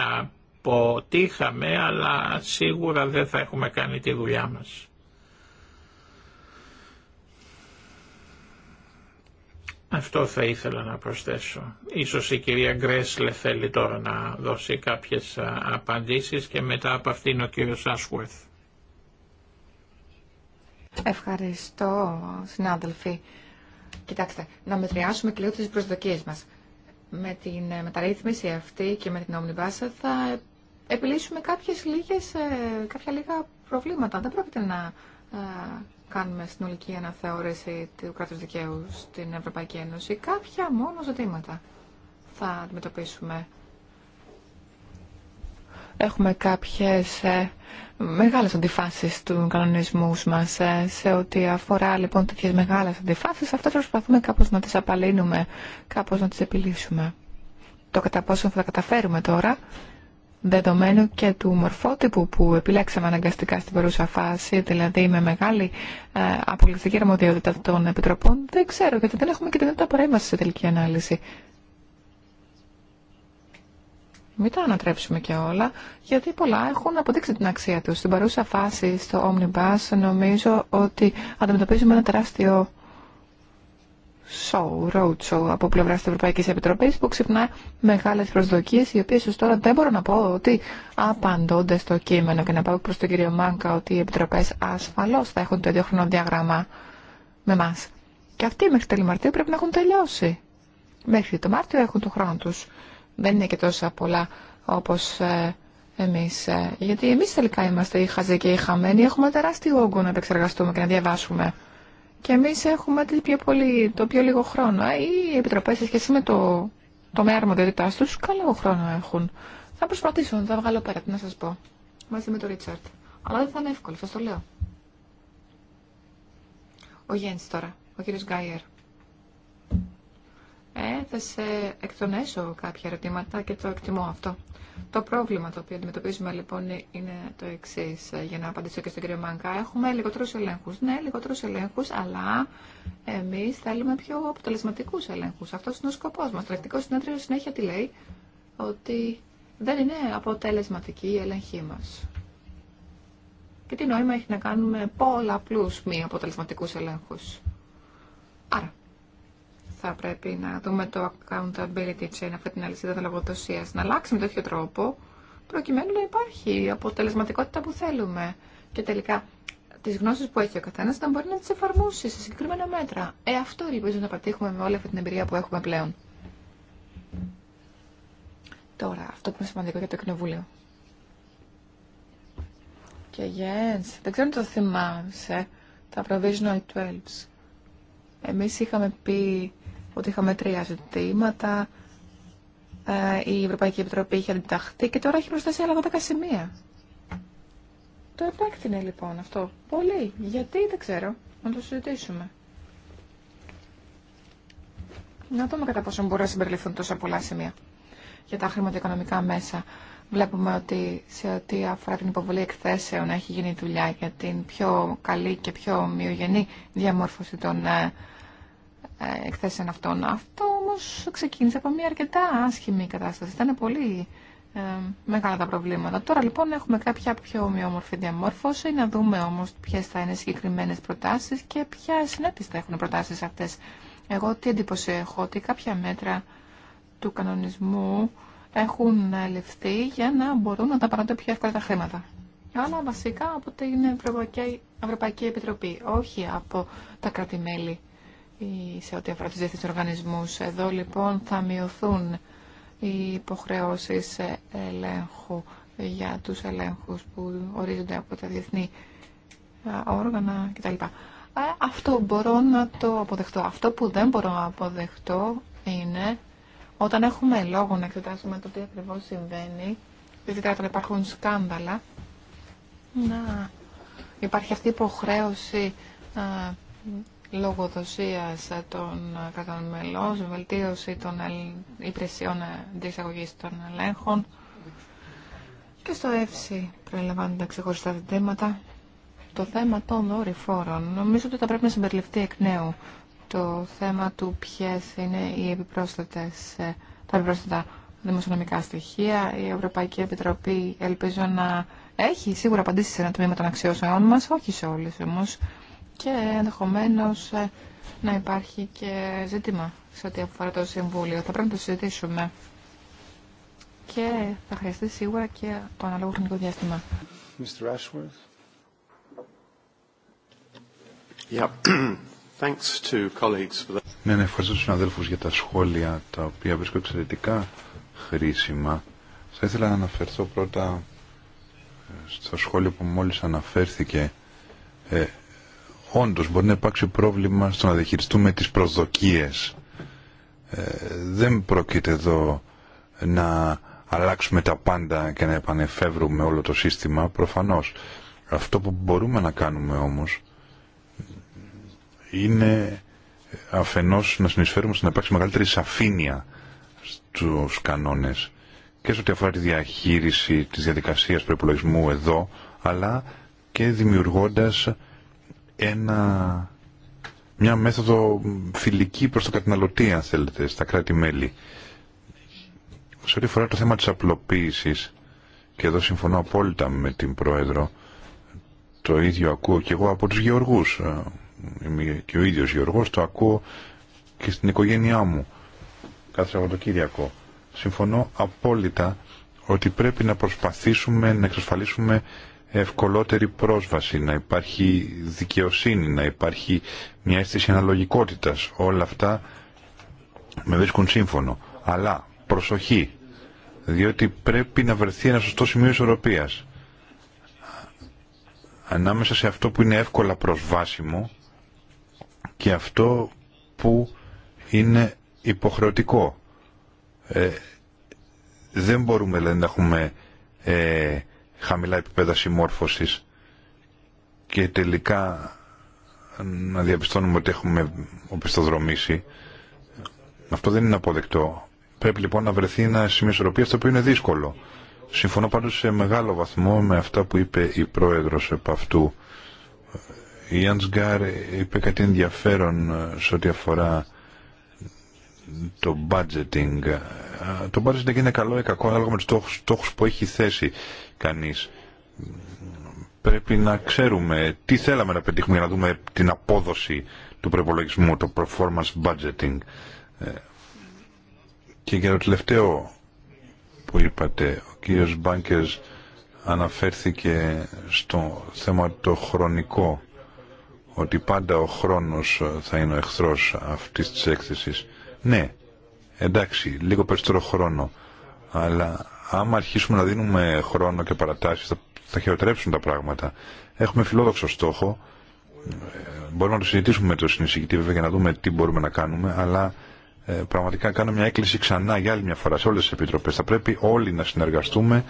αποτύχαμε, αλλά σίγουρα δεν θα έχουμε κάνει τη δουλειά μας. Αυτό θα ήθελα να προσθέσω. Ίσως η κυρία Γκρέσλε θέλει τώρα να δώσει κάποιες απαντήσεις και μετά από αυτήν ο κύριος Άσουερθ. Ευχαριστώ, συνάδελφοι. Κοιτάξτε, να μετριάσουμε και λίγο τις προσδοκίες μας. Με την ε, μεταρρύθμιση αυτή και με την Omnibus θα επιλύσουμε κάποιες λίγες, ε, κάποια λίγα προβλήματα. Δεν πρόκειται να ε, κάνουμε στην ολική αναθεώρηση του κράτου δικαίου στην Ευρωπαϊκή Ένωση. Κάποια μόνο ζητήματα θα αντιμετωπίσουμε. Έχουμε κάποιες ε, μεγάλες αντιφάσεις του κανονισμού μας ε, σε ό,τι αφορά λοιπόν τέτοιες μεγάλες αντιφάσεις. Αυτά προσπαθούμε κάπως να τις απαλύνουμε, κάπως να τις επιλύσουμε. Το κατά πόσο θα τα καταφέρουμε τώρα δεδομένου και του μορφότυπου που επιλέξαμε αναγκαστικά στην παρούσα φάση, δηλαδή με μεγάλη ε, απολυστική αρμοδιότητα των επιτροπών, δεν ξέρω, γιατί δεν έχουμε και δυνατότητα παρέμβαση σε τελική ανάλυση. Μην τα ανατρέψουμε και όλα, γιατί πολλά έχουν αποδείξει την αξία τους. Στην παρούσα φάση, στο Omnibus, νομίζω ότι αντιμετωπίζουμε ένα τεράστιο show, road show από πλευρά τη Ευρωπαϊκή Επιτροπή που ξυπνά μεγάλε προσδοκίε, οι οποίε ω τώρα δεν μπορώ να πω ότι απαντώνται στο κείμενο. Και να πάω προ τον κύριο Μάνκα ότι οι επιτροπέ ασφαλώ θα έχουν το ίδιο χρονοδιάγραμμα με εμά. Και αυτοί μέχρι τέλη Μαρτίου πρέπει να έχουν τελειώσει. Μέχρι το Μάρτιο έχουν το χρόνο του. Δεν είναι και τόσα πολλά όπω ε, εμεί. Ε, γιατί εμεί τελικά είμαστε οι χαζοί και οι χαμένοι. Έχουμε τεράστιο όγκο να επεξεργαστούμε και να διαβάσουμε. Και εμεί έχουμε το πιο, το πιο λίγο χρόνο. Ε, οι επιτροπέ σε σχέση με το τομέα αρμοδιότητάς τους, καλό χρόνο έχουν. Θα προσπαθήσω να τα βγάλω πέρα, τι να σα πω, μαζί με τον Ρίτσαρτ. Αλλά δεν θα είναι εύκολο, σα το λέω. Ο Γιάννη τώρα, ο κύριο Γκάιερ. Έθεσε εκ των κάποια ερωτήματα και το εκτιμώ αυτό. Το πρόβλημα το οποίο αντιμετωπίζουμε λοιπόν είναι το εξή. Ε, για να απαντήσω και στον κύριο Μανκά, έχουμε λιγότερου ελέγχου. Ναι, λιγότερου ελέγχου, αλλά εμεί θέλουμε πιο αποτελεσματικού ελέγχου. Αυτό είναι ο σκοπό μα. Το στην συνέδριο συνέχεια τι λέει, ότι δεν είναι αποτελεσματική η ελέγχή μα. Και τι νόημα έχει να κάνουμε πολλαπλού μη αποτελεσματικού ελέγχου. Άρα, θα πρέπει να δούμε το accountability chain, αυτή την αλυσίδα λογοδοσία, να αλλάξει με τέτοιο τρόπο, προκειμένου να υπάρχει η αποτελεσματικότητα που θέλουμε. Και τελικά τι γνώσει που έχει ο καθένα να μπορεί να τι εφαρμόσει σε συγκεκριμένα μέτρα. Ε, αυτό ελπίζω να πετύχουμε με όλη αυτή την εμπειρία που έχουμε πλέον. Τώρα, αυτό που είναι σημαντικό για το Κοινοβούλιο. Και yes, δεν ξέρω αν το θυμάσαι, τα Provisional 12. Εμείς είχαμε πει ότι είχαμε τρία ζητήματα. Ε, η Ευρωπαϊκή Επιτροπή είχε αντιταχθεί και τώρα έχει προσθέσει άλλα 12 σημεία. Το επέκτηνε λοιπόν αυτό. Πολύ. Γιατί δεν ξέρω. Να το συζητήσουμε. Να δούμε κατά πόσο μπορεί να συμπεριληφθούν τόσα πολλά σημεία. Για τα χρηματοοικονομικά μέσα βλέπουμε ότι σε ό,τι αφορά την υποβολή εκθέσεων έχει γίνει δουλειά για την πιο καλή και πιο ομοιογενή διαμόρφωση των ε, ε, εκθέσεων αυτών. Αυτό όμω ξεκίνησε από μια αρκετά άσχημη κατάσταση. Ήταν πολύ ε, μεγάλα τα προβλήματα. Τώρα λοιπόν έχουμε κάποια πιο ομοιόμορφη διαμόρφωση, να δούμε όμω ποιε θα είναι συγκεκριμένε προτάσει και ποια συνέπειες θα έχουν οι προτάσεις αυτές. Εγώ τι εντύπωση έχω, ότι κάποια μέτρα του κανονισμού έχουν ληφθεί για να μπορούν να τα παράνται πιο εύκολα τα χρήματα. Αλλά βασικά από την Ευρωπαϊκή Επιτροπή, όχι από τα κράτη-μέλη σε ό,τι αφορά τους διεθνείς οργανισμούς. Εδώ λοιπόν θα μειωθούν οι υποχρεώσεις ελέγχου για τους ελέγχους που ορίζονται από τα διεθνή όργανα κτλ. Αυτό μπορώ να το αποδεχτώ. Αυτό που δεν μπορώ να αποδεχτώ είναι όταν έχουμε λόγο να εξετάσουμε το τι ακριβώς συμβαίνει, δηλαδή όταν υπάρχουν σκάνδαλα, να υπάρχει αυτή η υποχρέωση λογοδοσίας των κρατών βελτίωση των υπηρεσιών διεξαγωγή των ελέγχων και στο ΕΦΣΥ τα ξεχωριστά θέματα. Το θέμα των δορυφόρων. Νομίζω ότι θα πρέπει να συμπεριληφθεί εκ νέου το θέμα του ποιε είναι οι επιπρόσθετες, ε, τα επιπρόσθετα δημοσιονομικά στοιχεία. Η Ευρωπαϊκή Επιτροπή ελπίζω να έχει σίγουρα απαντήσει σε ένα τμήμα των αξιώσεών μας, όχι σε όλες όμως και ενδεχομένω ε, να υπάρχει και ζήτημα σε ό,τι αφορά το Συμβούλιο. Θα πρέπει να το συζητήσουμε και θα χρειαστεί σίγουρα και το αναλόγο χρονικό διάστημα. Mr. Ναι, ναι, ευχαριστώ τους συναδέλφους για τα σχόλια τα οποία βρίσκω εξαιρετικά χρήσιμα. Θα ήθελα να αναφερθώ πρώτα ε, στο σχόλιο που μόλις αναφέρθηκε ε, όντως μπορεί να υπάρξει πρόβλημα στο να διαχειριστούμε τις προσδοκίες. Ε, δεν πρόκειται εδώ να αλλάξουμε τα πάντα και να επανεφεύρουμε όλο το σύστημα, προφανώς. Αυτό που μπορούμε να κάνουμε όμως είναι αφενός να συνεισφέρουμε στο να υπάρξει μεγαλύτερη σαφήνεια στους κανόνες και σε ό,τι αφορά τη διαχείριση της διαδικασίας προπολογισμού εδώ, αλλά και δημιουργώντας ένα, μια μέθοδο φιλική προς το καταναλωτή, αν θέλετε, στα κράτη-μέλη. Σε ό,τι φορά το θέμα της απλοποίησης, και εδώ συμφωνώ απόλυτα με την Πρόεδρο, το ίδιο ακούω και εγώ από τους γεωργούς. Ε, είμαι και ο ίδιος γεωργός, το ακούω και στην οικογένειά μου κάθε Σαββατοκύριακο. Συμφωνώ απόλυτα ότι πρέπει να προσπαθήσουμε να εξασφαλίσουμε ευκολότερη πρόσβαση, να υπάρχει δικαιοσύνη, να υπάρχει μια αίσθηση αναλογικότητας. Όλα αυτά με βρίσκουν σύμφωνο. Αλλά προσοχή, διότι πρέπει να βρεθεί ένα σωστό σημείο ισορροπίας. Ανάμεσα σε αυτό που είναι εύκολα προσβάσιμο και αυτό που είναι υποχρεωτικό. Ε, δεν μπορούμε δηλαδή, να έχουμε ε, χαμηλά επίπεδα συμμόρφωσης και τελικά να διαπιστώνουμε ότι έχουμε οπισθοδρομήσει. Αυτό δεν είναι αποδεκτό. Πρέπει λοιπόν να βρεθεί ένα σημείο ισορροπία το οποίο είναι δύσκολο. Συμφωνώ πάντως σε μεγάλο βαθμό με αυτά που είπε η πρόεδρος επ' αυτού. Η Γκάρ είπε κάτι ενδιαφέρον ε, σε ό,τι αφορά το budgeting. Το budgeting είναι καλό ή κακό ανάλογα με τους στόχου που έχει θέσει κανείς. Πρέπει να ξέρουμε τι θέλαμε να πετύχουμε για να δούμε την απόδοση του προπολογισμού, το performance budgeting. Ε, και για το τελευταίο που είπατε, ο κύριος Μπάνκερς αναφέρθηκε στο θέμα το χρονικό, ότι πάντα ο χρόνος θα είναι ο εχθρός αυτής της έκθεσης. Ναι, εντάξει, λίγο περισσότερο χρόνο, αλλά Άμα αρχίσουμε να δίνουμε χρόνο και παρατάσεις θα, θα τα πράγματα. Έχουμε φιλόδοξο στόχο. Ε, μπορούμε να το συζητήσουμε με το συνεισηγητή βέβαια για να δούμε τι μπορούμε να κάνουμε, αλλά ε, πραγματικά κάνω μια έκκληση ξανά για άλλη μια φορά σε όλες τις επιτροπές. Θα πρέπει όλοι να συνεργαστούμε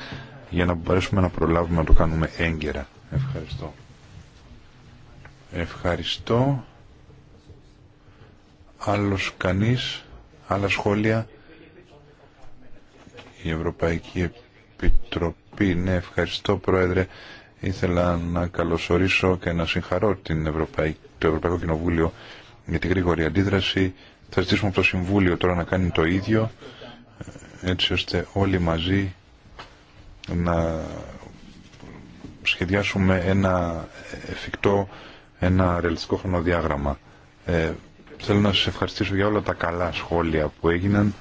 για να μπορέσουμε να προλάβουμε να το κάνουμε έγκαιρα. Ευχαριστώ. Ευχαριστώ. Άλλος κανείς, άλλα σχόλια η Ευρωπαϊκή Επιτροπή. Ναι, ευχαριστώ Πρόεδρε. Ήθελα να καλωσορίσω και να συγχαρώ την το Ευρωπαϊκό Κοινοβούλιο για τη γρήγορη αντίδραση. Θα ζητήσουμε από το Συμβούλιο τώρα να κάνει το ίδιο, έτσι ώστε όλοι μαζί να σχεδιάσουμε ένα εφικτό, ένα ρεαλιστικό χρονοδιάγραμμα. Ε, θέλω να σας ευχαριστήσω για όλα τα καλά σχόλια που έγιναν.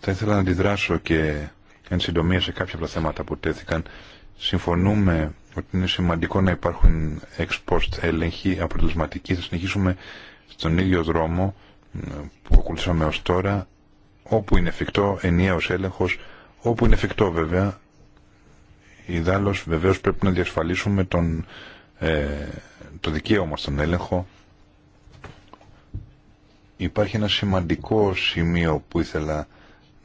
Θα ήθελα να αντιδράσω και εν συντομία σε κάποια από τα θέματα που τέθηκαν. Συμφωνούμε ότι είναι σημαντικό να υπάρχουν ex post έλεγχοι αποτελεσματικοί. Θα συνεχίσουμε στον ίδιο δρόμο που ακολουθήσαμε ως τώρα, όπου είναι εφικτό, ενιαίος έλεγχος, όπου είναι εφικτό βέβαια. Ιδάλλως βεβαίως πρέπει να διασφαλίσουμε τον, ε, το δικαίωμα στον έλεγχο. Υπάρχει ένα σημαντικό σημείο που ήθελα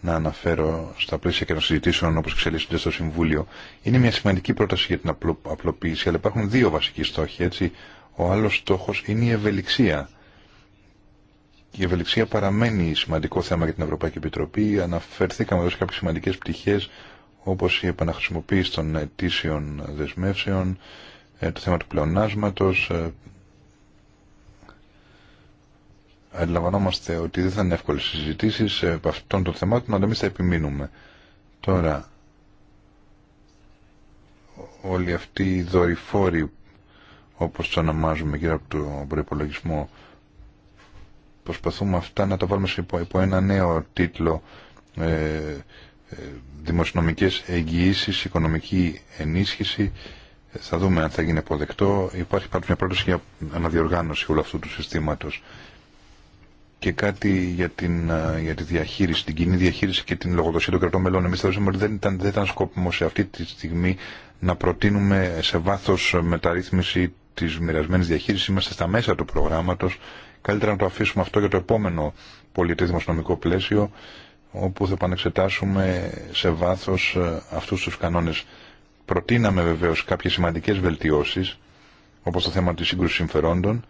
να αναφέρω στα πλαίσια και των συζητήσεων όπω εξελίσσονται στο Συμβούλιο. Είναι μια σημαντική πρόταση για την απλοποίηση, αλλά υπάρχουν δύο βασικοί στόχοι, έτσι. Ο άλλος στόχος είναι η ευελιξία. Η ευελιξία παραμένει σημαντικό θέμα για την Ευρωπαϊκή Επιτροπή. Αναφερθήκαμε εδώ σε κάποιες σημαντικές πτυχέ όπω η επαναχρησιμοποίηση των αιτήσεων δεσμεύσεων, ε, το θέμα του πλεονάσματο. Ε, αντιλαμβανόμαστε ότι δεν θα είναι εύκολε συζητήσει από ε, αυτών των θεμάτων, αλλά εμεί θα επιμείνουμε. Τώρα, όλοι αυτοί οι δορυφόροι, όπω του ονομάζουμε γύρω από τον προπολογισμό, προσπαθούμε αυτά να τα βάλουμε σε υπό ένα νέο τίτλο ε, ε, δημοσιονομικές οικονομική ενίσχυση θα δούμε αν θα γίνει αποδεκτό υπάρχει πάντως μια πρόταση για αναδιοργάνωση όλου αυτού του συστήματος και κάτι για, την, για τη διαχείριση, την κοινή διαχείριση και την λογοδοσία των κρατών μελών. Εμεί θεωρούσαμε ότι δεν ήταν, δεν ήταν σκόπιμο σε αυτή τη στιγμή να προτείνουμε σε βάθο μεταρρύθμιση τη μοιρασμένη διαχείριση. Είμαστε στα μέσα του προγράμματο. Καλύτερα να το αφήσουμε αυτό για το επόμενο πολιτή δημοσιονομικό πλαίσιο, όπου θα επανεξετάσουμε σε βάθο ε, αυτού του κανόνε. Προτείναμε βεβαίω κάποιε σημαντικέ βελτιώσει, όπω το θέμα τη σύγκρουση συμφερόντων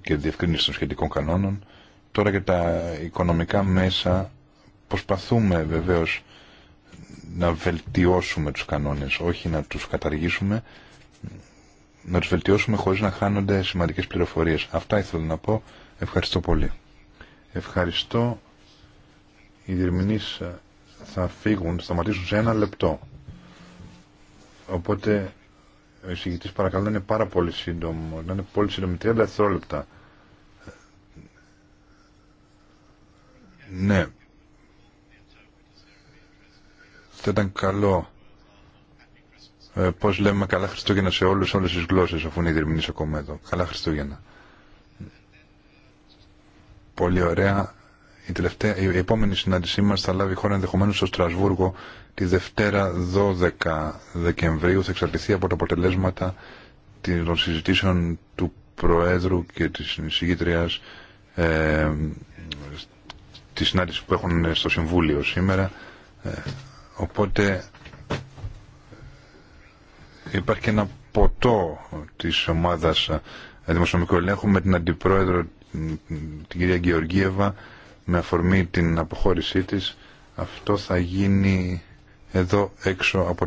και διευκρίνηση των σχετικών κανόνων. Τώρα και τα οικονομικά μέσα προσπαθούμε βεβαίως να βελτιώσουμε τους κανόνες, όχι να τους καταργήσουμε, να τους βελτιώσουμε χωρίς να χάνονται σημαντικές πληροφορίες. Αυτά ήθελα να πω. Ευχαριστώ πολύ. Ευχαριστώ. Οι διερμηνείς θα φύγουν, θα σταματήσουν σε ένα λεπτό. Οπότε ο παρακαλώ να είναι πάρα πολύ σύντομο, να είναι πολύ σύντομο, 30 δευτερόλεπτα. Ναι. Θα ήταν καλό ε, πώς λέμε καλά Χριστούγεννα σε όλους, όλες τις γλώσσες, αφού είναι οι ακόμα εδώ. Καλά Χριστούγεννα. Πολύ ωραία. Η, τελευταία, η επόμενη συνάντησή μας θα λάβει χώρα ενδεχομένω στο Στρασβούργο τη Δευτέρα 12 Δεκεμβρίου θα εξαρτηθεί από τα αποτελέσματα των συζητήσεων του Προέδρου και της εισηγήτριας ε, τη συνάντηση που έχουν στο Συμβούλιο σήμερα ε, οπότε υπάρχει και ένα ποτό της ομάδας ε, δημοσιονομικού ελέγχου με την Αντιπρόεδρο την κυρία Γεωργίευα με αφορμή την αποχώρησή της αυτό θα γίνει εδώ έξω από